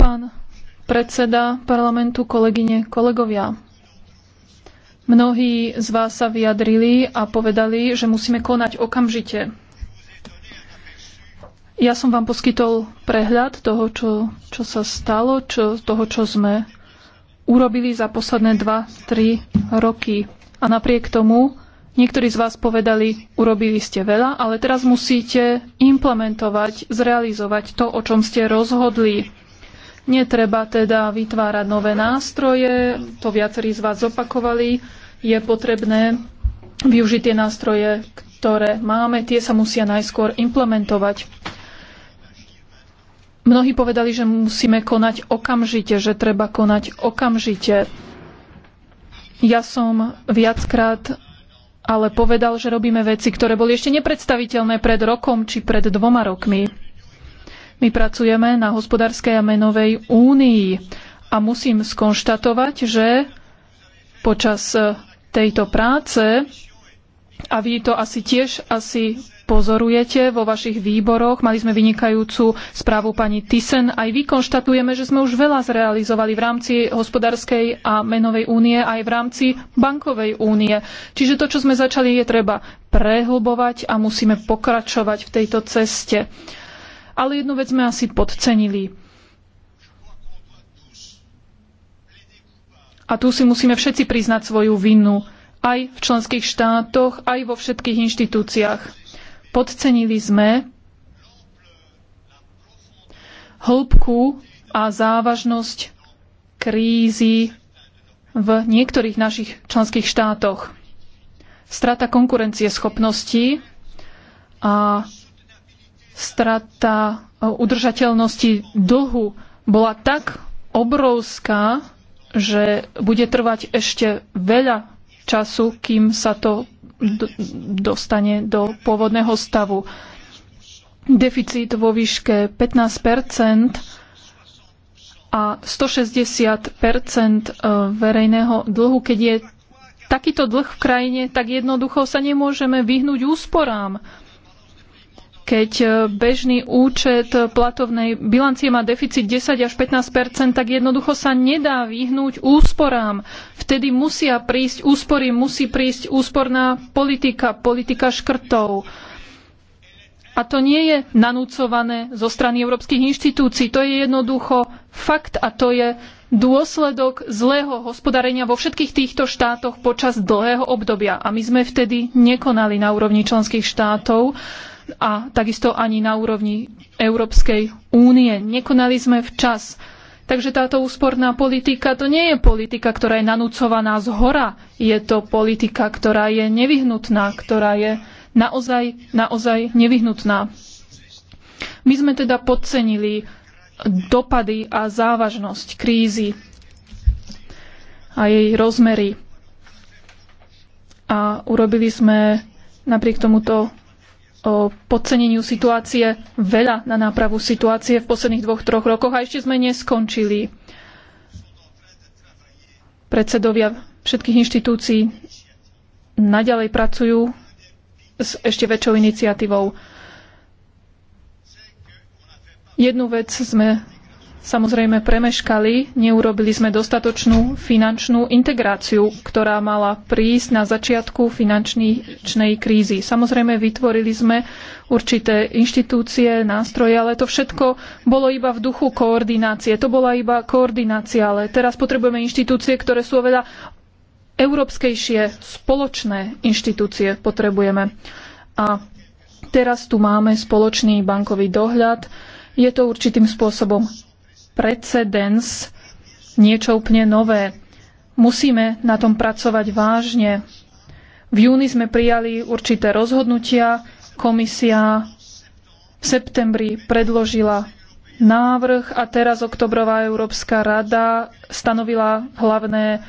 Pán predseda parlamentu, kolegyne, kolegovia. Mnohí z vás sa vyjadrili a povedali, že musíme konať okamžite. Ja som vám poskytol prehľad toho, čo, čo sa stalo, čo, toho, čo sme urobili za posledné 2-3 roky. A napriek tomu niektorí z vás povedali, urobili ste veľa, ale teraz musíte implementovať, zrealizovať to, o čom ste rozhodli. Netreba teda vytvárať nové nástroje, to viacerí z vás zopakovali. Je potrebné využiť tie nástroje, ktoré máme, tie sa musia najskôr implementovať. Mnohí povedali, že musíme konať okamžite, že treba konať okamžite. Ja som viackrát ale povedal, že robíme veci, ktoré boli ešte nepredstaviteľné pred rokom či pred dvoma rokmi. My pracujeme na hospodárskej a menovej únii a musím skonštatovať, že počas e, tejto práce a vy to asi tiež asi pozorujete vo vašich výboroch. Mali sme vynikajúcu správu pani Thyssen. Aj vy konštatujeme, že sme už veľa zrealizovali v rámci hospodárskej a menovej únie, aj v rámci bankovej únie. Čiže to, čo sme začali, je treba prehlbovať a musíme pokračovať v tejto ceste. Ale jednu vec sme asi podcenili. A tu si musíme všetci priznať svoju vinu, aj v členských štátoch, aj vo všetkých inštitúciách. Podcenili sme hĺbku a závažnosť krízy v niektorých našich členských štátoch. Strata konkurencieschopnosti a strata e, udržateľnosti dlhu bola tak obrovská, že bude trvať ešte veľa času, kým sa to dostane do pôvodného stavu. Deficit vo výške 15 a 160 e, verejného dlhu. Keď je takýto dlh v krajine, tak jednoducho sa nemôžeme vyhnúť úsporám. Keď e, bežný účet platovnej bilancie má deficit 10 až 15 tak jednoducho sa nedá vyhnúť úsporám. Vtedy musia prísť úspory, musí prísť úsporná politika, politika škrtov. A to nie je nanúcované zo strany európskych inštitúcií. To je jednoducho fakt a to je dôsledok zlého hospodárenia vo všetkých týchto štátoch počas dlhého obdobia. A my sme vtedy nekonali na úrovni členských štátov a takisto ani na úrovni Európskej únie. Nekonali sme včas. Takže táto úsporná politika to nie je politika, ktorá je nanúcovaná z hora. Je to politika, ktorá je nevyhnutná, ktorá je naozaj, naozaj nevyhnutná. My sme teda podcenili dopady a závažnosť krízy a jej rozmery. A urobili sme napriek tomuto o podceneniu situácie, veľa na nápravu situácie v posledných dvoch, troch rokoch a ešte sme neskončili. Predsedovia všetkých inštitúcií naďalej pracujú s ešte väčšou iniciatívou. Jednu vec sme samozrejme premeškali, neurobili sme dostatočnú finančnú integráciu, ktorá mala prísť na začiatku finančnej krízy. Samozrejme vytvorili sme určité inštitúcie, nástroje, ale to všetko bolo iba v duchu koordinácie. To bola iba koordinácia, ale teraz potrebujeme inštitúcie, ktoré sú oveľa európskejšie, spoločné inštitúcie potrebujeme. A teraz tu máme spoločný bankový dohľad. Je to určitým spôsobom precedens, niečo úplne nové. Musíme na tom pracovať vážne. V júni sme prijali určité rozhodnutia. Komisia v septembri predložila návrh a teraz Oktobrová Európska rada stanovila hlavné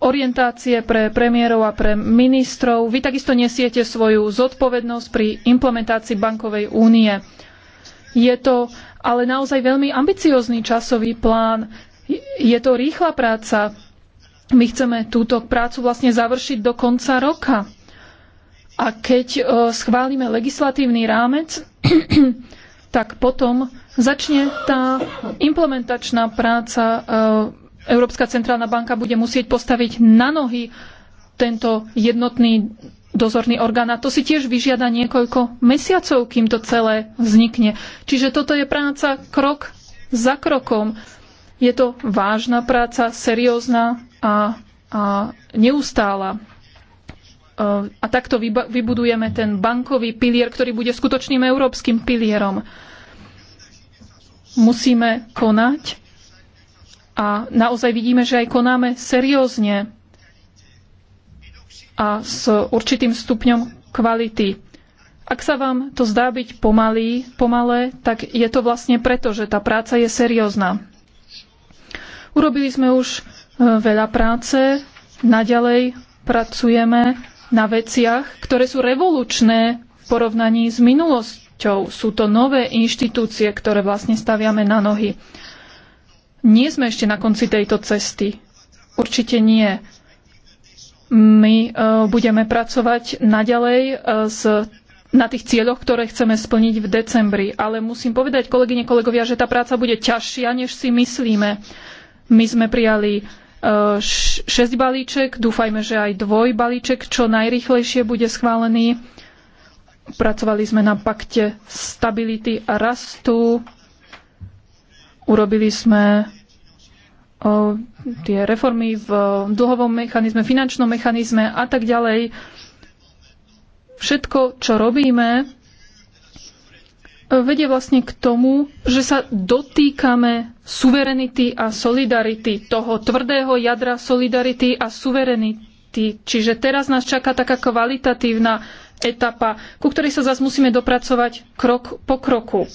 orientácie pre premiérov a pre ministrov. Vy takisto nesiete svoju zodpovednosť pri implementácii bankovej únie. Je to ale naozaj veľmi ambiciózny časový plán. Je to rýchla práca. My chceme túto prácu vlastne završiť do konca roka. A keď e, schválime legislatívny rámec, tak potom začne tá implementačná práca. E, Európska centrálna banka bude musieť postaviť na nohy tento jednotný dozorný orgán. A to si tiež vyžiada niekoľko mesiacov, kým to celé vznikne. Čiže toto je práca krok za krokom. Je to vážna práca, seriózna a, a neustála. E, a takto vybudujeme ten bankový pilier, ktorý bude skutočným európskym pilierom. Musíme konať a naozaj vidíme, že aj konáme seriózne a s určitým stupňom kvality. Ak sa vám to zdá byť pomalý, pomalé, tak je to vlastne preto, že tá práca je seriózna. Urobili sme už e, veľa práce, naďalej pracujeme na veciach, ktoré sú revolučné v porovnaní s minulosťou. Sú to nové inštitúcie, ktoré vlastne staviame na nohy. Nie sme ešte na konci tejto cesty. Určite nie my e, budeme pracovať naďalej e, s na tých cieľoch, ktoré chceme splniť v decembri. Ale musím povedať, kolegyne, kolegovia, že tá práca bude ťažšia, než si myslíme. My sme prijali e, šesť balíček, dúfajme, že aj dvoj balíček, čo najrychlejšie bude schválený. Pracovali sme na pakte stability a rastu. Urobili sme tie reformy v dlhovom mechanizme, finančnom mechanizme a tak ďalej. Všetko, čo robíme, vedie vlastne k tomu, že sa dotýkame suverenity a solidarity, toho tvrdého jadra solidarity a suverenity. Čiže teraz nás čaká taká kvalitatívna etapa, ku ktorej sa zase musíme dopracovať krok po kroku.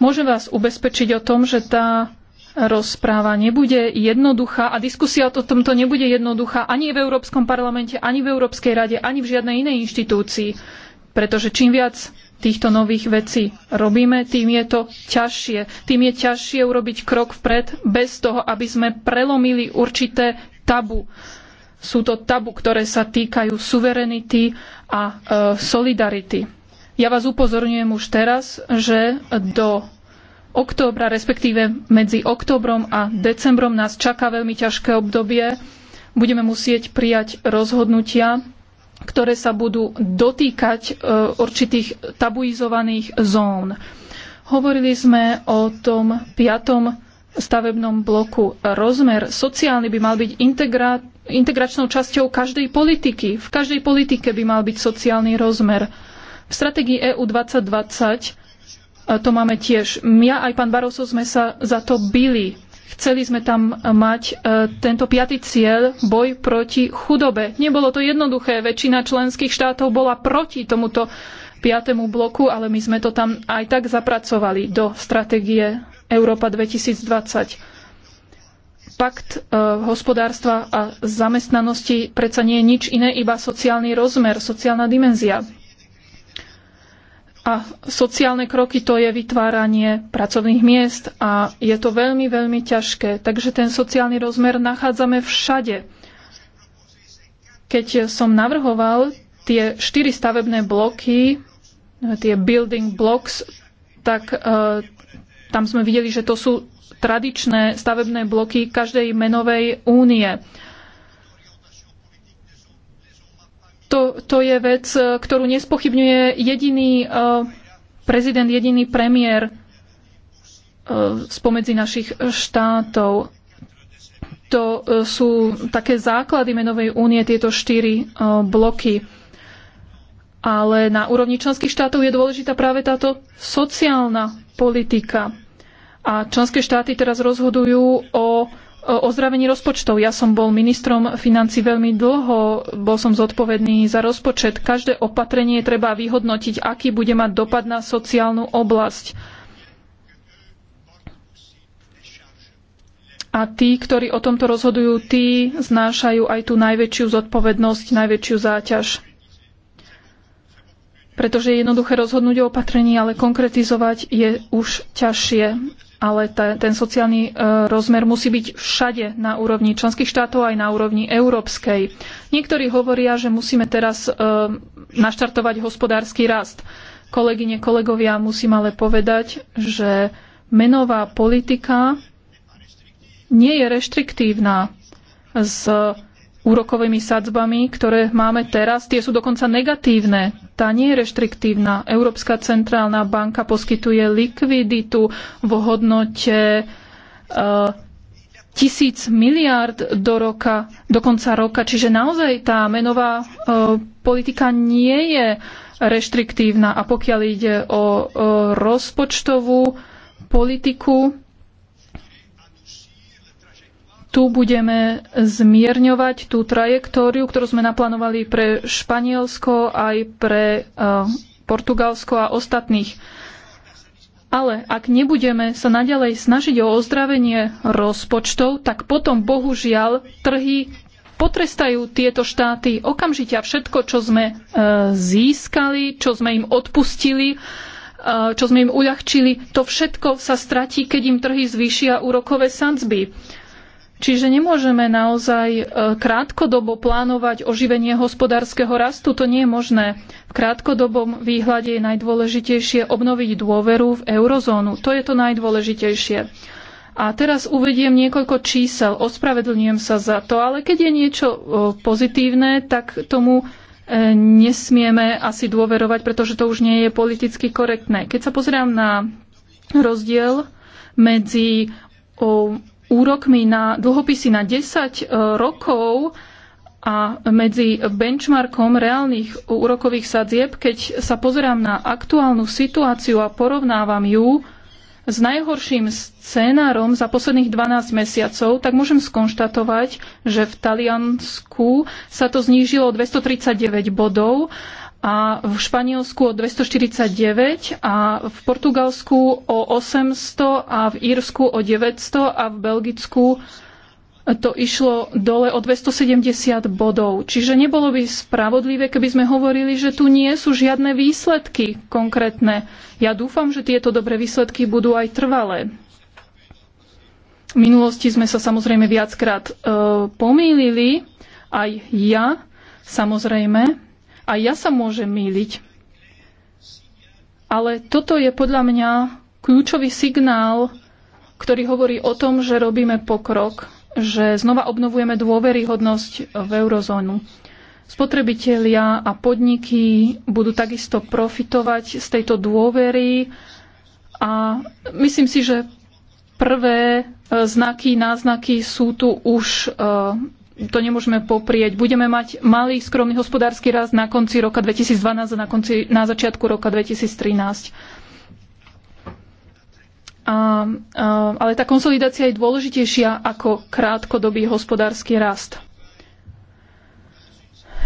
Môžem vás ubezpečiť o tom, že tá rozpráva nebude jednoduchá a diskusia o tomto nebude jednoduchá ani v Európskom parlamente, ani v Európskej rade, ani v žiadnej inej inštitúcii. Pretože čím viac týchto nových vecí robíme, tým je to ťažšie. Tým je ťažšie urobiť krok vpred bez toho, aby sme prelomili určité tabu. Sú to tabu, ktoré sa týkajú suverenity a e, solidarity. Ja vás upozorňujem už teraz, že do októbra, respektíve medzi októbrom a decembrom nás čaká veľmi ťažké obdobie. Budeme musieť prijať rozhodnutia, ktoré sa budú dotýkať e, určitých tabuizovaných zón. Hovorili sme o tom piatom stavebnom bloku. Rozmer sociálny by mal byť integra- integračnou časťou každej politiky. V každej politike by mal byť sociálny rozmer. V stratégii EU 2020 to máme tiež. Ja aj pán Barroso sme sa za to bili. Chceli sme tam mať e, tento piaty cieľ, boj proti chudobe. Nebolo to jednoduché, väčšina členských štátov bola proti tomuto piatému bloku, ale my sme to tam aj tak zapracovali do stratégie Európa 2020 pakt e, hospodárstva a zamestnanosti predsa nie je nič iné, iba sociálny rozmer, sociálna dimenzia. A sociálne kroky to je vytváranie pracovných miest a je to veľmi, veľmi ťažké. Takže ten sociálny rozmer nachádzame všade. Keď som navrhoval tie štyri stavebné bloky, tie building blocks, tak uh, tam sme videli, že to sú tradičné stavebné bloky každej menovej únie. to, to je vec, e, ktorú nespochybňuje jediný e, prezident, jediný premiér e, spomedzi našich štátov. To sú také základy menovej únie, tieto štyri bloky. Ale na úrovni členských štátov je dôležitá práve táto sociálna politika. A členské štáty teraz rozhodujú o ozdravení rozpočtov. Ja som bol ministrom financí veľmi dlho, bol som zodpovedný za rozpočet. Každé opatrenie treba vyhodnotiť, aký bude mať dopad na sociálnu oblasť. A tí, ktorí o tomto rozhodujú, tí znášajú aj tú najväčšiu zodpovednosť, najväčšiu záťaž. Pretože je jednoduché rozhodnúť o opatrení, ale konkretizovať je už ťažšie ale ta, ten sociálny e, rozmer musí byť všade na úrovni členských štátov aj na úrovni európskej. Niektorí hovoria, že musíme teraz e, naštartovať hospodársky rast. Kolegyne, kolegovia, musím ale povedať, že menová politika nie je reštriktívna s úrokovými sadzbami, ktoré máme teraz. Tie sú dokonca negatívne tá nie je reštriktívna. Európska centrálna banka poskytuje likviditu v hodnote eh, tisíc miliárd do roka, do konca roka. Čiže naozaj tá menová eh, politika nie je reštriktívna. A pokiaľ ide o eh, rozpočtovú politiku, tu budeme zmierňovať tú trajektóriu, ktorú sme naplánovali pre Španielsko, aj pre eh, Portugalsko a ostatných. Ale ak nebudeme sa naďalej snažiť o ozdravenie rozpočtov, tak potom bohužiaľ trhy potrestajú tieto štáty okamžite a všetko, čo sme eh, získali, čo sme im odpustili, eh, čo sme im uľahčili, to všetko sa stratí, keď im trhy zvýšia úrokové sandsby. Čiže nemôžeme naozaj e, krátkodobo plánovať oživenie hospodárskeho rastu. To nie je možné. V krátkodobom výhľade je najdôležitejšie obnoviť dôveru v eurozónu. To je to najdôležitejšie. A teraz uvediem niekoľko čísel. Ospravedlňujem sa za to, ale keď je niečo e, pozitívne, tak tomu e, nesmieme asi dôverovať, pretože to už nie je politicky korektné. Keď sa pozriem na rozdiel medzi úrokmi na dlhopisy na 10 e, rokov a medzi benchmarkom reálnych úrokových sadzieb, keď sa pozerám na aktuálnu situáciu a porovnávam ju s najhorším scénárom za posledných 12 mesiacov, tak môžem skonštatovať, že v Taliansku sa to znížilo o 239 bodov a v Španielsku o 249 a v Portugalsku o 800 a v Írsku o 900 a v Belgicku to išlo dole o 270 bodov. Čiže nebolo by spravodlivé, keby sme hovorili, že tu nie sú žiadne výsledky konkrétne. Ja dúfam, že tieto dobré výsledky budú aj trvalé. V minulosti sme sa samozrejme viackrát e, pomýlili, aj ja samozrejme, a ja sa môžem míliť. Ale toto je podľa mňa kľúčový signál, ktorý hovorí o tom, že robíme pokrok, že znova obnovujeme dôveryhodnosť v eurozónu. Spotrebitelia a podniky budú takisto profitovať z tejto dôvery a myslím si, že prvé e, znaky, náznaky sú tu už e, to nemôžeme poprieť. Budeme mať malý skromný hospodársky rast na konci roka 2012 a na, konci, na začiatku roka 2013. A, a, ale tá konsolidácia je dôležitejšia ako krátkodobý hospodársky rast.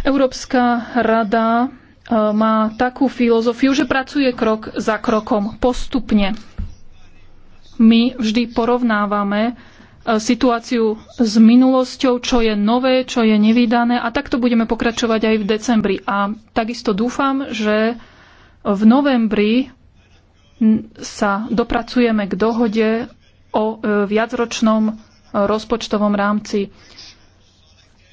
Európska rada e, má takú filozofiu, že pracuje krok za krokom, postupne. My vždy porovnávame E, situáciu s minulosťou, čo je nové, čo je nevydané a takto budeme pokračovať aj v decembri. A takisto dúfam, že v novembri sa dopracujeme k dohode o e, viacročnom rozpočtovom rámci.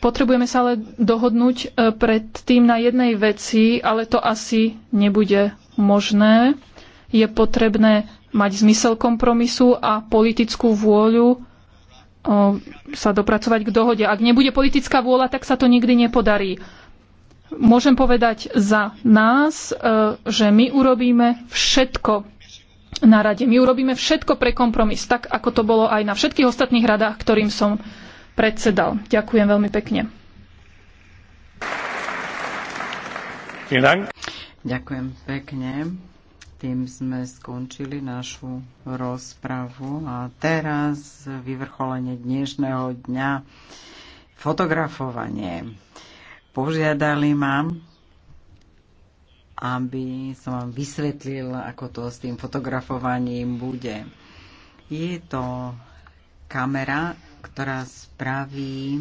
Potrebujeme sa ale dohodnúť e, predtým na jednej veci, ale to asi nebude možné. Je potrebné mať zmysel kompromisu a politickú vôľu sa dopracovať k dohode. Ak nebude politická vôľa, tak sa to nikdy nepodarí. Môžem povedať za nás, e, že my urobíme všetko na rade. My urobíme všetko pre kompromis, tak ako to bolo aj na všetkých ostatných radách, ktorým som predsedal. Ďakujem veľmi pekne. Ďakujem pekne. Tým sme skončili našu rozpravu a teraz vyvrcholenie dnešného dňa fotografovanie. Požiadali ma, aby som vám vysvetlil, ako to s tým fotografovaním bude. Je to kamera, ktorá spraví